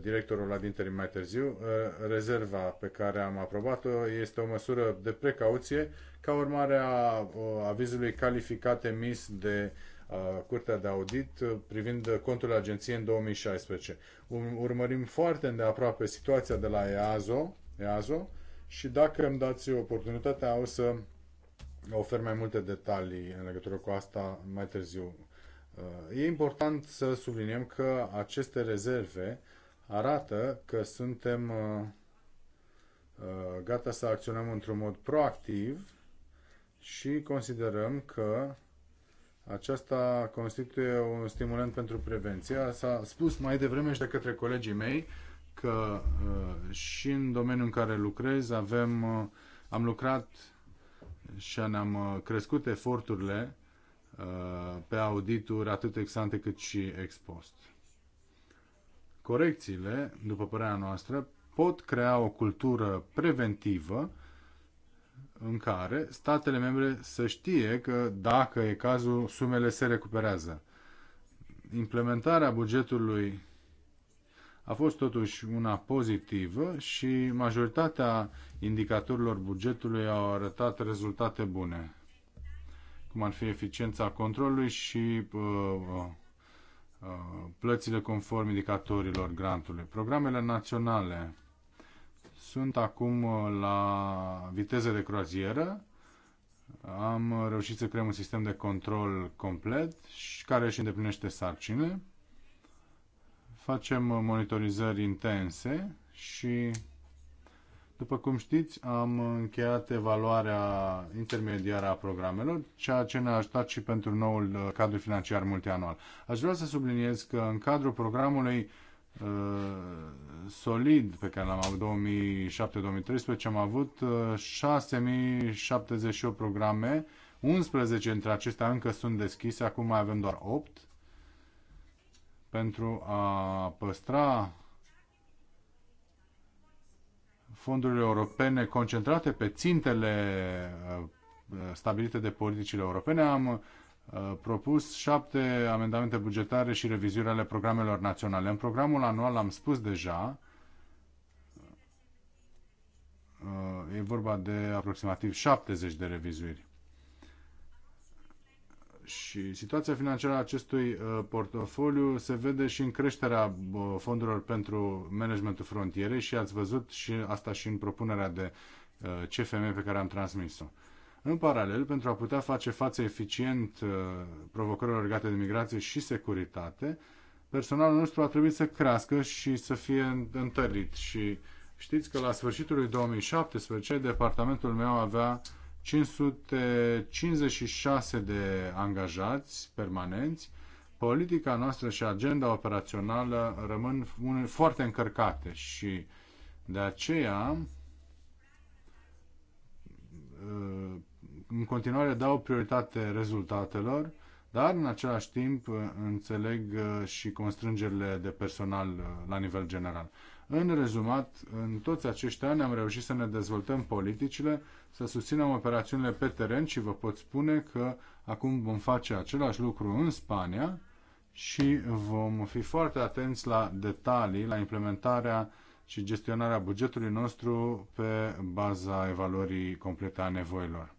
directorul la dinterim mai târziu, uh, rezerva pe care am aprobat-o este o măsură de precauție ca urmare a avizului calificat emis de Curtea de Audit privind contul agenției în 2016. Urmărim foarte îndeaproape situația de la EASO, EASO și dacă îmi dați oportunitatea, o să ofer mai multe detalii în legătură cu asta mai târziu. Uh, e important să subliniem că aceste rezerve arată că suntem uh, uh, gata să acționăm într-un mod proactiv și considerăm că aceasta constituie un stimulant pentru prevenție. S-a spus mai devreme și de către colegii mei că uh, și în domeniul în care lucrez avem, uh, am lucrat și ne-am uh, crescut eforturile pe audituri atât exante cât și ex-post. Corecțiile, după părerea noastră, pot crea o cultură preventivă în care statele membre să știe că dacă e cazul, sumele se recuperează. Implementarea bugetului a fost totuși una pozitivă și majoritatea indicatorilor bugetului au arătat rezultate bune, cum ar fi eficiența controlului și uh, uh, uh plățile conform indicatorilor grantului. Programele naționale sunt acum uh, la viteză de croazieră. Am reușit să creăm un sistem de control complet și care își îndeplinește sarcinile facem monitorizări intense și, după cum știți, am încheiat evaluarea intermediară a programelor, ceea ce ne-a ajutat și pentru noul uh, cadru financiar multianual. Aș vrea să subliniez că în cadrul programului uh, solid pe care l-am avut 2007-2013, am avut 6078 uh, programe, 11 dintre acestea încă sunt deschise, acum mai avem doar 8 pentru a păstra fondurile europene concentrate pe țintele uh, stabilite de politicile europene, am uh, propus șapte amendamente bugetare și revizuirea ale programelor naționale. În programul anual am spus deja, uh, e vorba de aproximativ 70 de revizuiri. Și situația financiară a acestui uh, portofoliu se vede și în creșterea uh, fondurilor pentru managementul frontierei și ați văzut și asta și în propunerea de uh, CFM pe care am transmis-o. În paralel, pentru a putea face față eficient provocărilor legate de migrație și securitate, personalul nostru a trebuit să crească și să fie întărit și Știți că la sfârșitul lui 2017 departamentul meu avea 556 de angajați permanenți, politica noastră și agenda operațională rămân foarte încărcate și de aceea uh, în continuare dau prioritate rezultatelor, dar în același timp uh, înțeleg uh, și constrângerile de personal la nivel general. În rezumat, în toți acești ani am reușit să ne dezvoltăm politicile, să susținem operațiunile pe teren și vă pot spune că acum vom face același lucru în Spania și vom fi foarte atenți la detalii, la implementarea și gestionarea bugetului nostru pe baza evaluării complete a nevoilor.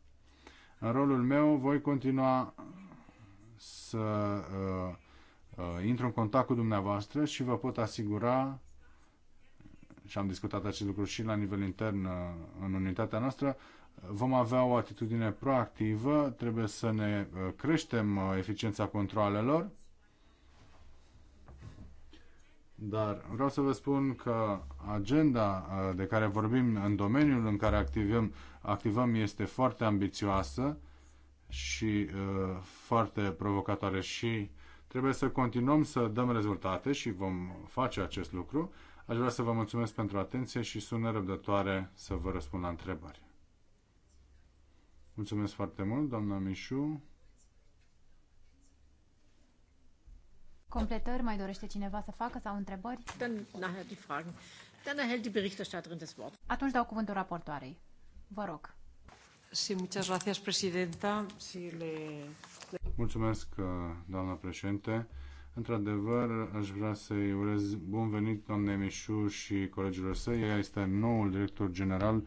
În rolul meu voi continua să uh, uh, intru în contact cu dumneavoastră și vă pot asigura și am discutat acest lucru și la nivel intern uh, în unitatea noastră, vom avea o atitudine proactivă, trebuie să ne uh, creștem uh, eficiența controalelor, dar vreau să vă spun că agenda de care vorbim în domeniul în care activăm, activăm este foarte ambițioasă și foarte provocatoare și trebuie să continuăm să dăm rezultate și vom face acest lucru Aș vrea să vă mulțumesc pentru atenție și sunt nerăbdătoare să vă răspund la întrebări. Mulțumesc foarte mult, doamna Mișu. Completări mai dorește cineva să facă sau întrebări? die Fragen. die Atunci dau cuvântul raportoarei. Vă rog. Sí, muchas gracias, presidenta. Sí, le... Mulțumesc, doamna președinte. Într-adevăr, aș vrea să-i urez bun venit doamnei Mișu și colegilor săi. Ea este noul director general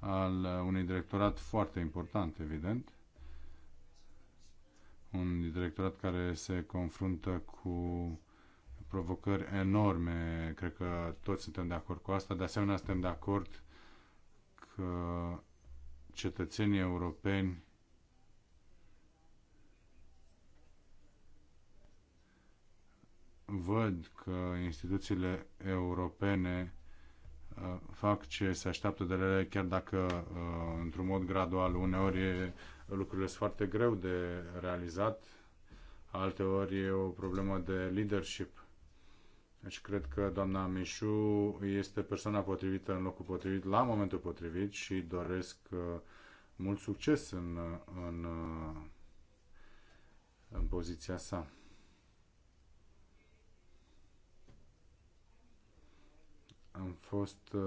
al unui directorat foarte important, evident. Un directorat care se confruntă cu provocări enorme. Cred că toți suntem de acord cu asta. De asemenea, suntem de acord că cetățenii europeni văd că instituțiile europene uh, fac ce se așteaptă de ele, chiar dacă uh, într-un mod gradual uneori lucrurile sunt foarte greu de realizat, alteori e o problemă de leadership. Deci cred că doamna Mișu este persoana potrivită în locul potrivit, la momentul potrivit și doresc uh, mult succes în, în, în poziția sa. Am fost uh,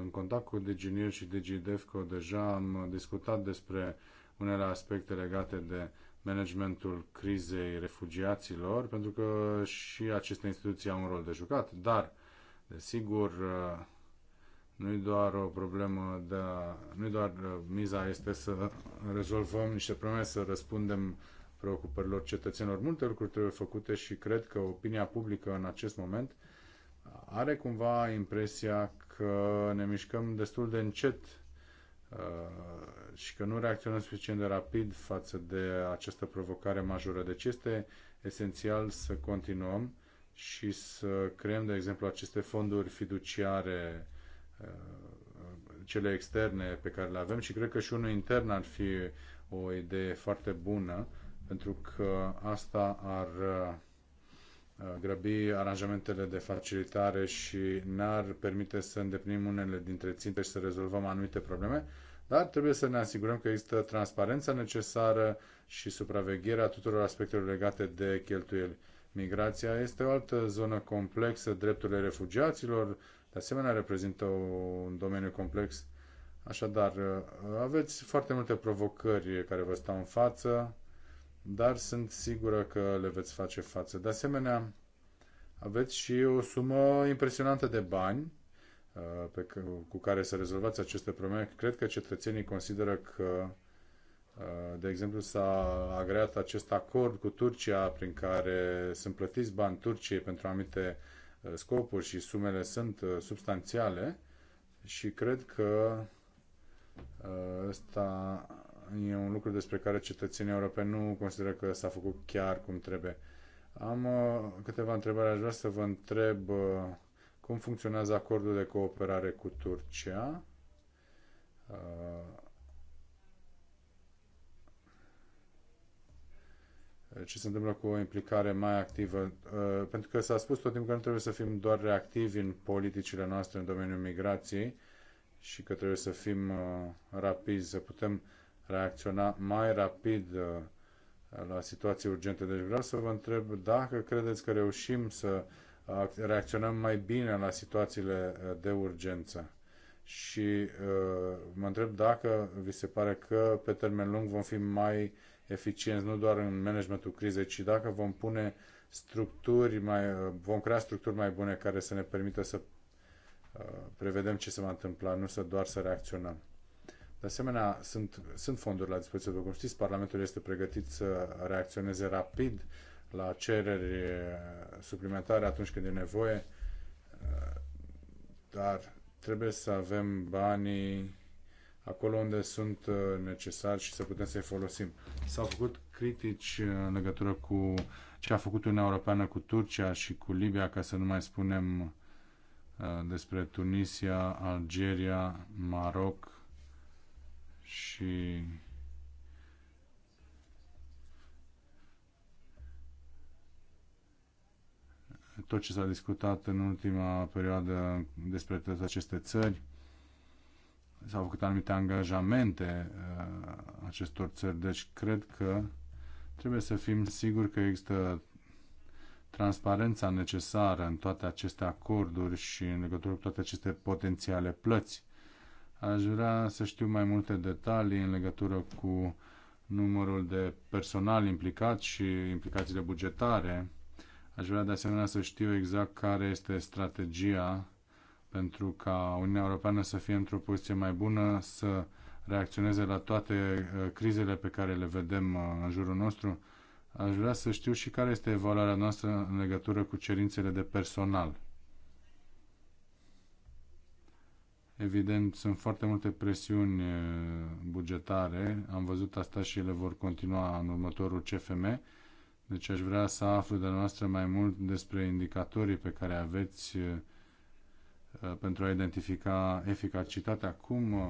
în contact cu DGNIR și DGDEFCO, deja am discutat despre unele aspecte legate de managementul crizei refugiaților, pentru că și aceste instituții au un rol de jucat, dar, desigur, uh, nu e doar o problemă de a, nu doar uh, miza este să rezolvăm niște probleme, să răspundem preocupărilor cetățenilor. Multe lucruri trebuie făcute și cred că opinia publică în acest moment are cumva impresia că ne mișcăm destul de încet uh, și că nu reacționăm suficient de rapid față de această provocare majoră. Deci este esențial să continuăm și să creăm, de exemplu, aceste fonduri fiduciare, uh, cele externe pe care le avem și cred că și unul intern ar fi o idee foarte bună, pentru că asta ar grăbi aranjamentele de facilitare și n ar permite să îndeplinim unele dintre ținte și să rezolvăm anumite probleme, dar trebuie să ne asigurăm că există transparența necesară și supravegherea tuturor aspectelor legate de cheltuieli. Migrația este o altă zonă complexă, drepturile refugiaților, de asemenea reprezintă un domeniu complex. Așadar, aveți foarte multe provocări care vă stau în față dar sunt sigură că le veți face față. De asemenea, aveți și o sumă impresionantă de bani uh, pe, cu care să rezolvați aceste probleme. Cred că cetățenii consideră că, uh, de exemplu, s-a agreat acest acord cu Turcia prin care sunt plătiți bani Turciei pentru anumite uh, scopuri și sumele sunt substanțiale și cred că ăsta e un lucru despre care cetățenii europeni nu consideră că s-a făcut chiar cum trebuie. Am uh, câteva întrebări. Aș vrea să vă întreb uh, cum funcționează acordul de cooperare cu Turcia. Uh, ce se întâmplă cu o implicare mai activă. Uh, pentru că s-a spus tot timpul că nu trebuie să fim doar reactivi în politicile noastre în domeniul migrației și că trebuie să fim uh, rapizi, să putem reacționa mai rapid uh, la situații urgente. Deci vreau să vă întreb dacă credeți că reușim să uh, reacționăm mai bine la situațiile uh, de urgență. Și mă întreb dacă vi se pare că pe termen lung vom fi mai eficienți, nu doar în managementul crizei, ci dacă vom pune structuri mai, vom crea structuri mai bune care să ne permită să prevedem ce se va întâmpla, nu să doar să reacționăm. De asemenea, sunt, sunt fonduri la dispoziție, după cum știți, Parlamentul este pregătit să reacționeze rapid la cereri suplimentare atunci când e nevoie, dar trebuie să avem banii acolo unde sunt necesari și să putem să-i folosim. S-au făcut critici în legătură cu ce a făcut Uniunea Europeană cu Turcia și cu Libia, ca să nu mai spunem despre Tunisia, Algeria, Maroc și tot ce s-a discutat în ultima perioadă despre toate aceste țări. S-au făcut anumite angajamente uh, acestor țări, deci cred că trebuie să fim siguri că există transparența necesară în toate aceste acorduri și în legătură cu toate aceste potențiale plăți. Aș vrea să știu mai multe detalii în legătură cu numărul de personal implicat și implicațiile bugetare. Aș vrea de asemenea să știu exact care este strategia pentru ca Uniunea Europeană să fie într-o poziție mai bună, să reacționeze la toate uh, crizele pe care le vedem uh, în jurul nostru. Aș vrea să știu și care este evaluarea noastră în legătură cu cerințele de personal. Evident, sunt foarte multe presiuni eh, bugetare. Am văzut asta și ele vor continua în următorul CFM. Deci aș vrea să aflu de la noastră mai mult despre indicatorii pe care aveți eh, eh, pentru a identifica eficacitatea. Cum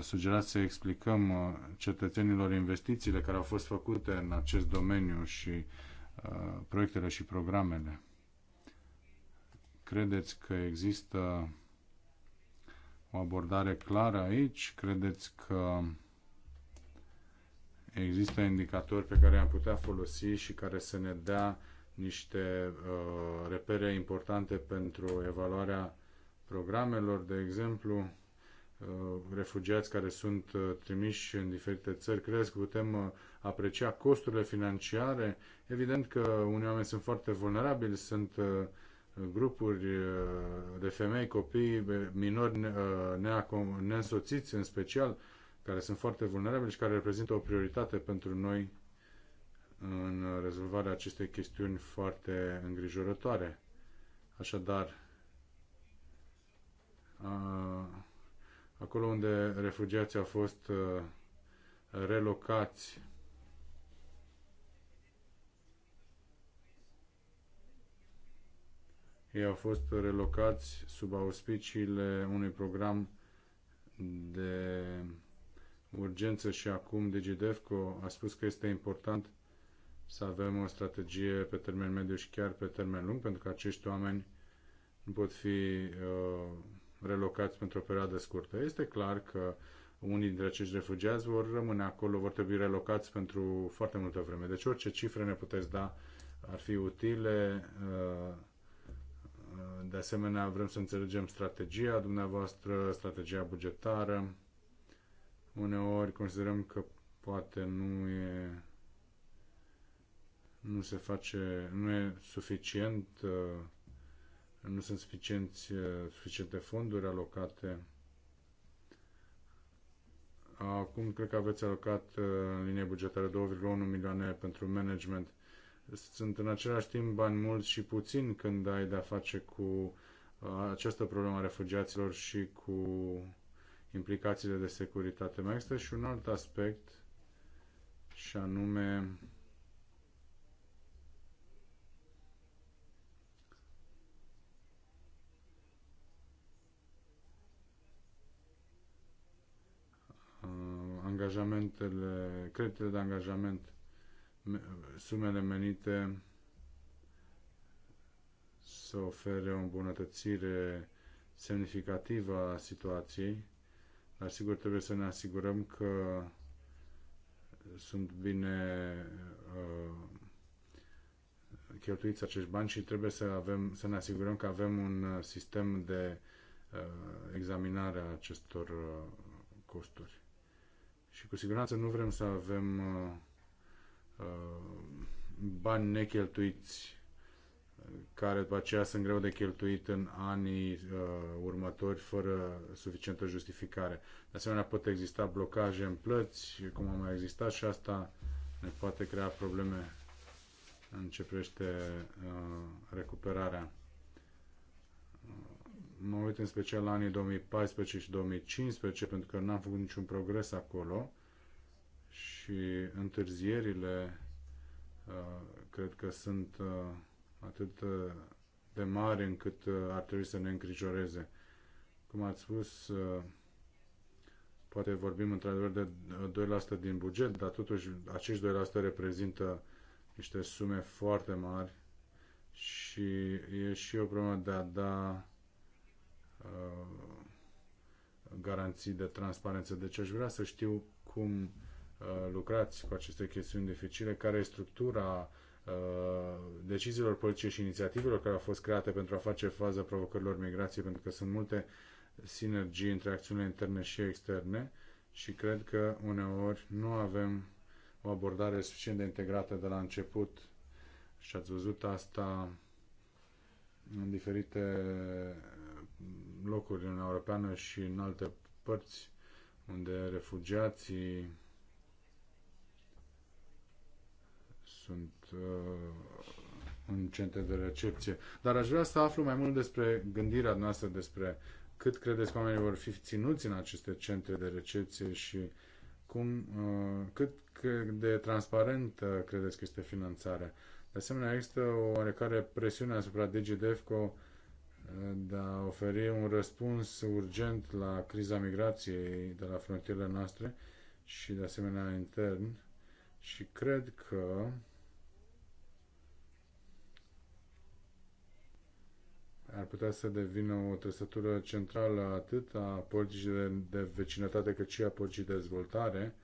sugerați să explicăm cetățenilor investițiile care au fost făcute în acest domeniu și proiectele și programele? Credeți că există o abordare clară aici? Credeți că există indicatori pe care am putea folosi și care să ne dea niște uh, repere importante pentru evaluarea programelor, de exemplu, uh, refugiați care sunt uh, trimiși în diferite țări, credeți că putem uh, aprecia costurile financiare? Evident că unii oameni sunt foarte vulnerabili, sunt uh, grupuri uh, de femei, copii, minori uh, neînsoțiți în special, care sunt foarte vulnerabili și care reprezintă o prioritate pentru noi în rezolvarea acestei chestiuni foarte îngrijorătoare. Așadar, acolo unde refugiații au fost uh, relocați Ei au fost relocați sub auspiciile unui program de urgență și acum DigiDevco a spus că este important să avem o strategie pe termen mediu și chiar pe termen lung, pentru că acești oameni nu pot fi uh, relocați pentru o perioadă scurtă. Este clar că unii dintre acești refugiați vor rămâne acolo, vor trebui relocați pentru foarte multă vreme. Deci orice cifre ne puteți da ar fi utile. Uh, de asemenea, vrem să înțelegem strategia dumneavoastră, strategia bugetară. Uneori considerăm că poate nu e nu se face, nu e suficient, uh, nu sunt suficienți, uh, suficiente fonduri alocate. Acum cred că aveți alocat uh, în linie bugetară 2,1 milioane pentru management sunt în același timp bani mulți și puțini când ai de-a face cu uh, această problemă a refugiaților și cu implicațiile de securitate. Mai există și un alt aspect și anume uh, angajamentele, creditele de angajament sumele menite să ofere o îmbunătățire semnificativă a situației, dar sigur trebuie să ne asigurăm că sunt bine uh, cheltuiți acești bani și trebuie să, avem, să ne asigurăm că avem un sistem de uh, examinare a acestor uh, costuri. Și cu siguranță nu vrem să avem uh, Uh, bani necheltuiți uh, care după aceea sunt greu de cheltuit în anii uh, următori fără suficientă justificare. De asemenea, pot exista blocaje în plăți, cum a mai existat și asta ne poate crea probleme în ce privește uh, recuperarea. Uh, mă uit în special la anii 2014 și 2015 pentru că n-am făcut niciun progres acolo și întârzierile uh, cred că sunt uh, atât uh, de mari încât ar trebui să ne îngrijoreze. Cum ați spus, poate vorbim într-adevăr de 2% din buget, dar totuși acești 2% reprezintă niște sume foarte mari și e și o problemă de a da uh, garanții de transparență. Deci aș vrea să știu cum Uh, lucrați cu aceste chestiuni dificile, care e structura uh, deciziilor politice și inițiativelor care au fost create pentru a face fază provocărilor migrației, pentru că sunt multe sinergii între acțiunile interne și externe și cred că uneori nu avem o abordare suficient de integrată de la început și ați văzut asta în diferite locuri în Europeană și în alte părți unde refugiații sunt uh, în centre de recepție. Dar aș vrea să aflu mai mult despre gândirea noastră, despre cât credeți că oamenii vor fi ținuți în aceste centre de recepție și cum, uh, cât de transparent credeți că este finanțarea. De asemenea, există o oarecare presiune asupra DigiDefco uh, de a oferi un răspuns urgent la criza migrației de la frontierele noastre și, de asemenea, intern. Și cred că ar putea să devină o trăsătură centrală atât a politicii de, de vecinătate cât și a politicii de dezvoltare,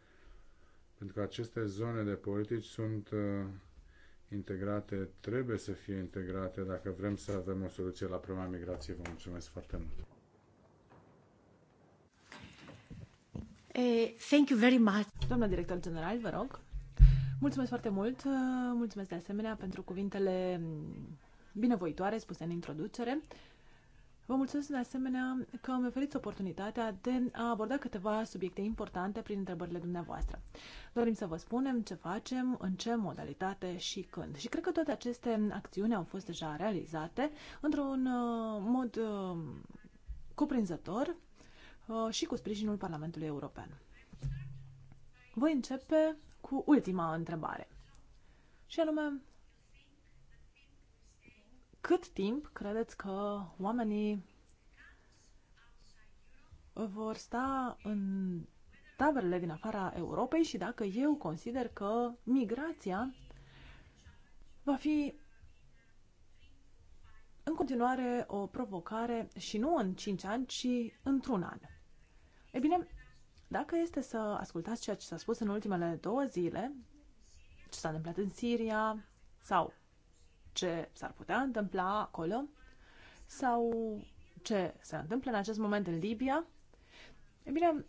pentru că aceste zone de politici sunt uh, integrate, trebuie să fie integrate dacă vrem să avem o soluție la problema migrației. Vă mulțumesc foarte mult! Eh, thank you very much. Doamna director general, vă rog. Mulțumesc foarte mult. Mulțumesc de asemenea pentru cuvintele binevoitoare spuse în introducere. Vă mulțumesc de asemenea că mi oferiți oportunitatea de a aborda câteva subiecte importante prin întrebările dumneavoastră. Dorim să vă spunem ce facem, în ce modalitate și când. Și cred că toate aceste acțiuni au fost deja realizate într-un uh, mod uh, cuprinzător uh, și cu sprijinul Parlamentului European. Voi începe cu ultima întrebare. Și anume, cât timp credeți că oamenii vor sta în taberele din afara Europei și dacă eu consider că migrația va fi în continuare o provocare și nu în 5 ani, ci într-un an. E bine, dacă este să ascultați ceea ce s-a spus în ultimele două zile, ce s-a întâmplat în Siria sau ce s-ar putea întâmpla acolo sau ce se întâmplă în acest moment în Libia. E bine,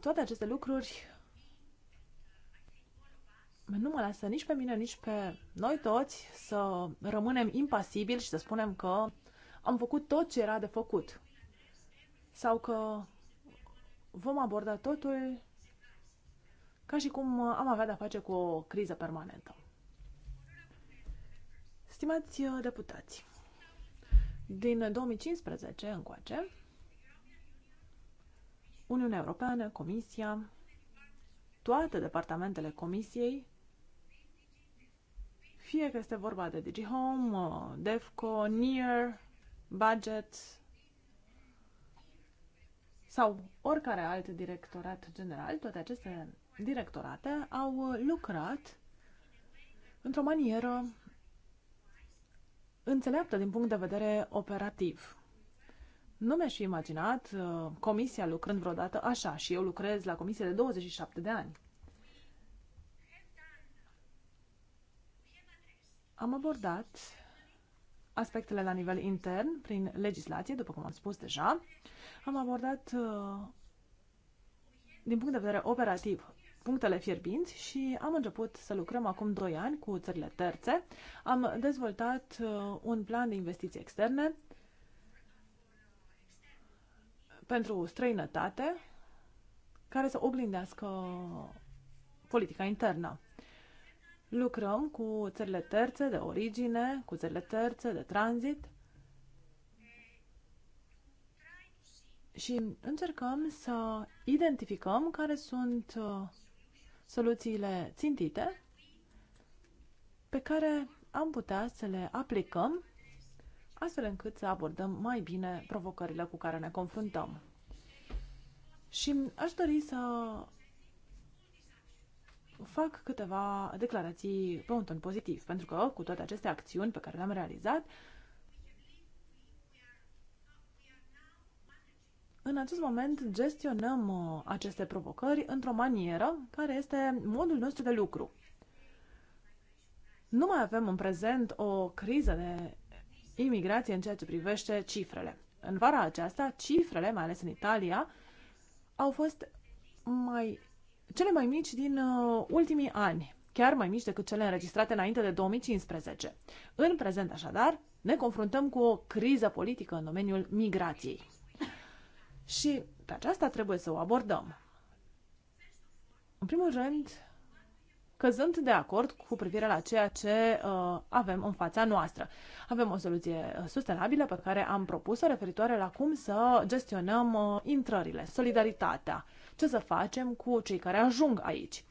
toate aceste lucruri nu mă lasă nici pe mine, nici pe noi toți să rămânem impasibili și să spunem că am făcut tot ce era de făcut sau că vom aborda totul ca și cum am avea de-a face cu o criză permanentă. Stimați uh, deputați, din 2015 încoace, Uniunea Europeană, Comisia, toate departamentele Comisiei, fie că este vorba de DigiHome, uh, DEFCO, NIR, Budget sau oricare alt directorat general, toate aceste directorate au uh, lucrat într-o manieră înțeleaptă din punct de vedere operativ. Nu mi-aș fi imaginat uh, comisia lucrând vreodată așa și eu lucrez la comisie de 27 de ani. Am abordat aspectele la nivel intern prin legislație, după cum am spus deja. Am abordat uh, din punct de vedere operativ punctele fierbinți și am început să lucrăm acum 2 ani cu țările terțe. Am dezvoltat uh, un plan de investiții externe pentru străinătate care să oglindească politica internă. Lucrăm cu țările terțe de origine, cu țările terțe de tranzit și încercăm să identificăm care sunt uh, soluțiile țintite pe care am putea să le aplicăm astfel încât să abordăm mai bine provocările cu care ne confruntăm. Și aș dori să fac câteva declarații pe un ton pozitiv, pentru că cu toate aceste acțiuni pe care le-am realizat, În acest moment gestionăm uh, aceste provocări într-o manieră care este modul nostru de lucru. Nu mai avem în prezent o criză de imigrație în ceea ce privește cifrele. În vara aceasta, cifrele, mai ales în Italia, au fost mai, cele mai mici din uh, ultimii ani, chiar mai mici decât cele înregistrate înainte de 2015. În prezent, așadar, ne confruntăm cu o criză politică în domeniul migrației. Și pe aceasta trebuie să o abordăm. În primul rând, căzând de acord cu privire la ceea ce uh, avem în fața noastră. Avem o soluție uh, sustenabilă pe care am propus-o referitoare la cum să gestionăm uh, intrările, solidaritatea, ce să facem cu cei care ajung aici.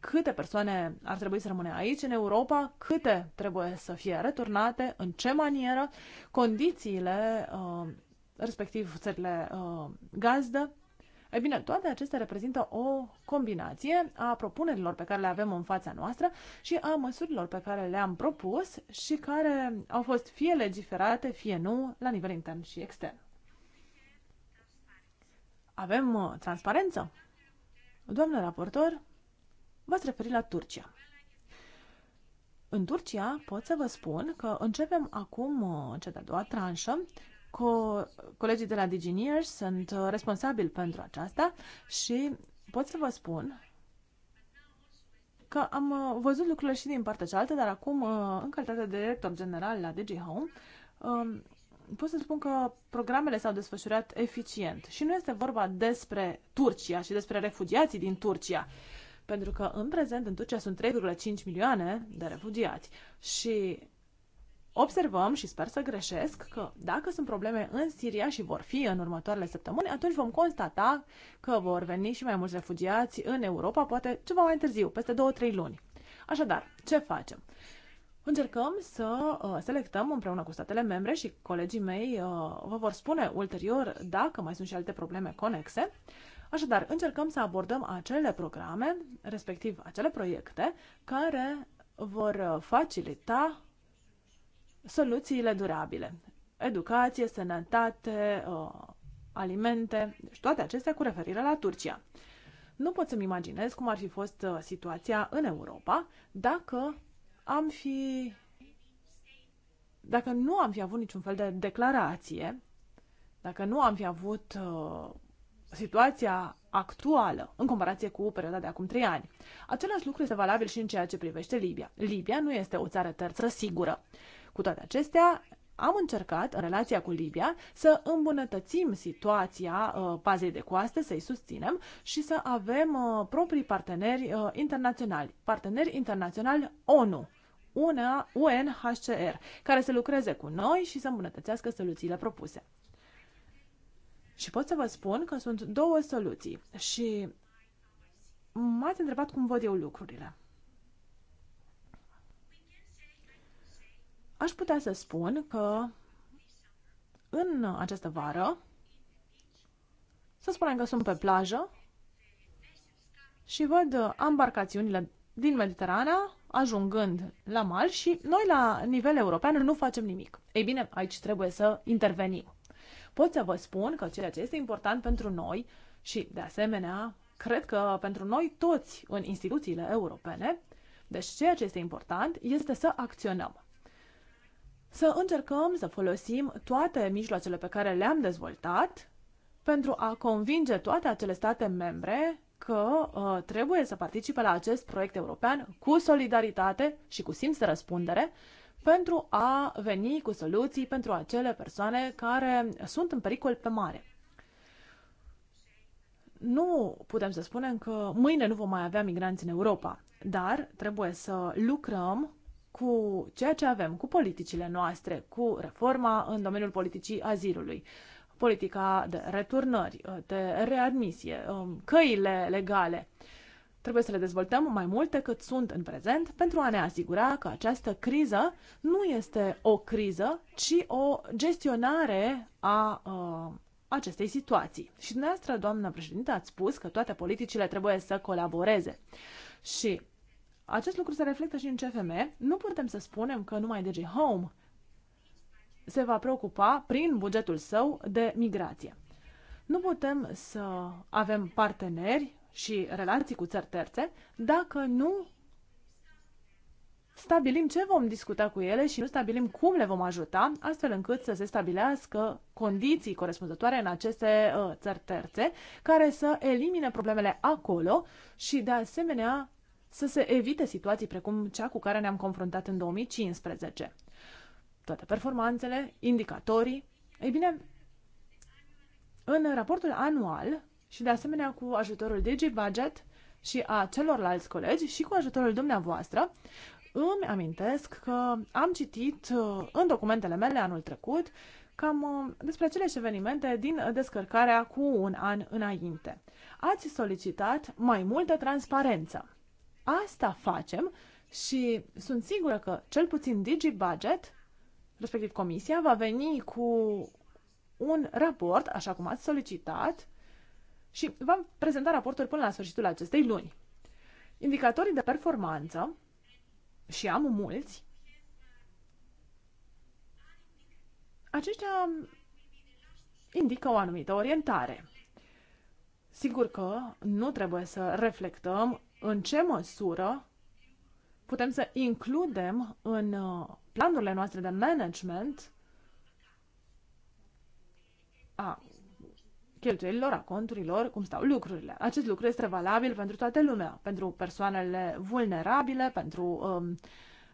Câte persoane ar trebui să rămână aici, în Europa, câte trebuie să fie returnate, în ce manieră, condițiile uh, respectiv țările uh, gazdă. Ei bine, toate acestea reprezintă o combinație a propunerilor pe care le avem în fața noastră și a măsurilor pe care le-am propus și care au fost fie legiferate, fie nu, la nivel intern și extern. Avem uh, transparență. Doamnă raportor, v-ați referit la Turcia. În Turcia pot să vă spun că începem acum uh, cea de-a doua tranșă Co- colegii de la Digineers sunt uh, responsabili pentru aceasta și pot să vă spun că am uh, văzut lucrurile și din partea cealaltă, dar acum, uh, în calitate de director general la DG Home, um, pot să spun că programele s-au desfășurat eficient. Și nu este vorba despre Turcia și despre refugiații din Turcia, pentru că în prezent în Turcia sunt 3,5 milioane de refugiați și observăm și sper să greșesc că dacă sunt probleme în Siria și vor fi în următoarele săptămâni, atunci vom constata că vor veni și mai mulți refugiați în Europa, poate ceva mai târziu, peste 2-3 luni. Așadar, ce facem? Încercăm să uh, selectăm împreună cu statele membre și colegii mei uh, vă vor spune ulterior dacă mai sunt și alte probleme conexe. Așadar, încercăm să abordăm acele programe, respectiv acele proiecte, care vor uh, facilita soluțiile durabile. Educație, sănătate, uh, alimente, deci toate acestea cu referire la Turcia. Nu pot să-mi imaginez cum ar fi fost uh, situația în Europa dacă am fi dacă nu am fi avut niciun fel de declarație, dacă nu am fi avut uh, situația actuală în comparație cu perioada de acum trei ani. Același lucru este valabil și în ceea ce privește Libia. Libia nu este o țară terță sigură cu toate acestea, am încercat, în relația cu Libia, să îmbunătățim situația uh, pazei de coastă, să-i susținem și să avem uh, proprii parteneri uh, internaționali, parteneri internaționali ONU, una UNHCR, care să lucreze cu noi și să îmbunătățească soluțiile propuse. Și pot să vă spun că sunt două soluții și m-ați întrebat cum văd eu lucrurile. Aș putea să spun că în această vară, să spunem că sunt pe plajă și văd embarcațiunile din Mediterana ajungând la mal și noi la nivel european nu facem nimic. Ei bine, aici trebuie să intervenim. Pot să vă spun că ceea ce este important pentru noi și, de asemenea, cred că pentru noi toți în instituțiile europene, deci ceea ce este important este să acționăm să încercăm să folosim toate mijloacele pe care le-am dezvoltat pentru a convinge toate acele state membre că uh, trebuie să participe la acest proiect european cu solidaritate și cu simț de răspundere pentru a veni cu soluții pentru acele persoane care sunt în pericol pe mare. Nu putem să spunem că mâine nu vom mai avea migranți în Europa, dar trebuie să lucrăm cu ceea ce avem, cu politicile noastre, cu reforma în domeniul politicii azilului, politica de returnări, de readmisie, um, căile legale. Trebuie să le dezvoltăm mai mult decât sunt în prezent pentru a ne asigura că această criză nu este o criză, ci o gestionare a uh, acestei situații. Și dumneavoastră, doamnă președinte, ați spus că toate politicile trebuie să colaboreze. Și acest lucru se reflectă și în CFM. Nu putem să spunem că numai DG Home se va preocupa prin bugetul său de migrație. Nu putem să avem parteneri și relații cu țări terțe dacă nu stabilim ce vom discuta cu ele și nu stabilim cum le vom ajuta, astfel încât să se stabilească condiții corespunzătoare în aceste uh, țări terțe, care să elimine problemele acolo și, de asemenea, să se evite situații precum cea cu care ne-am confruntat în 2015. Toate performanțele, indicatorii, ei bine, în raportul anual și de asemenea cu ajutorul DigiBudget și a celorlalți colegi și cu ajutorul dumneavoastră, îmi amintesc că am citit uh, în documentele mele anul trecut cam uh, despre aceleași evenimente din descărcarea cu un an înainte. Ați solicitat mai multă transparență. Asta facem și sunt sigură că cel puțin DigiBudget, respectiv comisia, va veni cu un raport, așa cum ați solicitat, și va prezenta raportul până la sfârșitul acestei luni. Indicatorii de performanță, și am mulți, aceștia indică o anumită orientare. Sigur că nu trebuie să reflectăm în ce măsură putem să includem în uh, planurile noastre de management a cheltuielilor, a conturilor, cum stau lucrurile. Acest lucru este valabil pentru toată lumea, pentru persoanele vulnerabile, pentru um,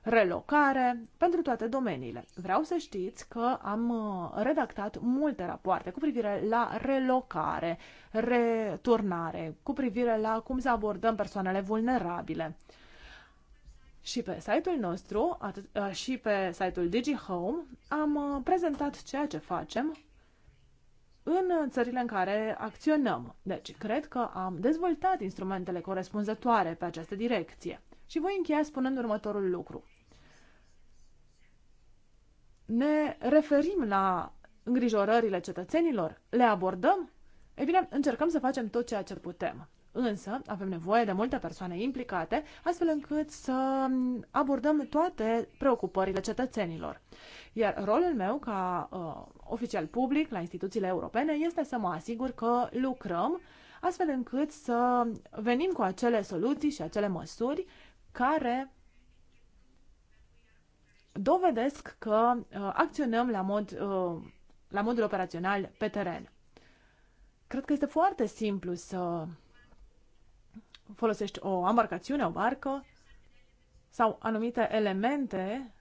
relocare, pentru toate domeniile. Vreau să știți că am uh, redactat multe rapoarte cu privire la relocare, returnare, cu privire la cum să abordăm persoanele vulnerabile. Și pe site-ul nostru, uh, și pe site-ul DigiHome, am uh, prezentat ceea ce facem în țările în care acționăm. Deci, cred că am dezvoltat instrumentele corespunzătoare pe această direcție. Și voi încheia spunând următorul lucru ne referim la îngrijorările cetățenilor, le abordăm, e bine, încercăm să facem tot ceea ce putem. Însă, avem nevoie de multe persoane implicate, astfel încât să abordăm toate preocupările cetățenilor. Iar rolul meu ca uh, oficial public la instituțiile europene este să mă asigur că lucrăm astfel încât să venim cu acele soluții și acele măsuri care dovedesc că uh, acționăm la, mod, uh, la modul operațional pe teren. Cred că este foarte simplu să folosești o embarcațiune, o barcă sau anumite elemente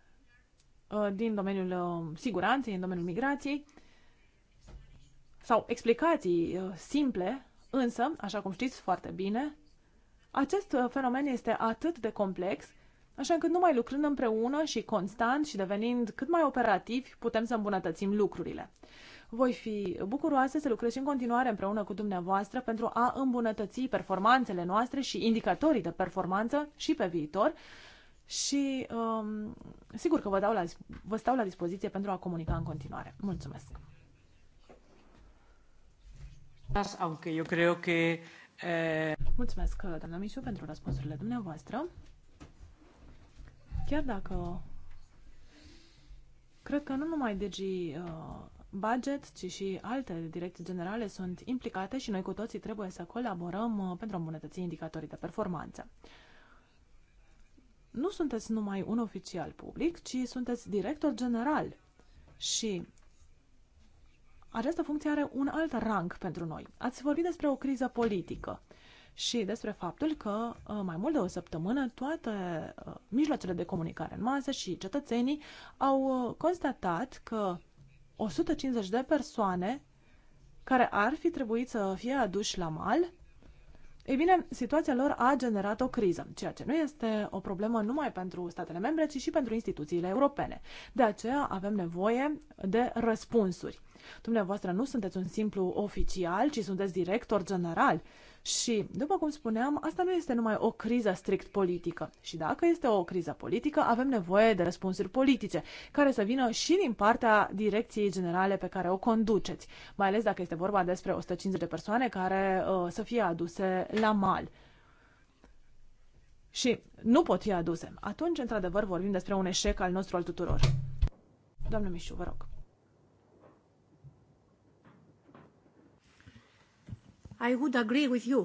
uh, din domeniul uh, siguranței, din domeniul migrației sau explicații uh, simple, însă, așa cum știți foarte bine, acest uh, fenomen este atât de complex Așa că numai lucrând împreună și constant și devenind cât mai operativi, putem să îmbunătățim lucrurile. Voi fi bucuroasă să lucrez și în continuare împreună cu dumneavoastră pentru a îmbunătăți performanțele noastre și indicatorii de performanță și pe viitor. Și um, sigur că vă, dau la, vă stau la dispoziție pentru a comunica în continuare. Mulțumesc! Aunque yo creo que, eh... Mulțumesc, doamna Mișu, pentru răspunsurile dumneavoastră. Chiar dacă cred că nu numai DG uh, budget, ci și alte direcții generale sunt implicate și noi cu toții trebuie să colaborăm uh, pentru a îmbunătăți indicatorii de performanță. Nu sunteți numai un oficial public, ci sunteți director general și această funcție are un alt rang pentru noi. Ați vorbit despre o criză politică și despre faptul că uh, mai mult de o săptămână toate uh, mijloacele de comunicare în masă și cetățenii au uh, constatat că 150 de persoane care ar fi trebuit să fie aduși la mal, ei bine, situația lor a generat o criză, ceea ce nu este o problemă numai pentru statele membre, ci și pentru instituțiile europene. De aceea avem nevoie de răspunsuri. Dumneavoastră nu sunteți un simplu oficial, ci sunteți director general și, după cum spuneam, asta nu este numai o criză strict politică. Și dacă este o criză politică, avem nevoie de răspunsuri politice, care să vină și din partea direcției generale pe care o conduceți, mai ales dacă este vorba despre 150 de persoane care uh, să fie aduse la mal și nu pot fi aduse. Atunci, într-adevăr, vorbim despre un eșec al nostru al tuturor. Doamne Mișu, vă rog. I would agree with you.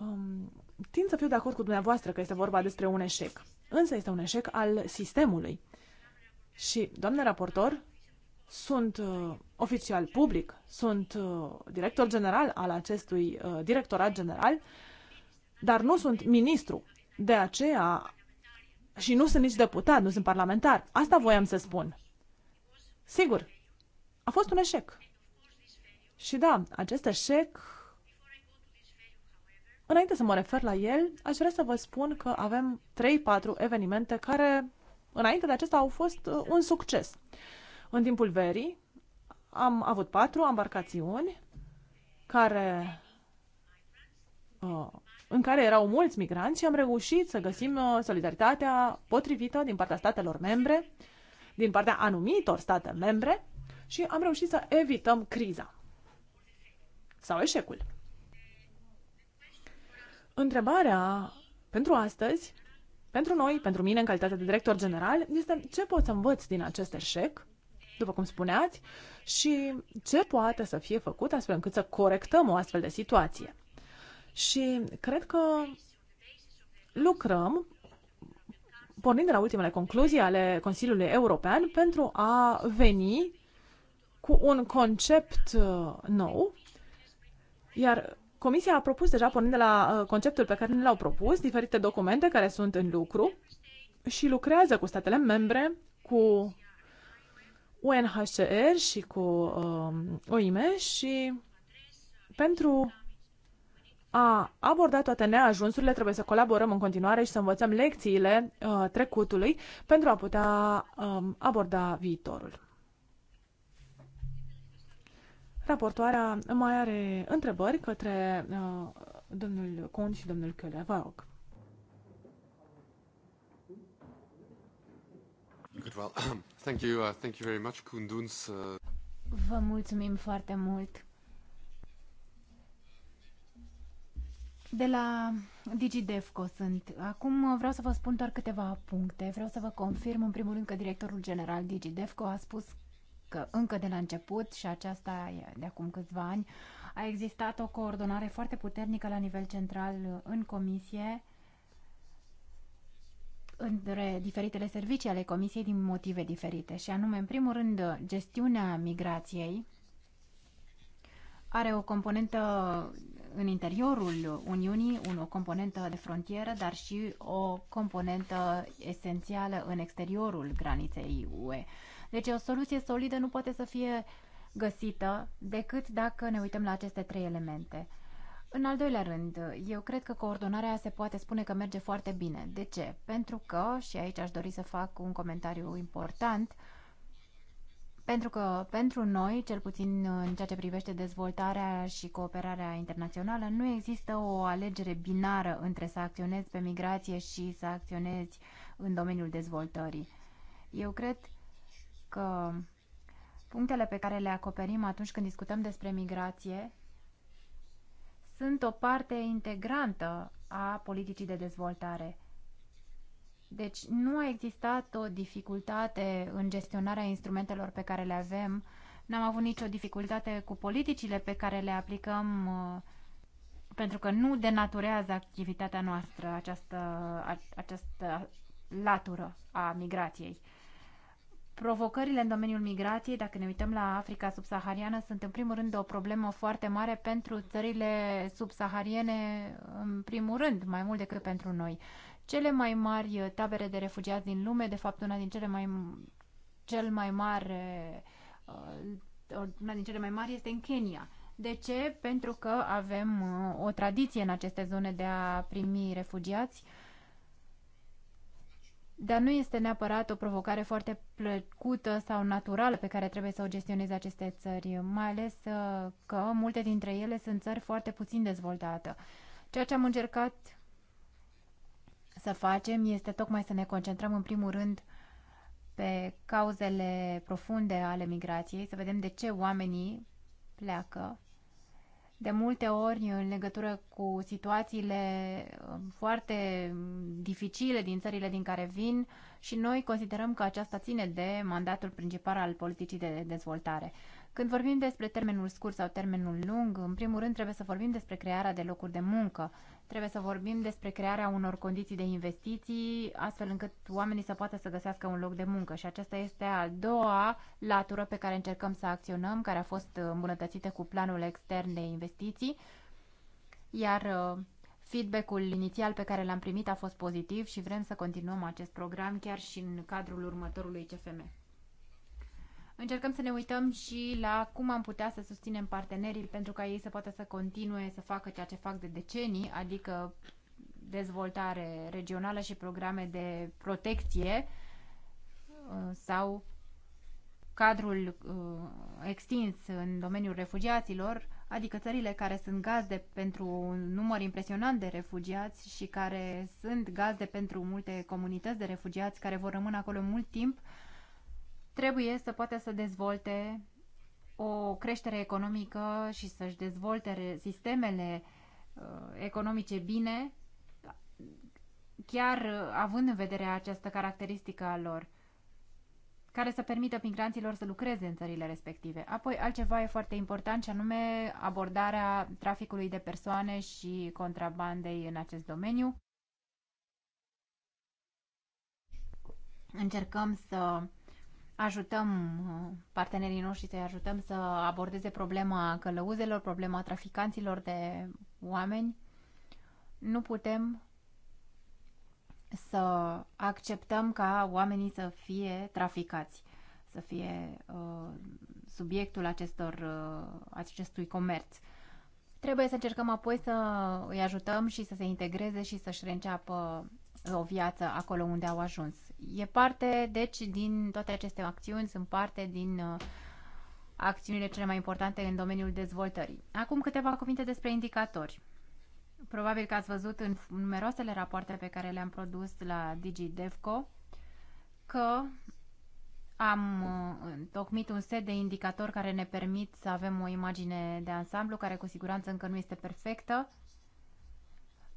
Um, tind să fiu de acord cu dumneavoastră că este vorba despre un eșec. Însă este un eșec al sistemului. Și, doamne raportor, sunt uh, oficial public, sunt uh, director general al acestui uh, directorat general, dar nu sunt ministru. De aceea, și nu sunt nici deputat, nu sunt parlamentar. Asta voiam să spun. Sigur, a fost un eșec. Și da, acest eșec, înainte să mă refer la el, aș vrea să vă spun că avem 3-4 evenimente care, înainte de acesta, au fost uh, un succes. În timpul verii am avut patru embarcațiuni care, uh, în care erau mulți migranți și am reușit să găsim uh, solidaritatea potrivită din partea statelor membre, din partea anumitor state membre și am reușit să evităm criza sau eșecul. Întrebarea pentru astăzi, pentru noi, pentru mine în calitate de director general, este ce pot să învăț din acest eșec, după cum spuneați, și ce poate să fie făcut astfel încât să corectăm o astfel de situație. Și cred că lucrăm pornind de la ultimele concluzii ale Consiliului European pentru a veni cu un concept uh, nou iar Comisia a propus deja, pornind de la uh, conceptul pe care ne l-au propus, diferite documente care sunt în lucru și lucrează cu statele membre, cu UNHCR și cu uh, um, OIM și pentru a aborda toate neajunsurile, trebuie să colaborăm în continuare și să învățăm lecțiile uh, trecutului pentru a putea uh, aborda viitorul. Raportoarea mai are întrebări către uh, domnul Con și domnul Chiolea. Vă rog. Good, well, <clears throat> thank you, uh, thank you very much, Kunduns. Uh... Vă mulțumim foarte mult. De la DigiDefco sunt. Acum vreau să vă spun doar câteva puncte. Vreau să vă confirm, în primul rând, că directorul general DigiDefco a spus că încă de la început, și aceasta de acum câțiva ani, a existat o coordonare foarte puternică la nivel central uh, în comisie între diferitele servicii ale comisiei din motive diferite și anume, în primul rând, uh, gestiunea migrației are o componentă în interiorul Uniunii, o componentă de frontieră, dar și o componentă esențială în exteriorul graniței UE. Deci o soluție solidă nu poate să fie găsită decât dacă ne uităm la aceste trei elemente. În al doilea rând, eu cred că coordonarea se poate spune că merge foarte bine. De ce? Pentru că, și aici aș dori să fac un comentariu important, pentru că pentru noi, cel puțin în ceea ce privește dezvoltarea și cooperarea internațională, nu există o alegere binară între să acționezi pe migrație și să acționezi în domeniul dezvoltării. Eu cred că punctele pe care le acoperim atunci când discutăm despre migrație sunt o parte integrantă a politicii de dezvoltare. Deci nu a existat o dificultate în gestionarea instrumentelor pe care le avem, n-am avut nicio dificultate cu politicile pe care le aplicăm uh, pentru că nu denaturează activitatea noastră această, această latură a migrației. Provocările în domeniul migrației, dacă ne uităm la Africa subsahariană, sunt în primul rând o problemă foarte mare pentru țările subsahariene, în primul rând, mai mult decât pentru noi. Cele mai mari tabere de refugiați din lume, de fapt una din cele mai cel mai mare uh, una din cele mai mari este în Kenya. De ce? Pentru că avem uh, o tradiție în aceste zone de a primi refugiați dar nu este neapărat o provocare foarte plăcută sau naturală pe care trebuie să o gestioneze aceste țări, mai ales uh, că multe dintre ele sunt țări foarte puțin dezvoltate. Ceea ce am încercat să facem este tocmai să ne concentrăm în primul rând pe cauzele profunde ale migrației, să vedem de ce oamenii pleacă de multe ori, în legătură cu situațiile um, foarte dificile din țările din care vin, și noi considerăm că aceasta ține de mandatul principal al politicii de dezvoltare. Când vorbim despre termenul scurt sau termenul lung, în primul rând trebuie să vorbim despre crearea de locuri de muncă. Trebuie să vorbim despre crearea unor condiții de investiții, astfel încât oamenii să poată să găsească un loc de muncă. Și aceasta este a doua latură pe care încercăm să acționăm, care a fost îmbunătățită cu planul extern de investiții. Iar uh, feedback-ul inițial pe care l-am primit a fost pozitiv și vrem să continuăm acest program chiar și în cadrul următorului CFM încercăm să ne uităm și la cum am putea să susținem partenerii pentru ca ei să poată să continue să facă ceea ce fac de decenii, adică dezvoltare regională și programe de protecție uh, sau cadrul uh, extins în domeniul refugiaților, adică țările care sunt gazde pentru un număr impresionant de refugiați și care sunt gazde pentru multe comunități de refugiați care vor rămâne acolo mult timp, uh, trebuie să poată să dezvolte o creștere economică și să-și dezvolte sistemele uh, economice bine, chiar uh, având în vedere această caracteristică a lor, care să permită migranților să lucreze în țările respective. Apoi, altceva e foarte important, și anume abordarea traficului de persoane și contrabandei în acest domeniu. Încercăm să ajutăm uh, partenerii noștri, să ajutăm să abordeze problema călăuzelor, problema traficanților de oameni, nu putem să acceptăm ca oamenii să fie traficați, să fie uh, subiectul acestor, uh, acestui comerț. Trebuie să încercăm apoi să îi ajutăm și să se integreze și să-și reînceapă o viață acolo unde au ajuns. E parte, deci, din toate aceste acțiuni, sunt parte din uh, acțiunile cele mai importante în domeniul dezvoltării. Acum câteva cuvinte despre indicatori. Probabil că ați văzut în numeroasele rapoarte pe care le-am produs la DigiDevco că am uh, tocmit un set de indicatori care ne permit să avem o imagine de ansamblu, care cu siguranță încă nu este perfectă,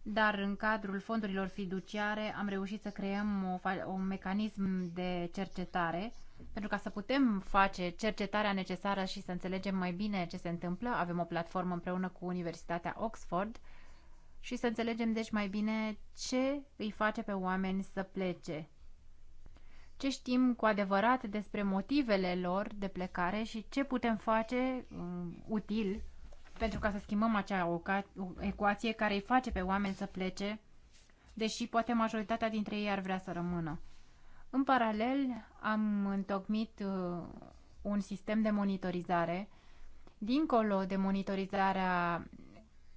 dar în cadrul fondurilor fiduciare am reușit să creăm o, un mecanism de cercetare pentru ca să putem face cercetarea necesară și să înțelegem mai bine ce se întâmplă. Avem o platformă împreună cu Universitatea Oxford și să înțelegem deci mai bine ce îi face pe oameni să plece. Ce știm cu adevărat despre motivele lor de plecare și ce putem face um, util pentru ca să schimbăm acea ecuație care îi face pe oameni să plece, deși poate majoritatea dintre ei ar vrea să rămână. În paralel, am întocmit uh, un sistem de monitorizare. Dincolo de monitorizarea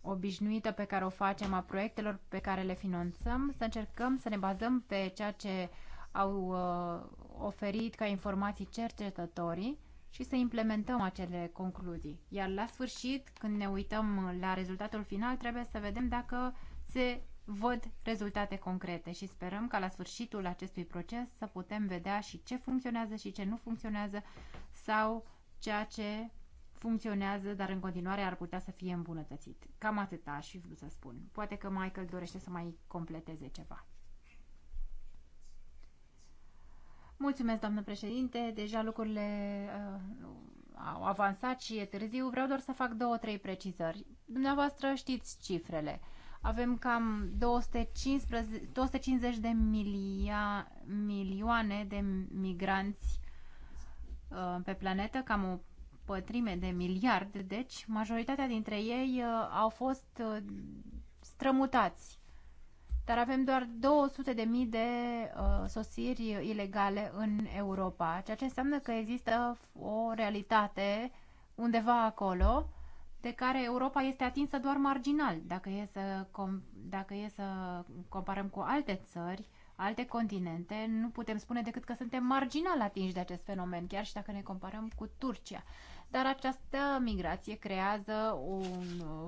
obișnuită pe care o facem a proiectelor pe care le finanțăm, să încercăm să ne bazăm pe ceea ce au uh, oferit ca informații cercetătorii și să implementăm acele concluzii. Iar la sfârșit, când ne uităm la rezultatul final, trebuie să vedem dacă se văd rezultate concrete și sperăm ca la sfârșitul acestui proces să putem vedea și ce funcționează și ce nu funcționează sau ceea ce funcționează, dar în continuare ar putea să fie îmbunătățit. Cam atât aș fi vrut să spun. Poate că Michael dorește să mai completeze ceva. Mulțumesc, doamnă președinte. Deja lucrurile uh, au avansat și e târziu. Vreau doar să fac două, trei precizări. Dumneavoastră știți cifrele. Avem cam 215, 250 de milia, milioane de migranți uh, pe planetă, cam o pătrime de miliard, deci majoritatea dintre ei uh, au fost uh, strămutați dar avem doar 200.000 de mii de uh, sosiri ilegale în Europa, ceea ce înseamnă că există o realitate undeva acolo de care Europa este atinsă doar marginal, dacă e să, com- dacă e să comparăm cu alte țări, alte continente, nu putem spune decât că suntem marginal atinși de acest fenomen, chiar și dacă ne comparăm cu Turcia. Dar această migrație creează un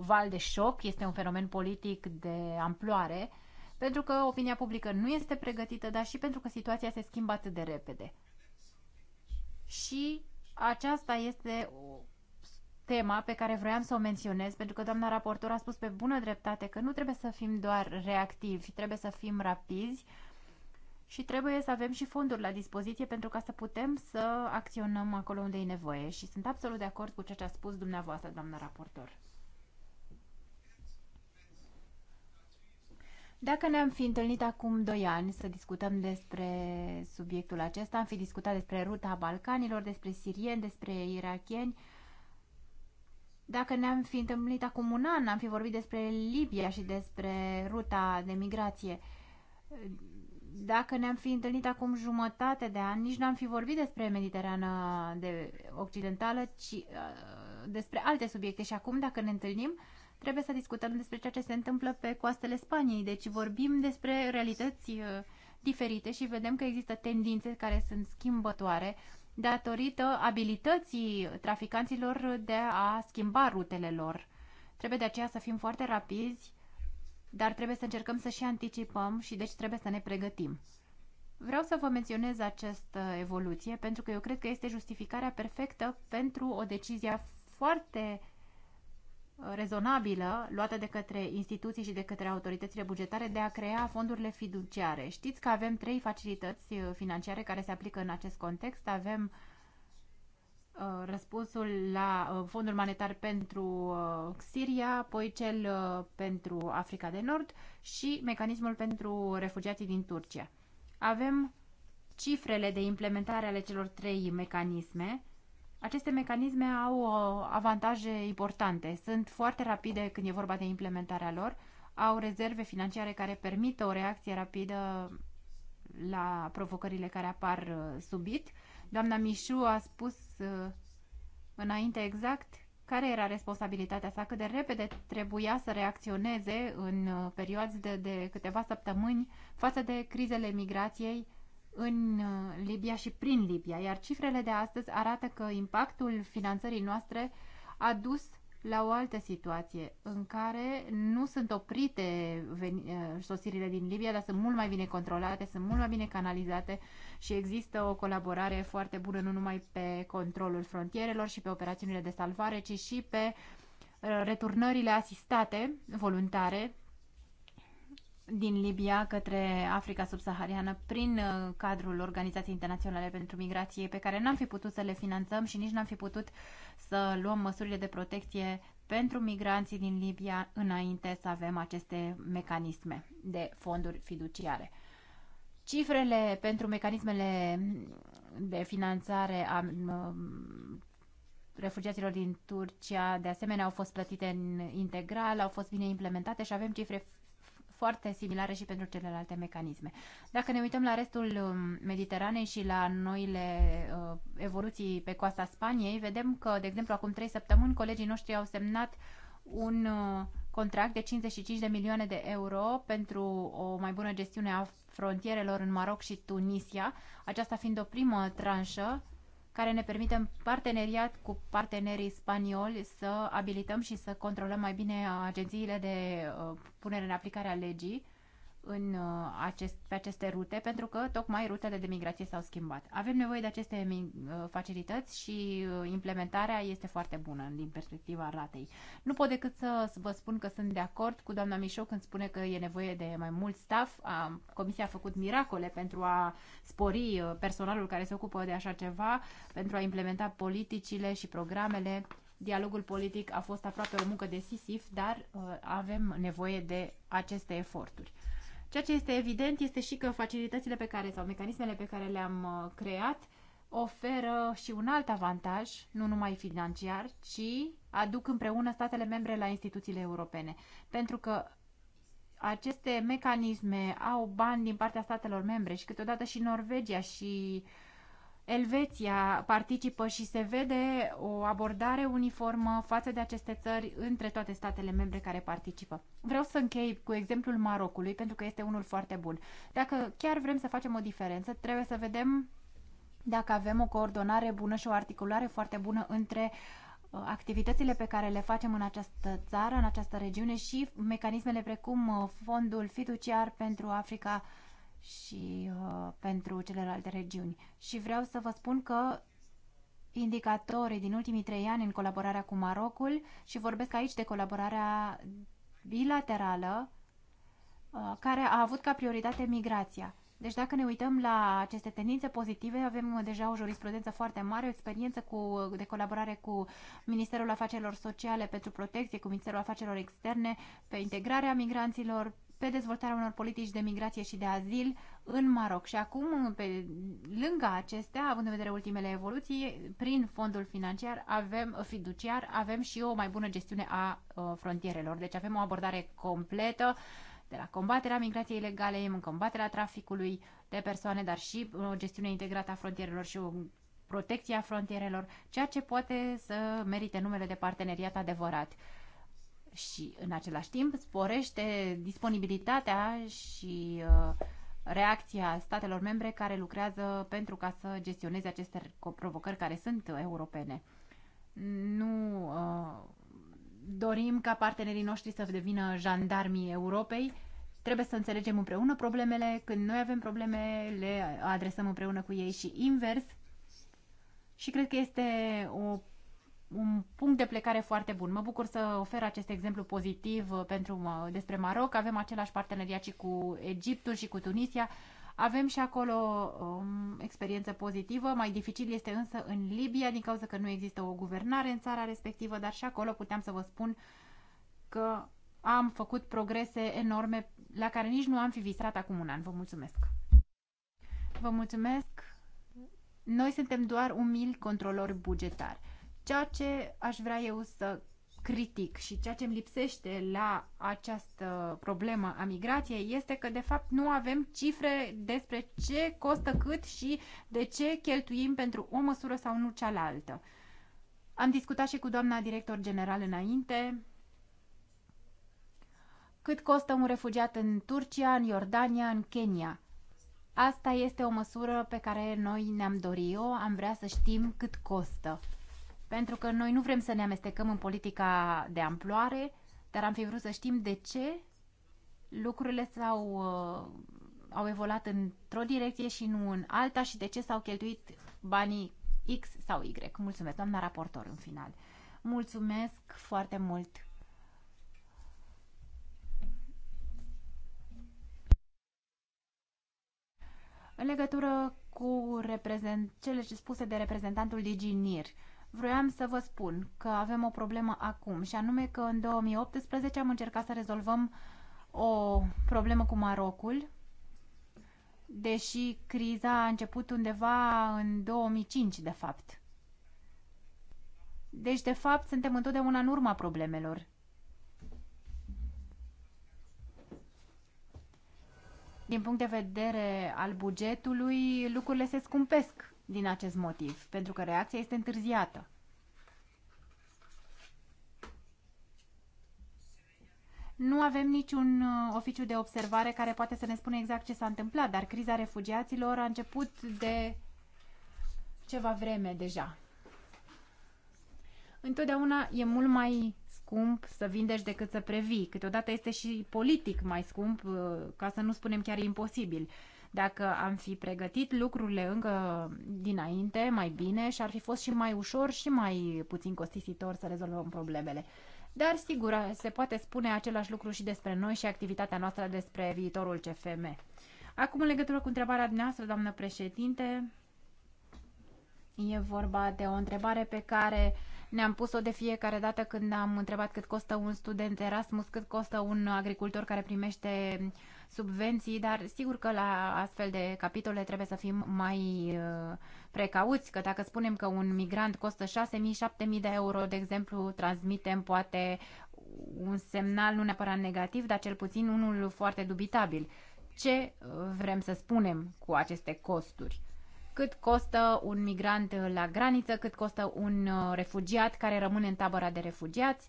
val de șoc, este un fenomen politic de amploare, uh, pentru că opinia publică nu este pregătită, dar și pentru că situația se schimbă atât de repede. Și aceasta este o tema pe care vroiam să o menționez, pentru că doamna raportor a spus pe bună dreptate că nu trebuie să fim doar reactivi, trebuie să fim rapizi și trebuie să avem și fonduri la dispoziție pentru ca să putem să acționăm acolo unde e nevoie. Și sunt absolut de acord cu ceea ce a spus dumneavoastră, doamna raportor. Dacă ne-am fi întâlnit acum doi ani să discutăm despre subiectul acesta, am fi discutat despre ruta Balcanilor, despre sirieni, despre irachieni, dacă ne-am fi întâlnit acum un an, am fi vorbit despre Libia și despre ruta de migrație. Dacă ne-am fi întâlnit acum jumătate de an, nici n-am fi vorbit despre Mediterana de Occidentală, ci uh, despre alte subiecte. Și acum, dacă ne întâlnim, uh, trebuie să discutăm despre ceea ce se întâmplă pe coastele Spaniei. Deci vorbim despre realități uh, diferite și vedem că există tendințe care sunt schimbătoare datorită abilității traficanților de a schimba rutele lor. Trebuie de aceea să fim foarte rapizi, dar trebuie să încercăm să și anticipăm și deci trebuie să ne pregătim. Vreau să vă menționez această evoluție pentru că eu cred că este justificarea perfectă pentru o decizie foarte rezonabilă luată de către instituții și de către autoritățile bugetare de a crea fondurile fiduciare. Știți că avem trei facilități uh, financiare care se aplică în acest context. Avem uh, răspunsul la uh, Fondul Monetar pentru Siria, apoi cel pentru Africa de Nord și mecanismul pentru refugiații din Turcia. Avem cifrele de implementare ale celor trei mecanisme aceste mecanisme au uh, avantaje importante. Sunt foarte rapide când e vorba de implementarea lor, au rezerve financiare care permit o reacție rapidă la provocările care apar uh, subit. Doamna Mișu a spus uh, înainte exact care era responsabilitatea sa, cât de repede trebuia să reacționeze în perioade de, de câteva săptămâni față de crizele migrației în uh, Libia și prin Libia, iar cifrele de astăzi arată că impactul finanțării noastre a dus la o altă situație în care nu sunt oprite uh, sosirile din Libia, dar sunt mult mai bine controlate, sunt mult mai bine canalizate și există o colaborare foarte bună nu numai pe controlul frontierelor și pe operațiunile de salvare, ci și pe uh, returnările asistate, voluntare, din Libia către Africa subsahariană prin uh, cadrul Organizației Internaționale pentru Migrație, pe care n-am fi putut să le finanțăm și nici n-am fi putut să luăm măsurile de protecție pentru migranții din Libia înainte să avem aceste mecanisme de fonduri fiduciare. Cifrele pentru mecanismele de finanțare a um, refugiaților din Turcia, de asemenea, au fost plătite în integral, au fost bine implementate și avem cifre foarte similare și pentru celelalte mecanisme. Dacă ne uităm la restul um, Mediteranei și la noile uh, evoluții pe coasta Spaniei, vedem că, de exemplu, acum trei săptămâni colegii noștri au semnat un uh, contract de 55 de milioane de euro pentru o mai bună gestiune a frontierelor în Maroc și Tunisia, aceasta fiind o primă tranșă care ne permite în parteneriat cu partenerii spanioli să abilităm și să controlăm mai bine agențiile de uh, punere în aplicare a legii în uh, acest, pe aceste rute, pentru că tocmai rutele de migrație s-au schimbat. Avem nevoie de aceste uh, facilități și uh, implementarea este foarte bună din perspectiva ratei. Nu pot decât să vă spun că sunt de acord cu doamna Mișo când spune că e nevoie de mai mult staff. Comisia a făcut miracole pentru a spori personalul care se ocupă de așa ceva, pentru a implementa politicile și programele. Dialogul politic a fost aproape o muncă decisiv, dar avem nevoie de aceste eforturi. Ceea ce este evident este și că facilitățile pe care sau mecanismele pe care le-am uh, creat oferă și un alt avantaj, nu numai financiar, ci aduc împreună statele membre la instituțiile europene. Pentru că aceste mecanisme au bani din partea statelor membre și câteodată și Norvegia și uh, Elveția participă și se vede o abordare uniformă față de aceste țări între toate statele membre care participă. Vreau să închei cu exemplul Marocului, pentru că este unul foarte bun. Dacă chiar vrem să facem o diferență, trebuie să vedem dacă avem o coordonare bună și o articulare foarte bună între uh, activitățile pe care le facem în această țară, în această regiune și mecanismele precum uh, fondul fiduciar pentru Africa și uh, pentru celelalte regiuni. Și vreau să vă spun că indicatorii din ultimii trei ani în colaborarea cu Marocul și vorbesc aici de colaborarea bilaterală uh, care a avut ca prioritate migrația. Deci dacă ne uităm la aceste tendințe pozitive, avem deja o jurisprudență foarte mare, o experiență cu, de colaborare cu Ministerul Afacerilor Sociale pentru Protecție, cu Ministerul Afacerilor Externe, pe integrarea migranților, pe dezvoltarea unor politici de migrație și de azil în Maroc. Și acum, pe lângă acestea, având în vedere ultimele evoluții, prin fondul financiar avem fiduciar, avem și o mai bună gestiune a uh, frontierelor. Deci avem o abordare completă de la combaterea migrației ilegale, în combaterea traficului de persoane, dar și uh, o gestiune integrată a frontierelor și o protecție a frontierelor, ceea ce poate să merite numele de parteneriat adevărat și în același timp sporește disponibilitatea și uh, reacția statelor membre care lucrează pentru ca să gestioneze aceste provocări care sunt europene. Nu uh, dorim ca partenerii noștri să devină jandarmii Europei. Trebuie să înțelegem împreună problemele. Când noi avem probleme, le adresăm împreună cu ei și invers. Și cred că este o un punct de plecare foarte bun. Mă bucur să ofer acest exemplu pozitiv uh, pentru uh, despre Maroc. Avem același parteneriat și cu Egiptul și cu Tunisia. Avem și acolo um, experiență pozitivă. Mai dificil este însă în Libia, din cauza că nu există o guvernare în țara respectivă, dar și acolo puteam să vă spun că am făcut progrese enorme la care nici nu am fi visat acum un an. Vă mulțumesc! Vă mulțumesc! Noi suntem doar umili controlori bugetari. Ceea ce aș vrea eu să critic și ceea ce îmi lipsește la această problemă a migrației este că de fapt nu avem cifre despre ce costă cât și de ce cheltuim pentru o măsură sau nu cealaltă. Am discutat și cu doamna director general înainte cât costă un refugiat în Turcia, în Iordania, în Kenya. Asta este o măsură pe care noi ne-am dorit-o, am vrea să știm cât costă pentru că noi nu vrem să ne amestecăm în politica de amploare, dar am fi vrut să știm de ce lucrurile s-au uh, au evoluat într-o direcție și nu în alta și de ce s-au cheltuit banii X sau Y. Mulțumesc, doamna raportor, în final. Mulțumesc foarte mult! În legătură cu reprezent... cele ce spuse de reprezentantul DigiNIR, uh, Vroiam să vă spun că avem o problemă acum și anume că în 2018 am încercat să rezolvăm o problemă cu Marocul, deși criza a început undeva în 2005, de fapt. Deci, de fapt, suntem întotdeauna în urma problemelor. Din punct de vedere al bugetului, lucrurile se scumpesc din acest motiv, pentru că reacția este întârziată. Nu avem niciun uh, oficiu de observare care poate să ne spună exact ce s-a întâmplat, dar criza refugiaților a început de ceva vreme deja. Întotdeauna e mult mai scump să vindești decât să previi. Câteodată este și politic mai scump, uh, ca să nu spunem chiar imposibil. Dacă am fi pregătit lucrurile încă dinainte, mai bine și ar fi fost și mai ușor și mai puțin costisitor să rezolvăm problemele. Dar, sigur, se poate spune același lucru și despre noi și activitatea noastră despre viitorul CFM. Acum, în legătură cu întrebarea dumneavoastră, doamnă președinte, e vorba de o întrebare pe care ne-am pus-o de fiecare dată când am întrebat cât costă un student Erasmus, cât costă un agricultor care primește subvenții, dar sigur că la astfel de capitole trebuie să fim mai uh, precauți, că dacă spunem că un migrant costă 6.000-7.000 de euro, de exemplu, transmitem poate un semnal nu neapărat negativ, dar cel puțin unul foarte dubitabil. Ce uh, vrem să spunem cu aceste costuri? cât costă un migrant la graniță, cât costă un uh, refugiat care rămâne în tabăra de refugiați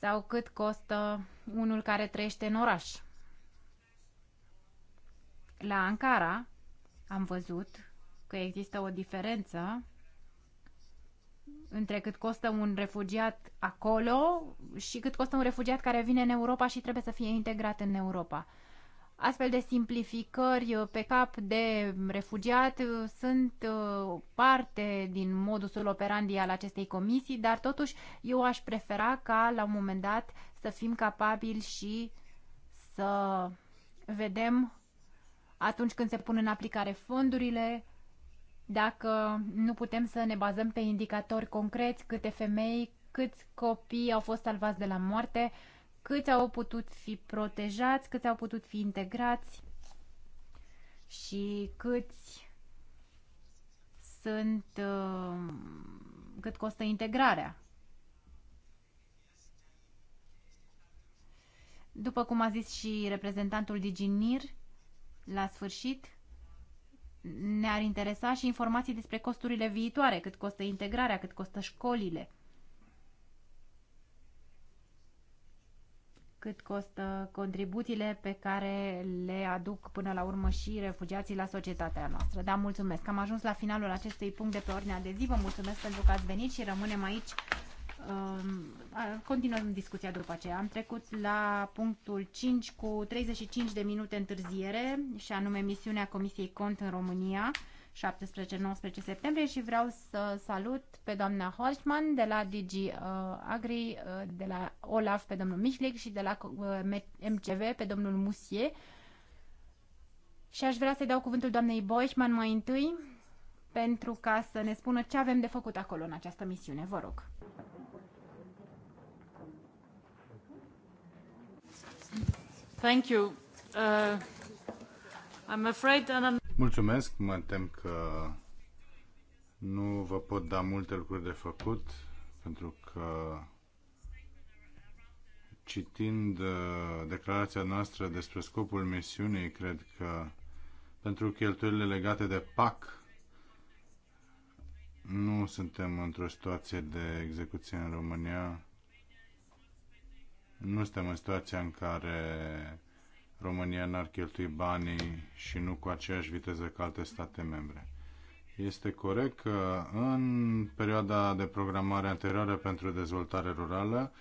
sau cât costă unul care trăiește în oraș. La Ankara am văzut că există o diferență între cât costă un refugiat acolo și cât costă un refugiat care vine în Europa și trebuie să fie integrat în Europa. Astfel de simplificări pe cap de refugiat sunt uh, parte din modusul operandi al acestei comisii, dar totuși eu aș prefera ca la un moment dat să fim capabili și să vedem atunci când se pun în aplicare fondurile, dacă nu putem să ne bazăm pe indicatori concreți, câte femei, câți copii au fost salvați de la moarte, câți au putut fi protejați, câți au putut fi integrați și câți sunt, uh, cât costă integrarea. După cum a zis și reprezentantul Diginir, la sfârșit, ne-ar interesa și informații despre costurile viitoare, cât costă integrarea, cât costă școlile, cât costă contribuțiile pe care le aduc până la urmă și refugiații la societatea noastră. Da, mulțumesc. Am ajuns la finalul acestui punct de pe ordinea de zi. Vă mulțumesc pentru că ați venit și rămânem aici Um, continuăm discuția după aceea. Am trecut la punctul 5 cu 35 de minute întârziere și anume misiunea Comisiei Cont în România 17-19 septembrie și vreau să salut pe doamna Holtman de la DG uh, Agri, uh, de la Olaf pe domnul Mișlic și de la uh, MCV pe domnul Musie. Și aș vrea să-i dau cuvântul doamnei Boichman mai întâi pentru ca să ne spună ce avem de făcut acolo în această misiune. Vă rog. Uh, Mulțumesc, mă tem că nu vă pot da multe lucruri de făcut, pentru că citind uh, declarația noastră despre scopul misiunii, cred că pentru cheltuielile legate de PAC nu suntem într-o situație de execuție în România nu suntem în situația în care România n-ar cheltui banii și nu cu aceeași viteză ca alte state membre. Este corect că în perioada de programare anterioară pentru dezvoltare rurală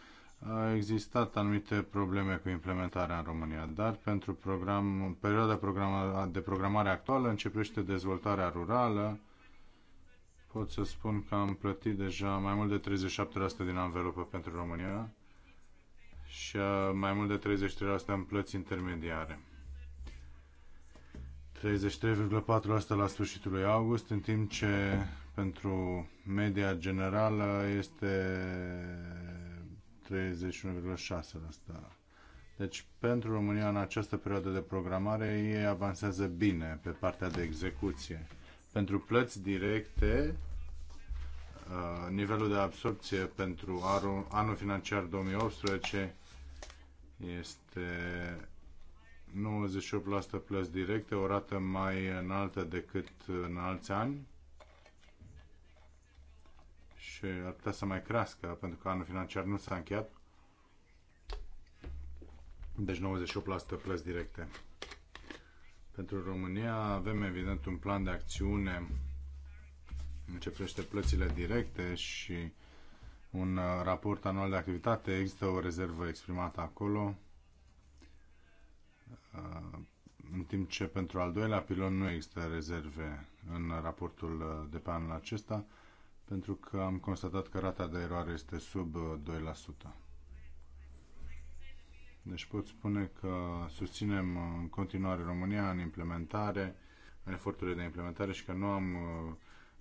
a existat anumite probleme cu implementarea în România, dar pentru program, perioada de programare actuală începește dezvoltarea rurală. Pot să spun că am plătit deja mai mult de 37% din anvelopă pentru România și uh, mai mult de 33% în plăți intermediare. 33,4% la sfârșitul lui august, în timp ce pentru media generală este 31,6%. Deci, pentru România, în această perioadă de programare, ei avansează bine pe partea de execuție. Pentru plăți directe, uh, nivelul de absorpție pentru anul financiar 2018 este 98% plăți directe, o rată mai înaltă decât în alți ani și ar putea să mai crească pentru că anul financiar nu s-a încheiat. Deci 98% plăți directe. Pentru România avem evident un plan de acțiune în ce privește plățile directe și un uh, raport anual de activitate, există o rezervă exprimată acolo, uh, în timp ce pentru al doilea pilon nu există rezerve în raportul uh, de pe anul acesta, pentru că am constatat că rata de eroare este sub 2%. Deci pot spune că susținem în continuare România în implementare, în eforturile de implementare și că nu am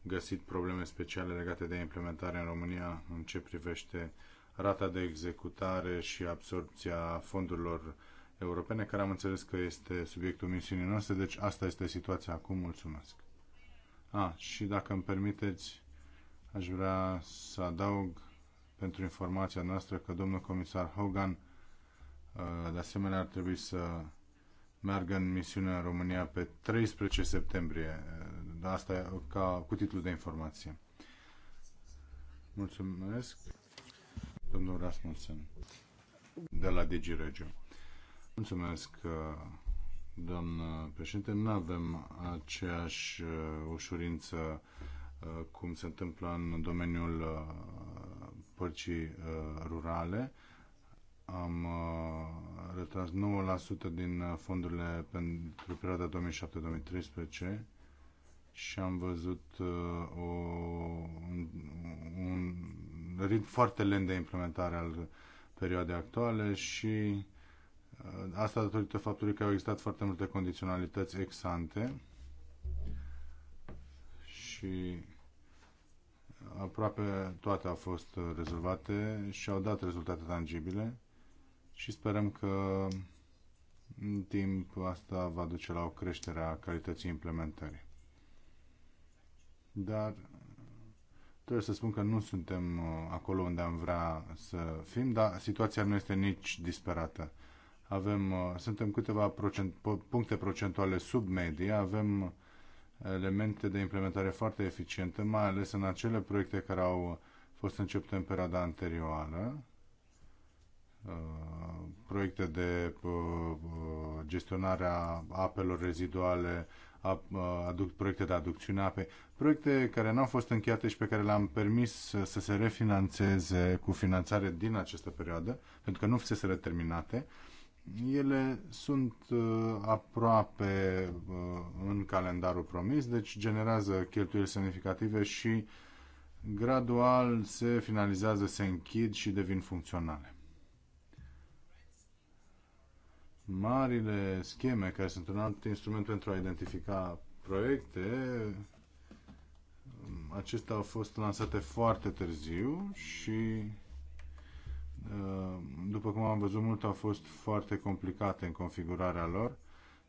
găsit probleme speciale legate de implementare în România în ce privește rata de executare și absorpția fondurilor europene, care am înțeles că este subiectul misiunii noastre, deci asta este situația acum. Mulțumesc! A, și dacă îmi permiteți, aș vrea să adaug pentru informația noastră că domnul comisar Hogan uh, de asemenea ar trebui să meargă în misiune în România pe 13 septembrie uh, da, asta ca cu titlul de informație. Mulțumesc, domnul Rasmussen, de la DigiRegio. Mulțumesc, doamnă președinte. Nu avem aceeași uh, ușurință uh, cum se întâmplă în domeniul uh, părcii rurale. Am retras 9% din fondurile pentru perioada 2007-2013 și am văzut uh, o, un ritm foarte lent de implementare al perioadei actuale și uh, asta datorită faptului că au existat foarte multe condiționalități exante și aproape toate au fost rezolvate și au dat rezultate tangibile și sperăm că în timp asta va duce la o creștere a calității implementării dar trebuie să spun că nu suntem uh, acolo unde am vrea să fim, dar situația nu este nici disperată. Avem, uh, suntem câteva procent, puncte procentuale sub medie, avem elemente de implementare foarte eficiente, mai ales în acele proiecte care au fost începute în perioada anterioară, uh, proiecte de gestionarea apelor reziduale, aduc, proiecte de aducțiune a apei, proiecte care nu au fost încheiate și pe care le-am permis să se refinanțeze cu finanțare din această perioadă, pentru că nu fuseseră terminate. Ele sunt uh, aproape uh, în calendarul promis, deci generează cheltuieli semnificative și gradual se finalizează, se închid și devin funcționale marile scheme care sunt un alt instrument pentru a identifica proiecte, acestea au fost lansate foarte târziu și uh, după cum am văzut mult au fost foarte complicate în configurarea lor,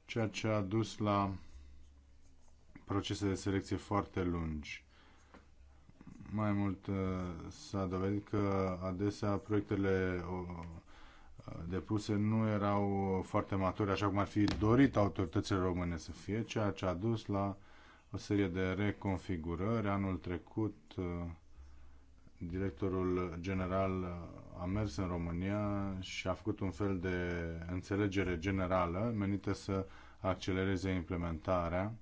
ceea ce a dus la procese de selecție foarte lungi. Mai mult uh, s-a dovedit că adesea proiectele uh, depuse nu erau foarte maturi, așa cum ar fi dorit autoritățile române să fie, ceea ce a dus la o serie de reconfigurări. Anul trecut, uh, directorul general a mers în România și a făcut un fel de înțelegere generală menită să accelereze implementarea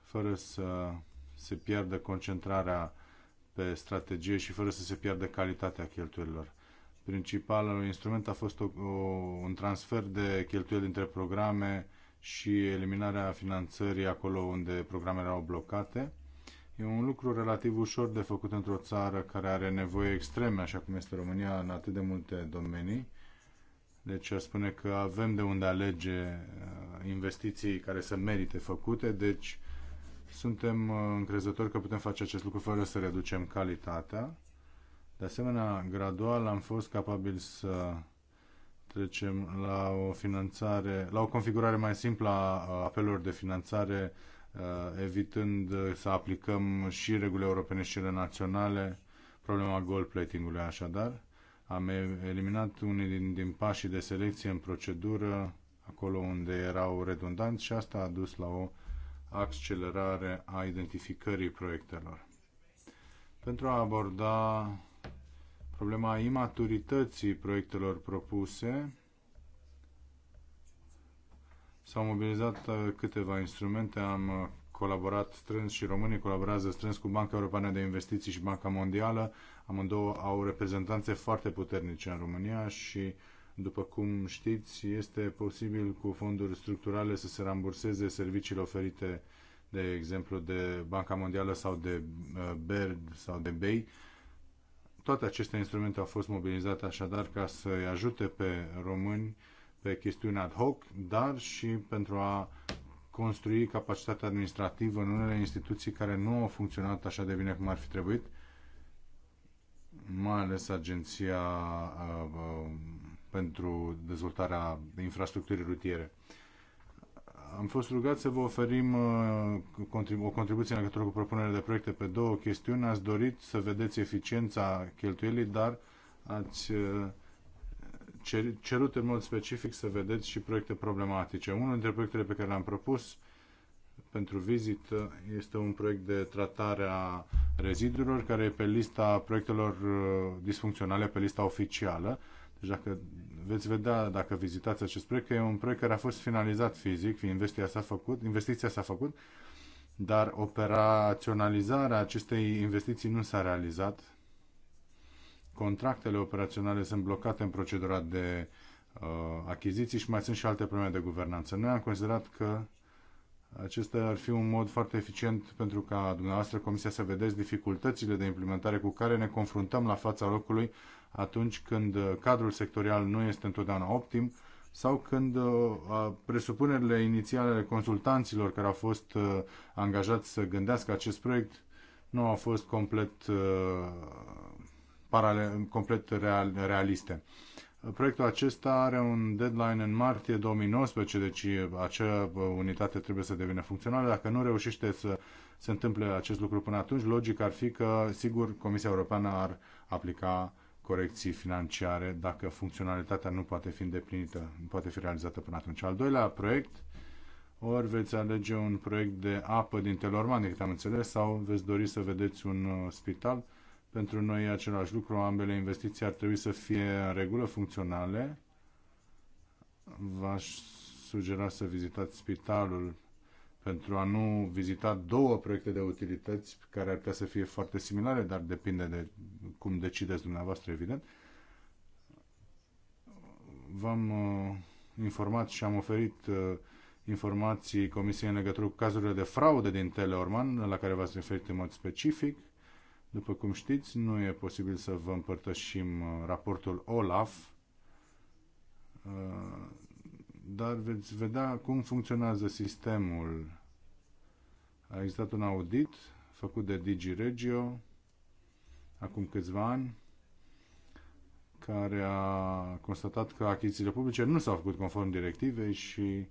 fără să se pierdă concentrarea pe strategie și fără să se pierdă calitatea cheltuielor principalul instrument a fost o, o, un transfer de cheltuieli între programe și eliminarea finanțării acolo unde programele erau blocate. E un lucru relativ ușor de făcut într-o țară care are nevoie extreme, așa cum este România, în atât de multe domenii. Deci aș spune că avem de unde alege uh, investiții care să merite făcute, deci suntem uh, încrezători că putem face acest lucru fără să reducem calitatea. De asemenea, gradual am fost capabili să trecem la o finanțare, la o configurare mai simplă a apelurilor de finanțare, evitând să aplicăm și regulile europene și cele naționale, problema gold platingului așadar. Am eliminat unii din, din pașii de selecție în procedură, acolo unde erau redundanți și asta a dus la o accelerare a identificării proiectelor. Pentru a aborda problema imaturității proiectelor propuse. S-au mobilizat uh, câteva instrumente, am uh, colaborat strâns și românii colaborează strâns cu Banca Europeană de Investiții și Banca Mondială. Amândouă au reprezentanțe foarte puternice în România și, după cum știți, este posibil cu fonduri structurale să se ramburseze serviciile oferite, de exemplu, de Banca Mondială sau de uh, BERD sau de BEI toate aceste instrumente au fost mobilizate așadar ca să-i ajute pe români pe chestiuni ad hoc, dar și pentru a construi capacitatea administrativă în unele instituții care nu au funcționat așa de bine cum ar fi trebuit, mai ales Agenția uh, uh pentru Dezvoltarea Infrastructurii Rutiere am fost rugat să vă oferim uh, o contribuție în legătură cu propunerea de proiecte pe două chestiuni. Ați dorit să vedeți eficiența cheltuielii, dar ați uh, cerut în mod specific să vedeți și proiecte problematice. Unul dintre proiectele pe care le-am propus pentru vizită este un proiect de tratare a rezidurilor care e pe lista proiectelor uh, disfuncționale, pe lista oficială. Deci dacă veți vedea dacă vizitați acest proiect că e un proiect care a fost finalizat fizic, investiția s-a făcut, investiția s-a făcut, dar operaționalizarea acestei investiții nu s-a realizat. Contractele operaționale sunt blocate în procedura de uh, achiziții și mai sunt și alte probleme de guvernanță. Noi am considerat că acesta ar fi un mod foarte eficient pentru ca dumneavoastră Comisia să vedeți dificultățile de implementare cu care ne confruntăm la fața locului atunci când uh, cadrul sectorial nu este întotdeauna optim sau când uh, presupunerile inițiale ale consultanților care au fost uh, angajați să gândească acest proiect nu au fost complet, complet realiste. Proiectul acesta are un deadline în martie 2019, deci acea unitate trebuie să devină funcțională. Dacă nu reușește să se întâmple acest lucru până atunci, logic ar fi că, sigur, Comisia Europeană ar aplica corecții financiare dacă funcționalitatea nu poate fi îndeplinită, nu poate fi realizată până atunci. Al doilea proiect, ori veți alege un proiect de apă din Telorman, decât am înțeles, sau veți dori să vedeți un uh, spital. Pentru noi e același lucru, ambele investiții ar trebui să fie în regulă, funcționale. V-aș sugera să vizitați spitalul pentru a nu vizita două proiecte de utilități care ar putea să fie foarte similare, dar depinde de cum decideți dumneavoastră, evident. V-am uh, informat și am oferit uh, informații Comisiei în legătură cu cazurile de fraude din Teleorman, la care v-ați referit în mod specific. După cum știți, nu e posibil să vă împărtășim uh, raportul OLAF, uh, dar veți vedea cum funcționează sistemul. A existat un audit făcut de DigiRegio acum câțiva ani care a constatat că achizițiile publice nu s-au făcut conform directivei și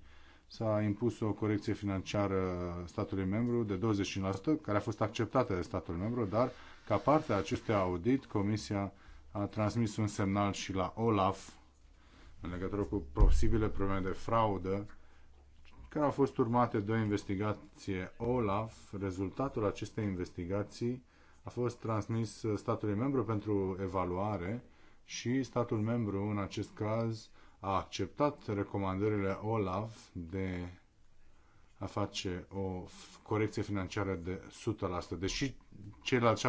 s-a impus o corecție financiară statului membru de 25%, care a fost acceptată de statul membru, dar ca parte a acestui audit, Comisia a transmis un semnal și la OLAF, în legătură cu posibile probleme de fraudă care au fost urmate de o investigație OLAF. Rezultatul acestei investigații a fost transmis statului membru pentru evaluare și statul membru, în acest caz, a acceptat recomandările OLAF de a face o corecție financiară de 100%, deși ceilalți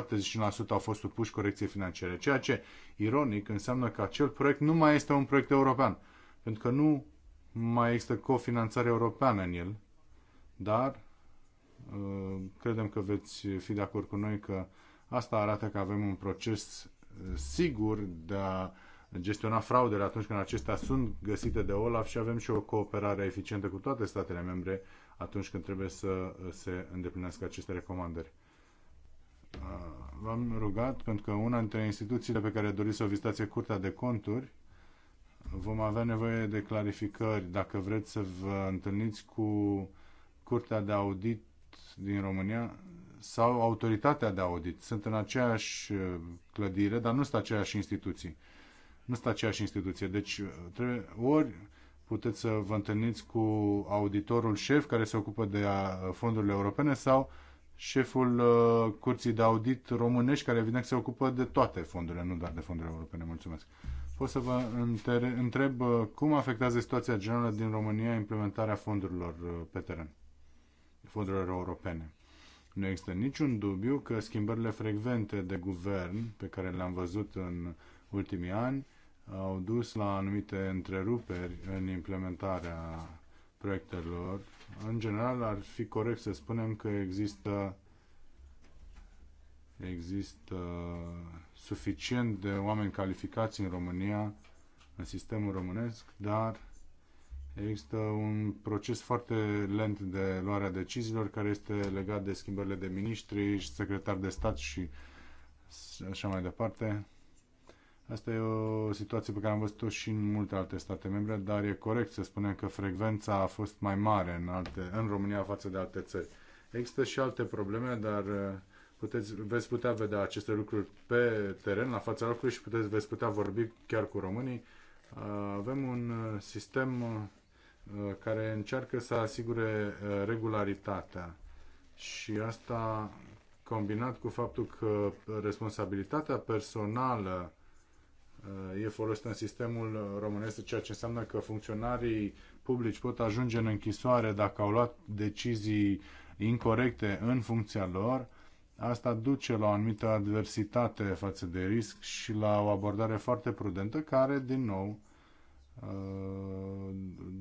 79% au fost supuși corecție financiare, ceea ce, ironic, înseamnă că acel proiect nu mai este un proiect european, pentru că nu mai există cofinanțare europeană în el, dar uh, credem că veți fi de acord cu noi că asta arată că avem un proces uh, sigur de a gestiona fraudele atunci când acestea sunt găsite de OLAF și avem și o cooperare eficientă cu toate statele membre atunci când trebuie să uh, se îndeplinească aceste recomandări. Uh, v-am rugat pentru că una dintre instituțiile pe care doriți să o vizitați e Curtea de Conturi. Vom avea nevoie de clarificări dacă vreți să vă întâlniți cu Curtea de Audit din România sau Autoritatea de Audit. Sunt în aceeași uh, clădire, dar nu sunt aceeași instituții. Nu sunt aceeași instituție. Deci, trebuie, ori puteți să vă întâlniți cu auditorul șef care se ocupă de uh, fondurile europene sau șeful uh, curții de audit românești care evident se ocupă de toate fondurile, nu doar de fondurile europene. Mulțumesc. Pot să vă întreb uh, cum afectează situația generală din România implementarea fondurilor pe teren, fondurilor europene. Nu există niciun dubiu că schimbările frecvente de guvern pe care le-am văzut în ultimii ani au dus la anumite întreruperi în implementarea proiectelor. În general, ar fi corect să spunem că există există suficient de oameni calificați în România, în sistemul românesc, dar există un proces foarte lent de luarea deciziilor care este legat de schimbările de miniștri și secretari de stat și așa mai departe. Asta e o situație pe care am văzut-o și în multe alte state membre, dar e corect să spunem că frecvența a fost mai mare în, alte, în România față de alte țări. Există și alte probleme, dar uh, puteți, veți putea vedea aceste lucruri pe teren, la fața locului și puteți, veți putea vorbi chiar cu românii. Uh, avem un uh, sistem care încearcă să asigure regularitatea și asta combinat cu faptul că responsabilitatea personală e folosită în sistemul românesc, ceea ce înseamnă că funcționarii publici pot ajunge în închisoare dacă au luat decizii incorrecte în funcția lor. Asta duce la o anumită adversitate față de risc și la o abordare foarte prudentă care, din nou, uh,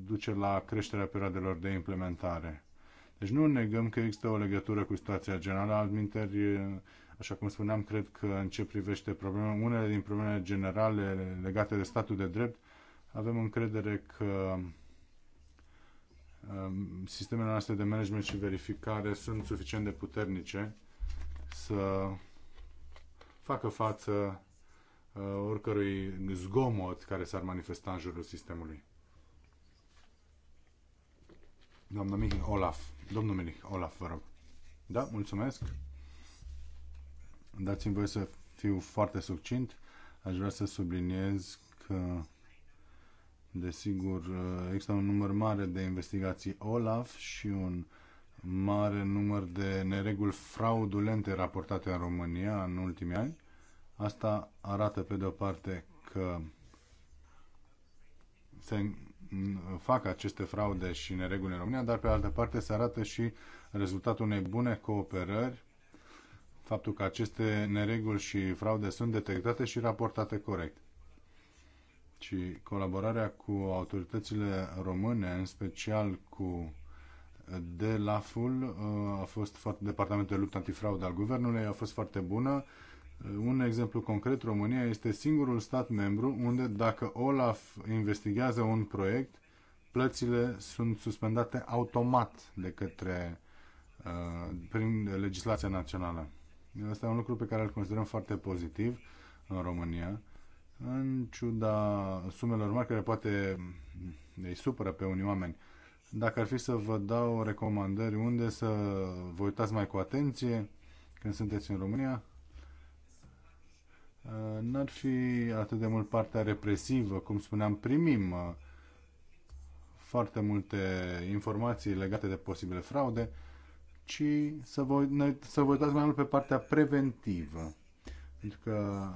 duce la creșterea perioadelor de implementare. Deci nu negăm că există o legătură cu situația generală, altminteri Așa cum spuneam, cred că în ce privește probleme, unele din problemele generale legate de statul de drept, avem încredere că um, sistemele noastre de management și verificare sunt suficient de puternice să facă față uh, oricărui zgomot care s-ar manifesta în jurul sistemului. Doamna Mihic Olaf, domnul Mihic Olaf, vă rog. Da, mulțumesc. Dați-mi voi să fiu foarte succint. Aș vrea să subliniez că, desigur, există un număr mare de investigații OLAF și un mare număr de nereguli fraudulente raportate în România în ultimii ani. Asta arată, pe de o parte, că se fac aceste fraude și nereguli în România, dar, pe altă parte, se arată și rezultatul unei bune cooperări faptul că aceste nereguli și fraude sunt detectate și raportate corect. Și colaborarea cu autoritățile române, în special cu de laful, uh, a fost foarte, Departamentul de Luptă Antifraudă al Guvernului, a fost foarte bună. Uh, un exemplu concret, România este singurul stat membru unde dacă OLAF investigează un proiect, plățile sunt suspendate automat de către uh, prin legislația națională. Asta e un lucru pe care îl considerăm foarte pozitiv în România, în ciuda sumelor mari care poate îi supără pe unii oameni. Dacă ar fi să vă dau recomandări unde să vă uitați mai cu atenție când sunteți în România, n-ar fi atât de mult partea represivă, cum spuneam, primim uh, foarte multe informații legate de posibile fraude, ci să vă, să vă uitați mai mult pe partea preventivă. Pentru că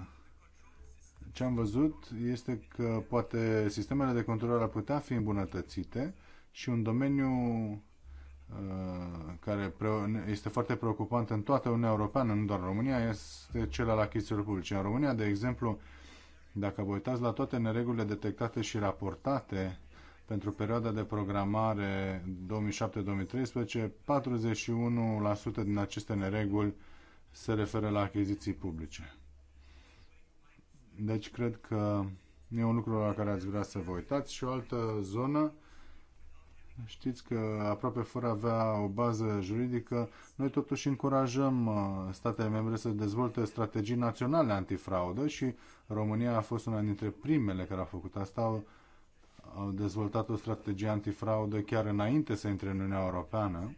ce am văzut este că poate sistemele de control ar putea fi îmbunătățite și un domeniu uh, care este foarte preocupant în toată Uniunea Europeană, nu doar în România, este cel al achizițiilor publice. În România, de exemplu, dacă vă uitați la toate neregulile detectate și raportate pentru perioada de programare 2007-2013, 41% din aceste nereguli se referă la achiziții publice. Deci cred că e un lucru la care ați vrea să vă uitați și o altă zonă Știți că aproape fără avea o bază juridică, noi totuși încurajăm uh, statele membre să dezvolte strategii naționale antifraudă și România a fost una dintre primele care a făcut asta au dezvoltat o strategie antifraudă chiar înainte să intre în Uniunea Europeană.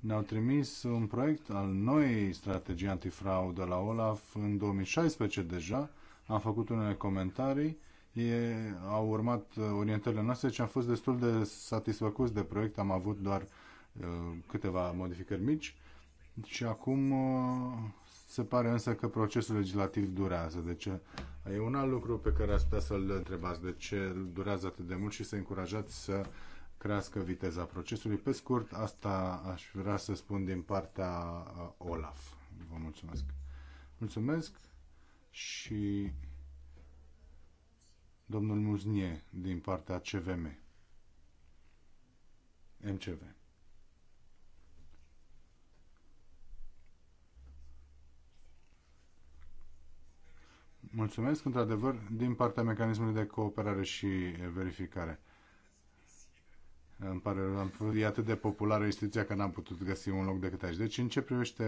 Ne-au trimis un proiect al noii strategii antifraudă la OLAF în 2016 deja. Am făcut unele comentarii, e, au urmat orientările noastre și deci am fost destul de satisfăcuți de proiect. Am avut doar uh, câteva modificări mici și acum uh, se pare însă că procesul legislativ durează. Deci e un alt lucru pe care ați putea să-l întrebați. De ce durează atât de mult și să încurajați să crească viteza procesului. Pe scurt, asta aș vrea să spun din partea uh, Olaf. Vă mulțumesc. Mulțumesc și domnul Muznie din partea CVM. MCV. Mulțumesc, într-adevăr, din partea mecanismului de cooperare și verificare. Îmi pare rău, e atât de populară instituția că n-am putut găsi un loc decât aici. Deci, în ce privește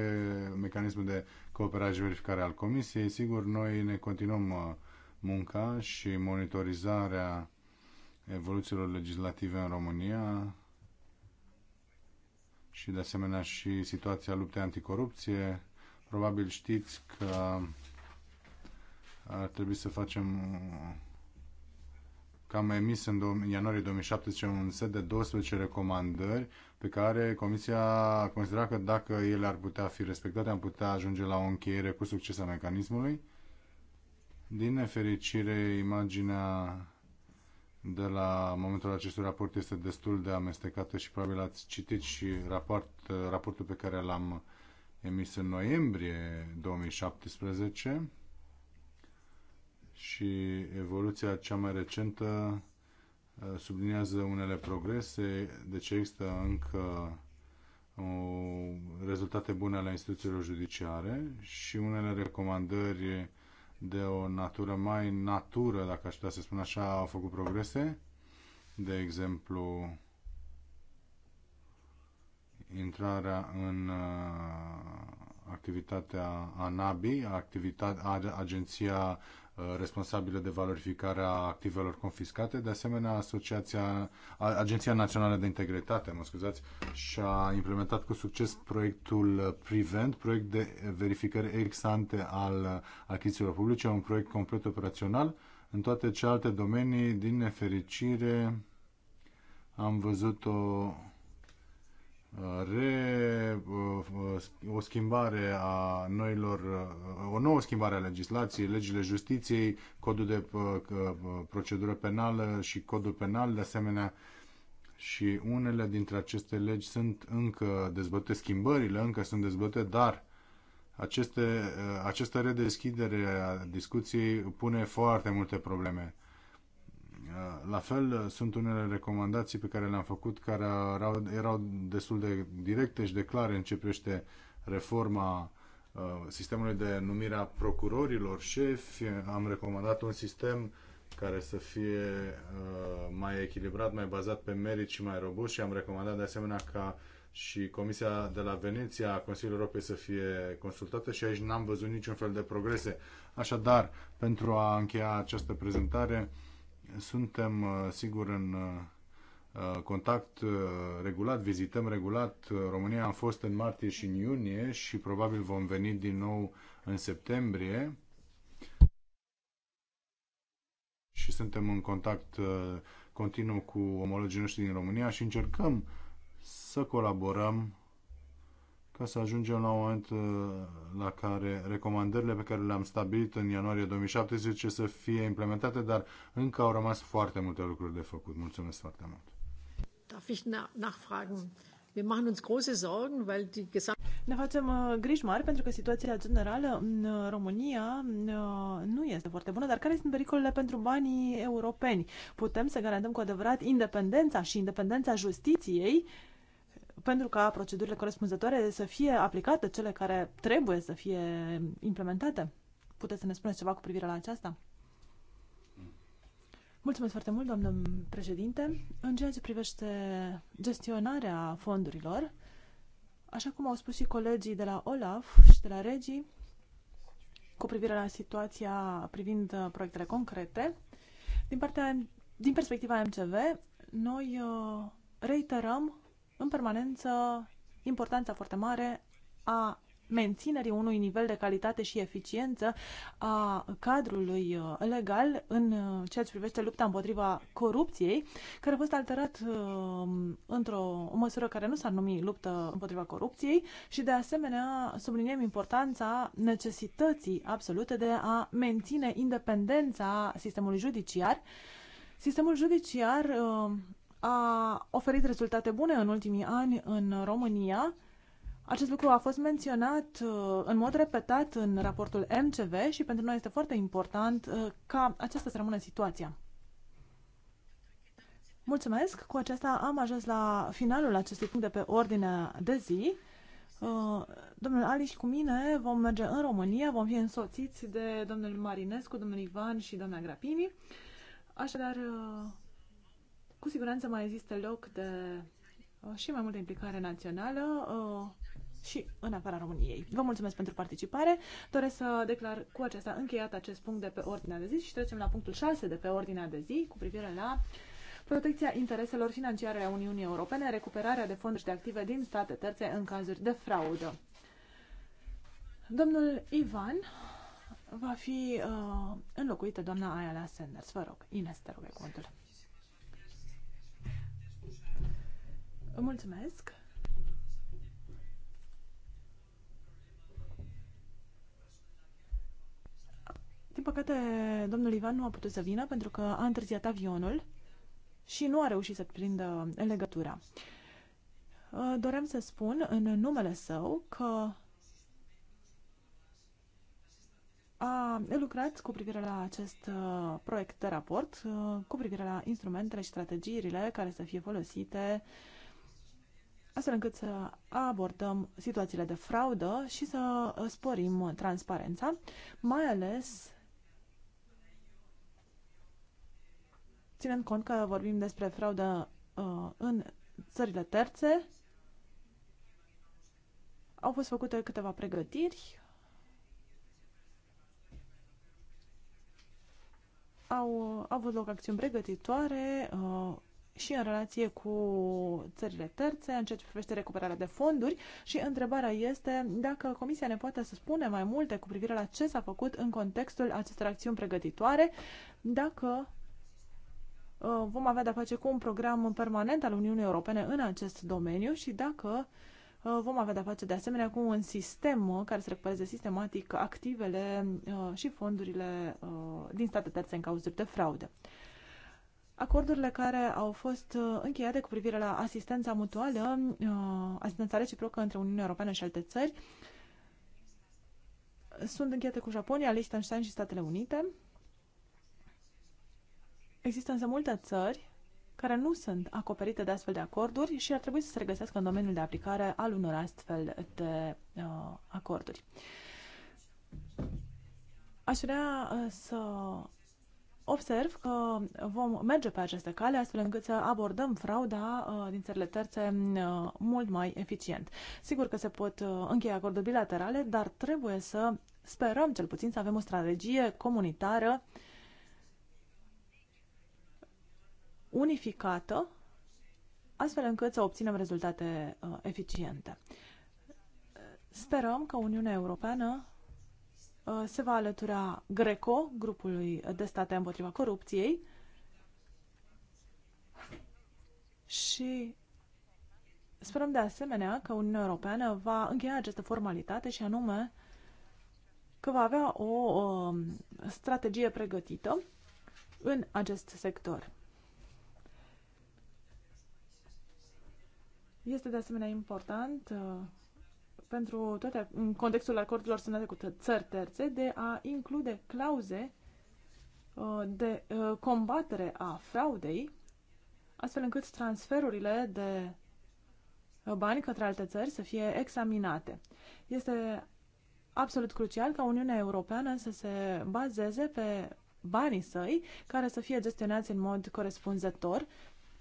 mecanismul de cooperare și verificare al Comisiei, sigur, noi ne continuăm uh, munca și monitorizarea evoluțiilor legislative în România și, de asemenea, și situația luptei anticorupție. Probabil știți că ar trebui să facem că am emis în ianuarie 2017 un set de 12 recomandări pe care Comisia a considerat că dacă ele ar putea fi respectate, am putea ajunge la o încheiere cu succes a mecanismului. Din nefericire, imaginea de la momentul acestui raport este destul de amestecată și probabil ați citit și raport, raportul pe care l-am emis în noiembrie 2017 și evoluția cea mai recentă uh, subliniază unele progrese, deci există încă o, rezultate bune ale instituțiilor judiciare și unele recomandări de o natură mai natură, dacă aș putea să spun așa, au făcut progrese. De exemplu, intrarea în uh, activitatea ANABI, activitatea, Agenția Uh, responsabilă de valorificarea activelor confiscate. De asemenea, Asociația, Agenția Națională de Integritate, mă scuzați, și-a implementat cu succes proiectul Prevent, proiect de verificări ex ante al achizițiilor publice, un proiect complet operațional. În toate celelalte domenii, din nefericire, am văzut o re, o schimbare a noilor, o nouă schimbare a legislației, legile justiției, codul de uh, uh, procedură penală și codul penal, de asemenea, și unele dintre aceste legi sunt încă dezbătute, schimbările încă sunt dezbătute, dar aceste, uh, această redeschidere a discuției pune foarte multe probleme. La fel, uh, sunt unele recomandații pe care le-am făcut care erau, erau destul de directe și de clare în ce privește reforma uh, sistemului de numire a procurorilor șefi. Am recomandat un sistem care să fie uh, mai echilibrat, mai bazat pe merit și mai robust și am recomandat de asemenea ca și Comisia de la Veneția a Consiliului Europei să fie consultată și aici n-am văzut niciun fel de progrese. Așadar, pentru a încheia această prezentare, suntem, uh, sigur, în uh, uh, contact regulat, vizităm regulat. România am fost în martie și în iunie și probabil vom veni din nou în septembrie. Și suntem în contact continuu cu omologii noștri din România și încercăm să colaborăm ca să ajungem la un moment uh, la care recomandările pe care le-am stabilit în ianuarie 2017 să fie implementate, dar încă au rămas foarte multe lucruri de făcut. Mulțumesc foarte mult. Darf ich nachfragen? Wir machen uns große Sorgen, weil die gesamte ne facem uh, griji mari pentru că situația generală în uh, România nu este foarte bună, dar care sunt pericolele pentru banii europeni? Putem să garantăm cu adevărat independența și independența justiției uh, pentru ca procedurile corespunzătoare să fie aplicate, cele care trebuie să fie implementate? Puteți să ne spuneți ceva cu privire la aceasta? Mulțumesc foarte mult, domnule președinte. În ceea ce privește gestionarea fondurilor, așa cum au spus și colegii de la OLAF și de la Regii, cu privire la situația privind uh, proiectele concrete, din, partea, din perspectiva MCV, noi uh, reiterăm în permanență importanța foarte mare a menținerii unui nivel de calitate și eficiență a cadrului uh, legal în uh, ceea ce privește lupta împotriva corupției, care a fost alterat uh, într-o măsură care nu s-ar numi luptă împotriva corupției și de asemenea subliniem importanța necesității absolute de a menține independența sistemului judiciar. Sistemul judiciar a oferit rezultate bune în ultimii ani în România. Acest lucru a fost menționat uh, în mod repetat în raportul MCV și pentru noi este foarte important uh, ca aceasta să rămână situația. Mulțumesc! Cu aceasta am ajuns la finalul acestui punct de pe ordinea de zi. Uh, domnul Ali și cu mine vom merge în România, vom fi însoțiți de domnul Marinescu, domnul Ivan și doamna Grapini. Așadar, cu siguranță mai există loc de uh, și mai multă implicare națională uh, și în afara României. Vă mulțumesc pentru participare. Doresc să declar cu acesta încheiat acest punct de pe ordinea de zi și trecem la punctul 6 de pe ordinea de zi cu privire la protecția intereselor financiare a Uniunii Europene, recuperarea de fonduri și de active din state terțe în cazuri de fraudă. Domnul Ivan va fi uh, înlocuită doamna Ayala Sanders. Vă rog, Ines, te rog, cuvântul. Mulțumesc! Din păcate, domnul Ivan nu a putut să vină pentru că a întârziat avionul și nu a reușit să prindă legătura. Uh, doream să spun în numele său că a lucrat cu privire la acest uh, proiect de raport, uh, cu privire la instrumentele și strategiile care să fie folosite uh, astfel încât să abordăm situațiile de fraudă și să uh, sporim transparența, mai ales ținând cont că vorbim despre fraudă uh, în țările terțe. Au fost făcute câteva pregătiri. Au, au avut loc acțiuni pregătitoare. Uh, și în relație cu țările terțe, în ceea ce privește recuperarea de fonduri și întrebarea este dacă Comisia ne poate să spune mai multe cu privire la ce s-a făcut în contextul acestor acțiuni pregătitoare, dacă uh, vom avea de-a face cu un program permanent al Uniunii Europene în acest domeniu și dacă uh, vom avea de-a face de asemenea cu un sistem care să recupereze sistematic activele uh, și fondurile din state terțe în cazuri de fraude acordurile care au fost uh, încheiate cu privire la asistența mutuală, uh, asistența reciprocă între Uniunea Europeană și alte țări, sunt încheiate cu Japonia, Liechtenstein și Statele Unite. Există însă multe țări care nu sunt acoperite de astfel de acorduri și ar trebui să se regăsească în domeniul de aplicare al unor astfel de uh, acorduri. Aș vrea uh, să observ că vom merge pe aceste cale astfel încât să abordăm frauda uh, din țările terțe uh, mult mai eficient. Sigur că se pot uh, încheia acorduri bilaterale, dar trebuie să sperăm cel puțin să avem o strategie comunitară unificată astfel încât să obținem rezultate eficiente. Sperăm că Uniunea Europeană Uh, se va alătura Greco, grupului de state împotriva corupției, și sperăm de asemenea că Uniunea Europeană va încheia această formalitate și anume că va avea o, o um, strategie pregătită în acest sector. Este de asemenea important uh, pentru toate, în contextul acordurilor semnate cu țări terțe, de a include clauze uh, de uh, combatere a fraudei, astfel încât transferurile de uh, bani către alte țări să fie examinate. Este absolut crucial ca Uniunea Europeană să se bazeze pe banii săi, care să fie gestionați în mod corespunzător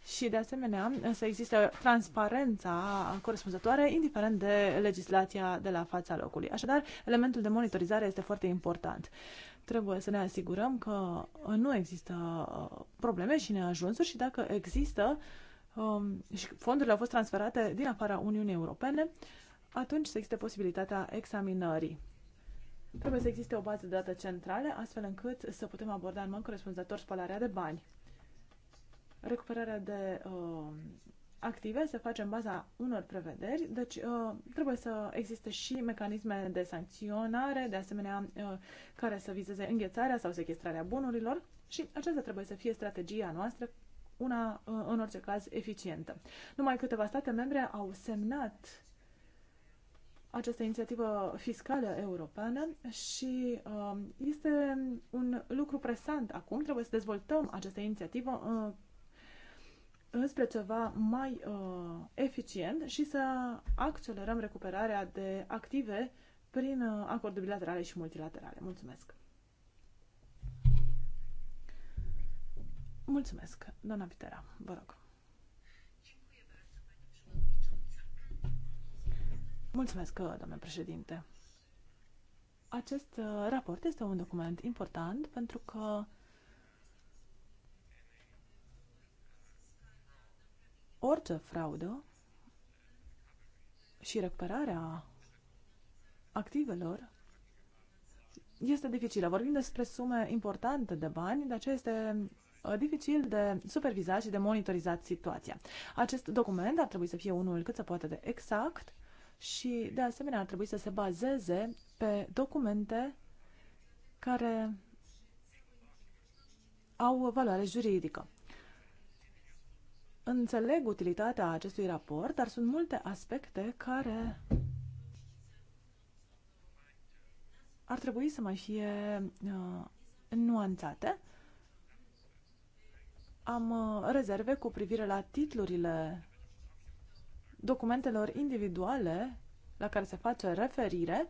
și, de asemenea, să existe transparența corespunzătoare, indiferent de legislația de la fața locului. Așadar, elementul de monitorizare este foarte important. Trebuie să ne asigurăm că nu există uh, probleme și neajunsuri și dacă există um, și fondurile au fost transferate din afara Uniunii Europene, atunci să existe posibilitatea examinării. Trebuie să existe o bază de date centrale, astfel încât să putem aborda în mod corespunzător spălarea de bani. Recuperarea de uh, active se face în baza unor prevederi, deci uh, trebuie să existe și mecanisme de sancționare, de asemenea uh, care să vizeze înghețarea sau sequestrarea bunurilor și aceasta trebuie să fie strategia noastră una, uh, în orice caz, eficientă. Numai câteva state membre au semnat această inițiativă fiscală europeană și uh, este un lucru presant acum. Trebuie să dezvoltăm această inițiativă uh, înspre ceva mai uh, eficient și să accelerăm recuperarea de active prin uh, acorduri bilaterale și multilaterale. Mulțumesc! Mulțumesc, doamna Pitera, vă rog. Mulțumesc, uh, domnule președinte. Acest uh, raport este un document important pentru că orice fraudă și recuperarea activelor este dificilă. Vorbim despre sume importante de bani, de aceea este uh, dificil de supervizat și de monitorizat situația. Acest document ar trebui să fie unul cât se poate de exact și, de asemenea, ar trebui să se bazeze pe documente care au valoare juridică. Înțeleg utilitatea acestui raport, dar sunt multe aspecte care ar trebui să mai fie uh, nuanțate. Am uh, rezerve cu privire la titlurile documentelor individuale la care se face referire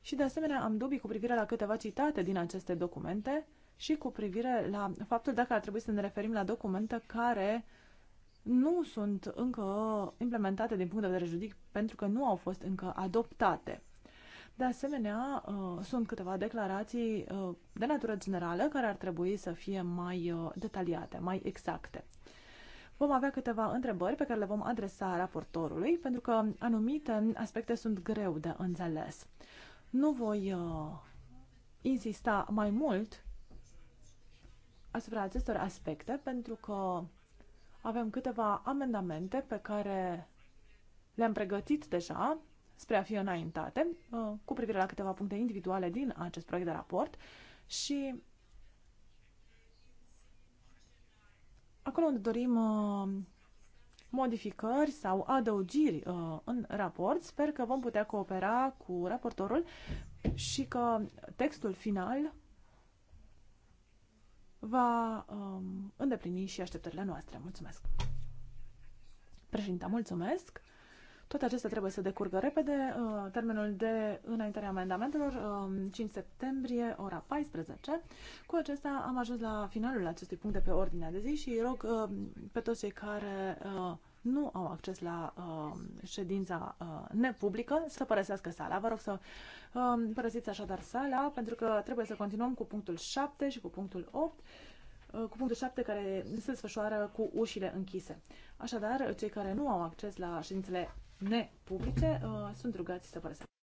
și, de asemenea, am dubii cu privire la câteva citate din aceste documente și cu privire la faptul dacă ar trebui să ne referim la documente care uh, nu sunt încă implementate din punct de vedere juridic pentru că nu au fost încă adoptate. De asemenea, uh, sunt câteva declarații uh, de natură generală care ar trebui să fie mai uh, detaliate, mai exacte. Vom avea câteva întrebări pe care le vom adresa raportorului, pentru că anumite aspecte sunt greu de înțeles. Nu voi insista mai mult asupra acestor aspecte, pentru că avem câteva amendamente pe care le-am pregătit deja spre a fi înaintate uh, cu privire la câteva puncte individuale din acest proiect de raport și acolo unde dorim uh, modificări sau adăugiri uh, în raport. Sper că vom putea coopera cu raportorul și că textul final va um, îndeplini și așteptările noastre. Mulțumesc! Președinta, mulțumesc! Toate acestea trebuie să decurgă repede. Uh, termenul de înaintare a amendamentelor, 5 um, septembrie, ora 14. Cu acesta am ajuns la finalul acestui punct de pe ordinea de zi și rog um, pe toți cei care uh, nu au acces la uh, ședința uh, nepublică să părăsească sala. Vă rog să uh, părăsiți așadar sala pentru că trebuie să continuăm cu punctul 7 și cu punctul 8 uh, cu punctul 7 care se desfășoară cu ușile închise. Așadar, cei care nu au acces la ședințele nepublice uh, sunt rugați să părăsească.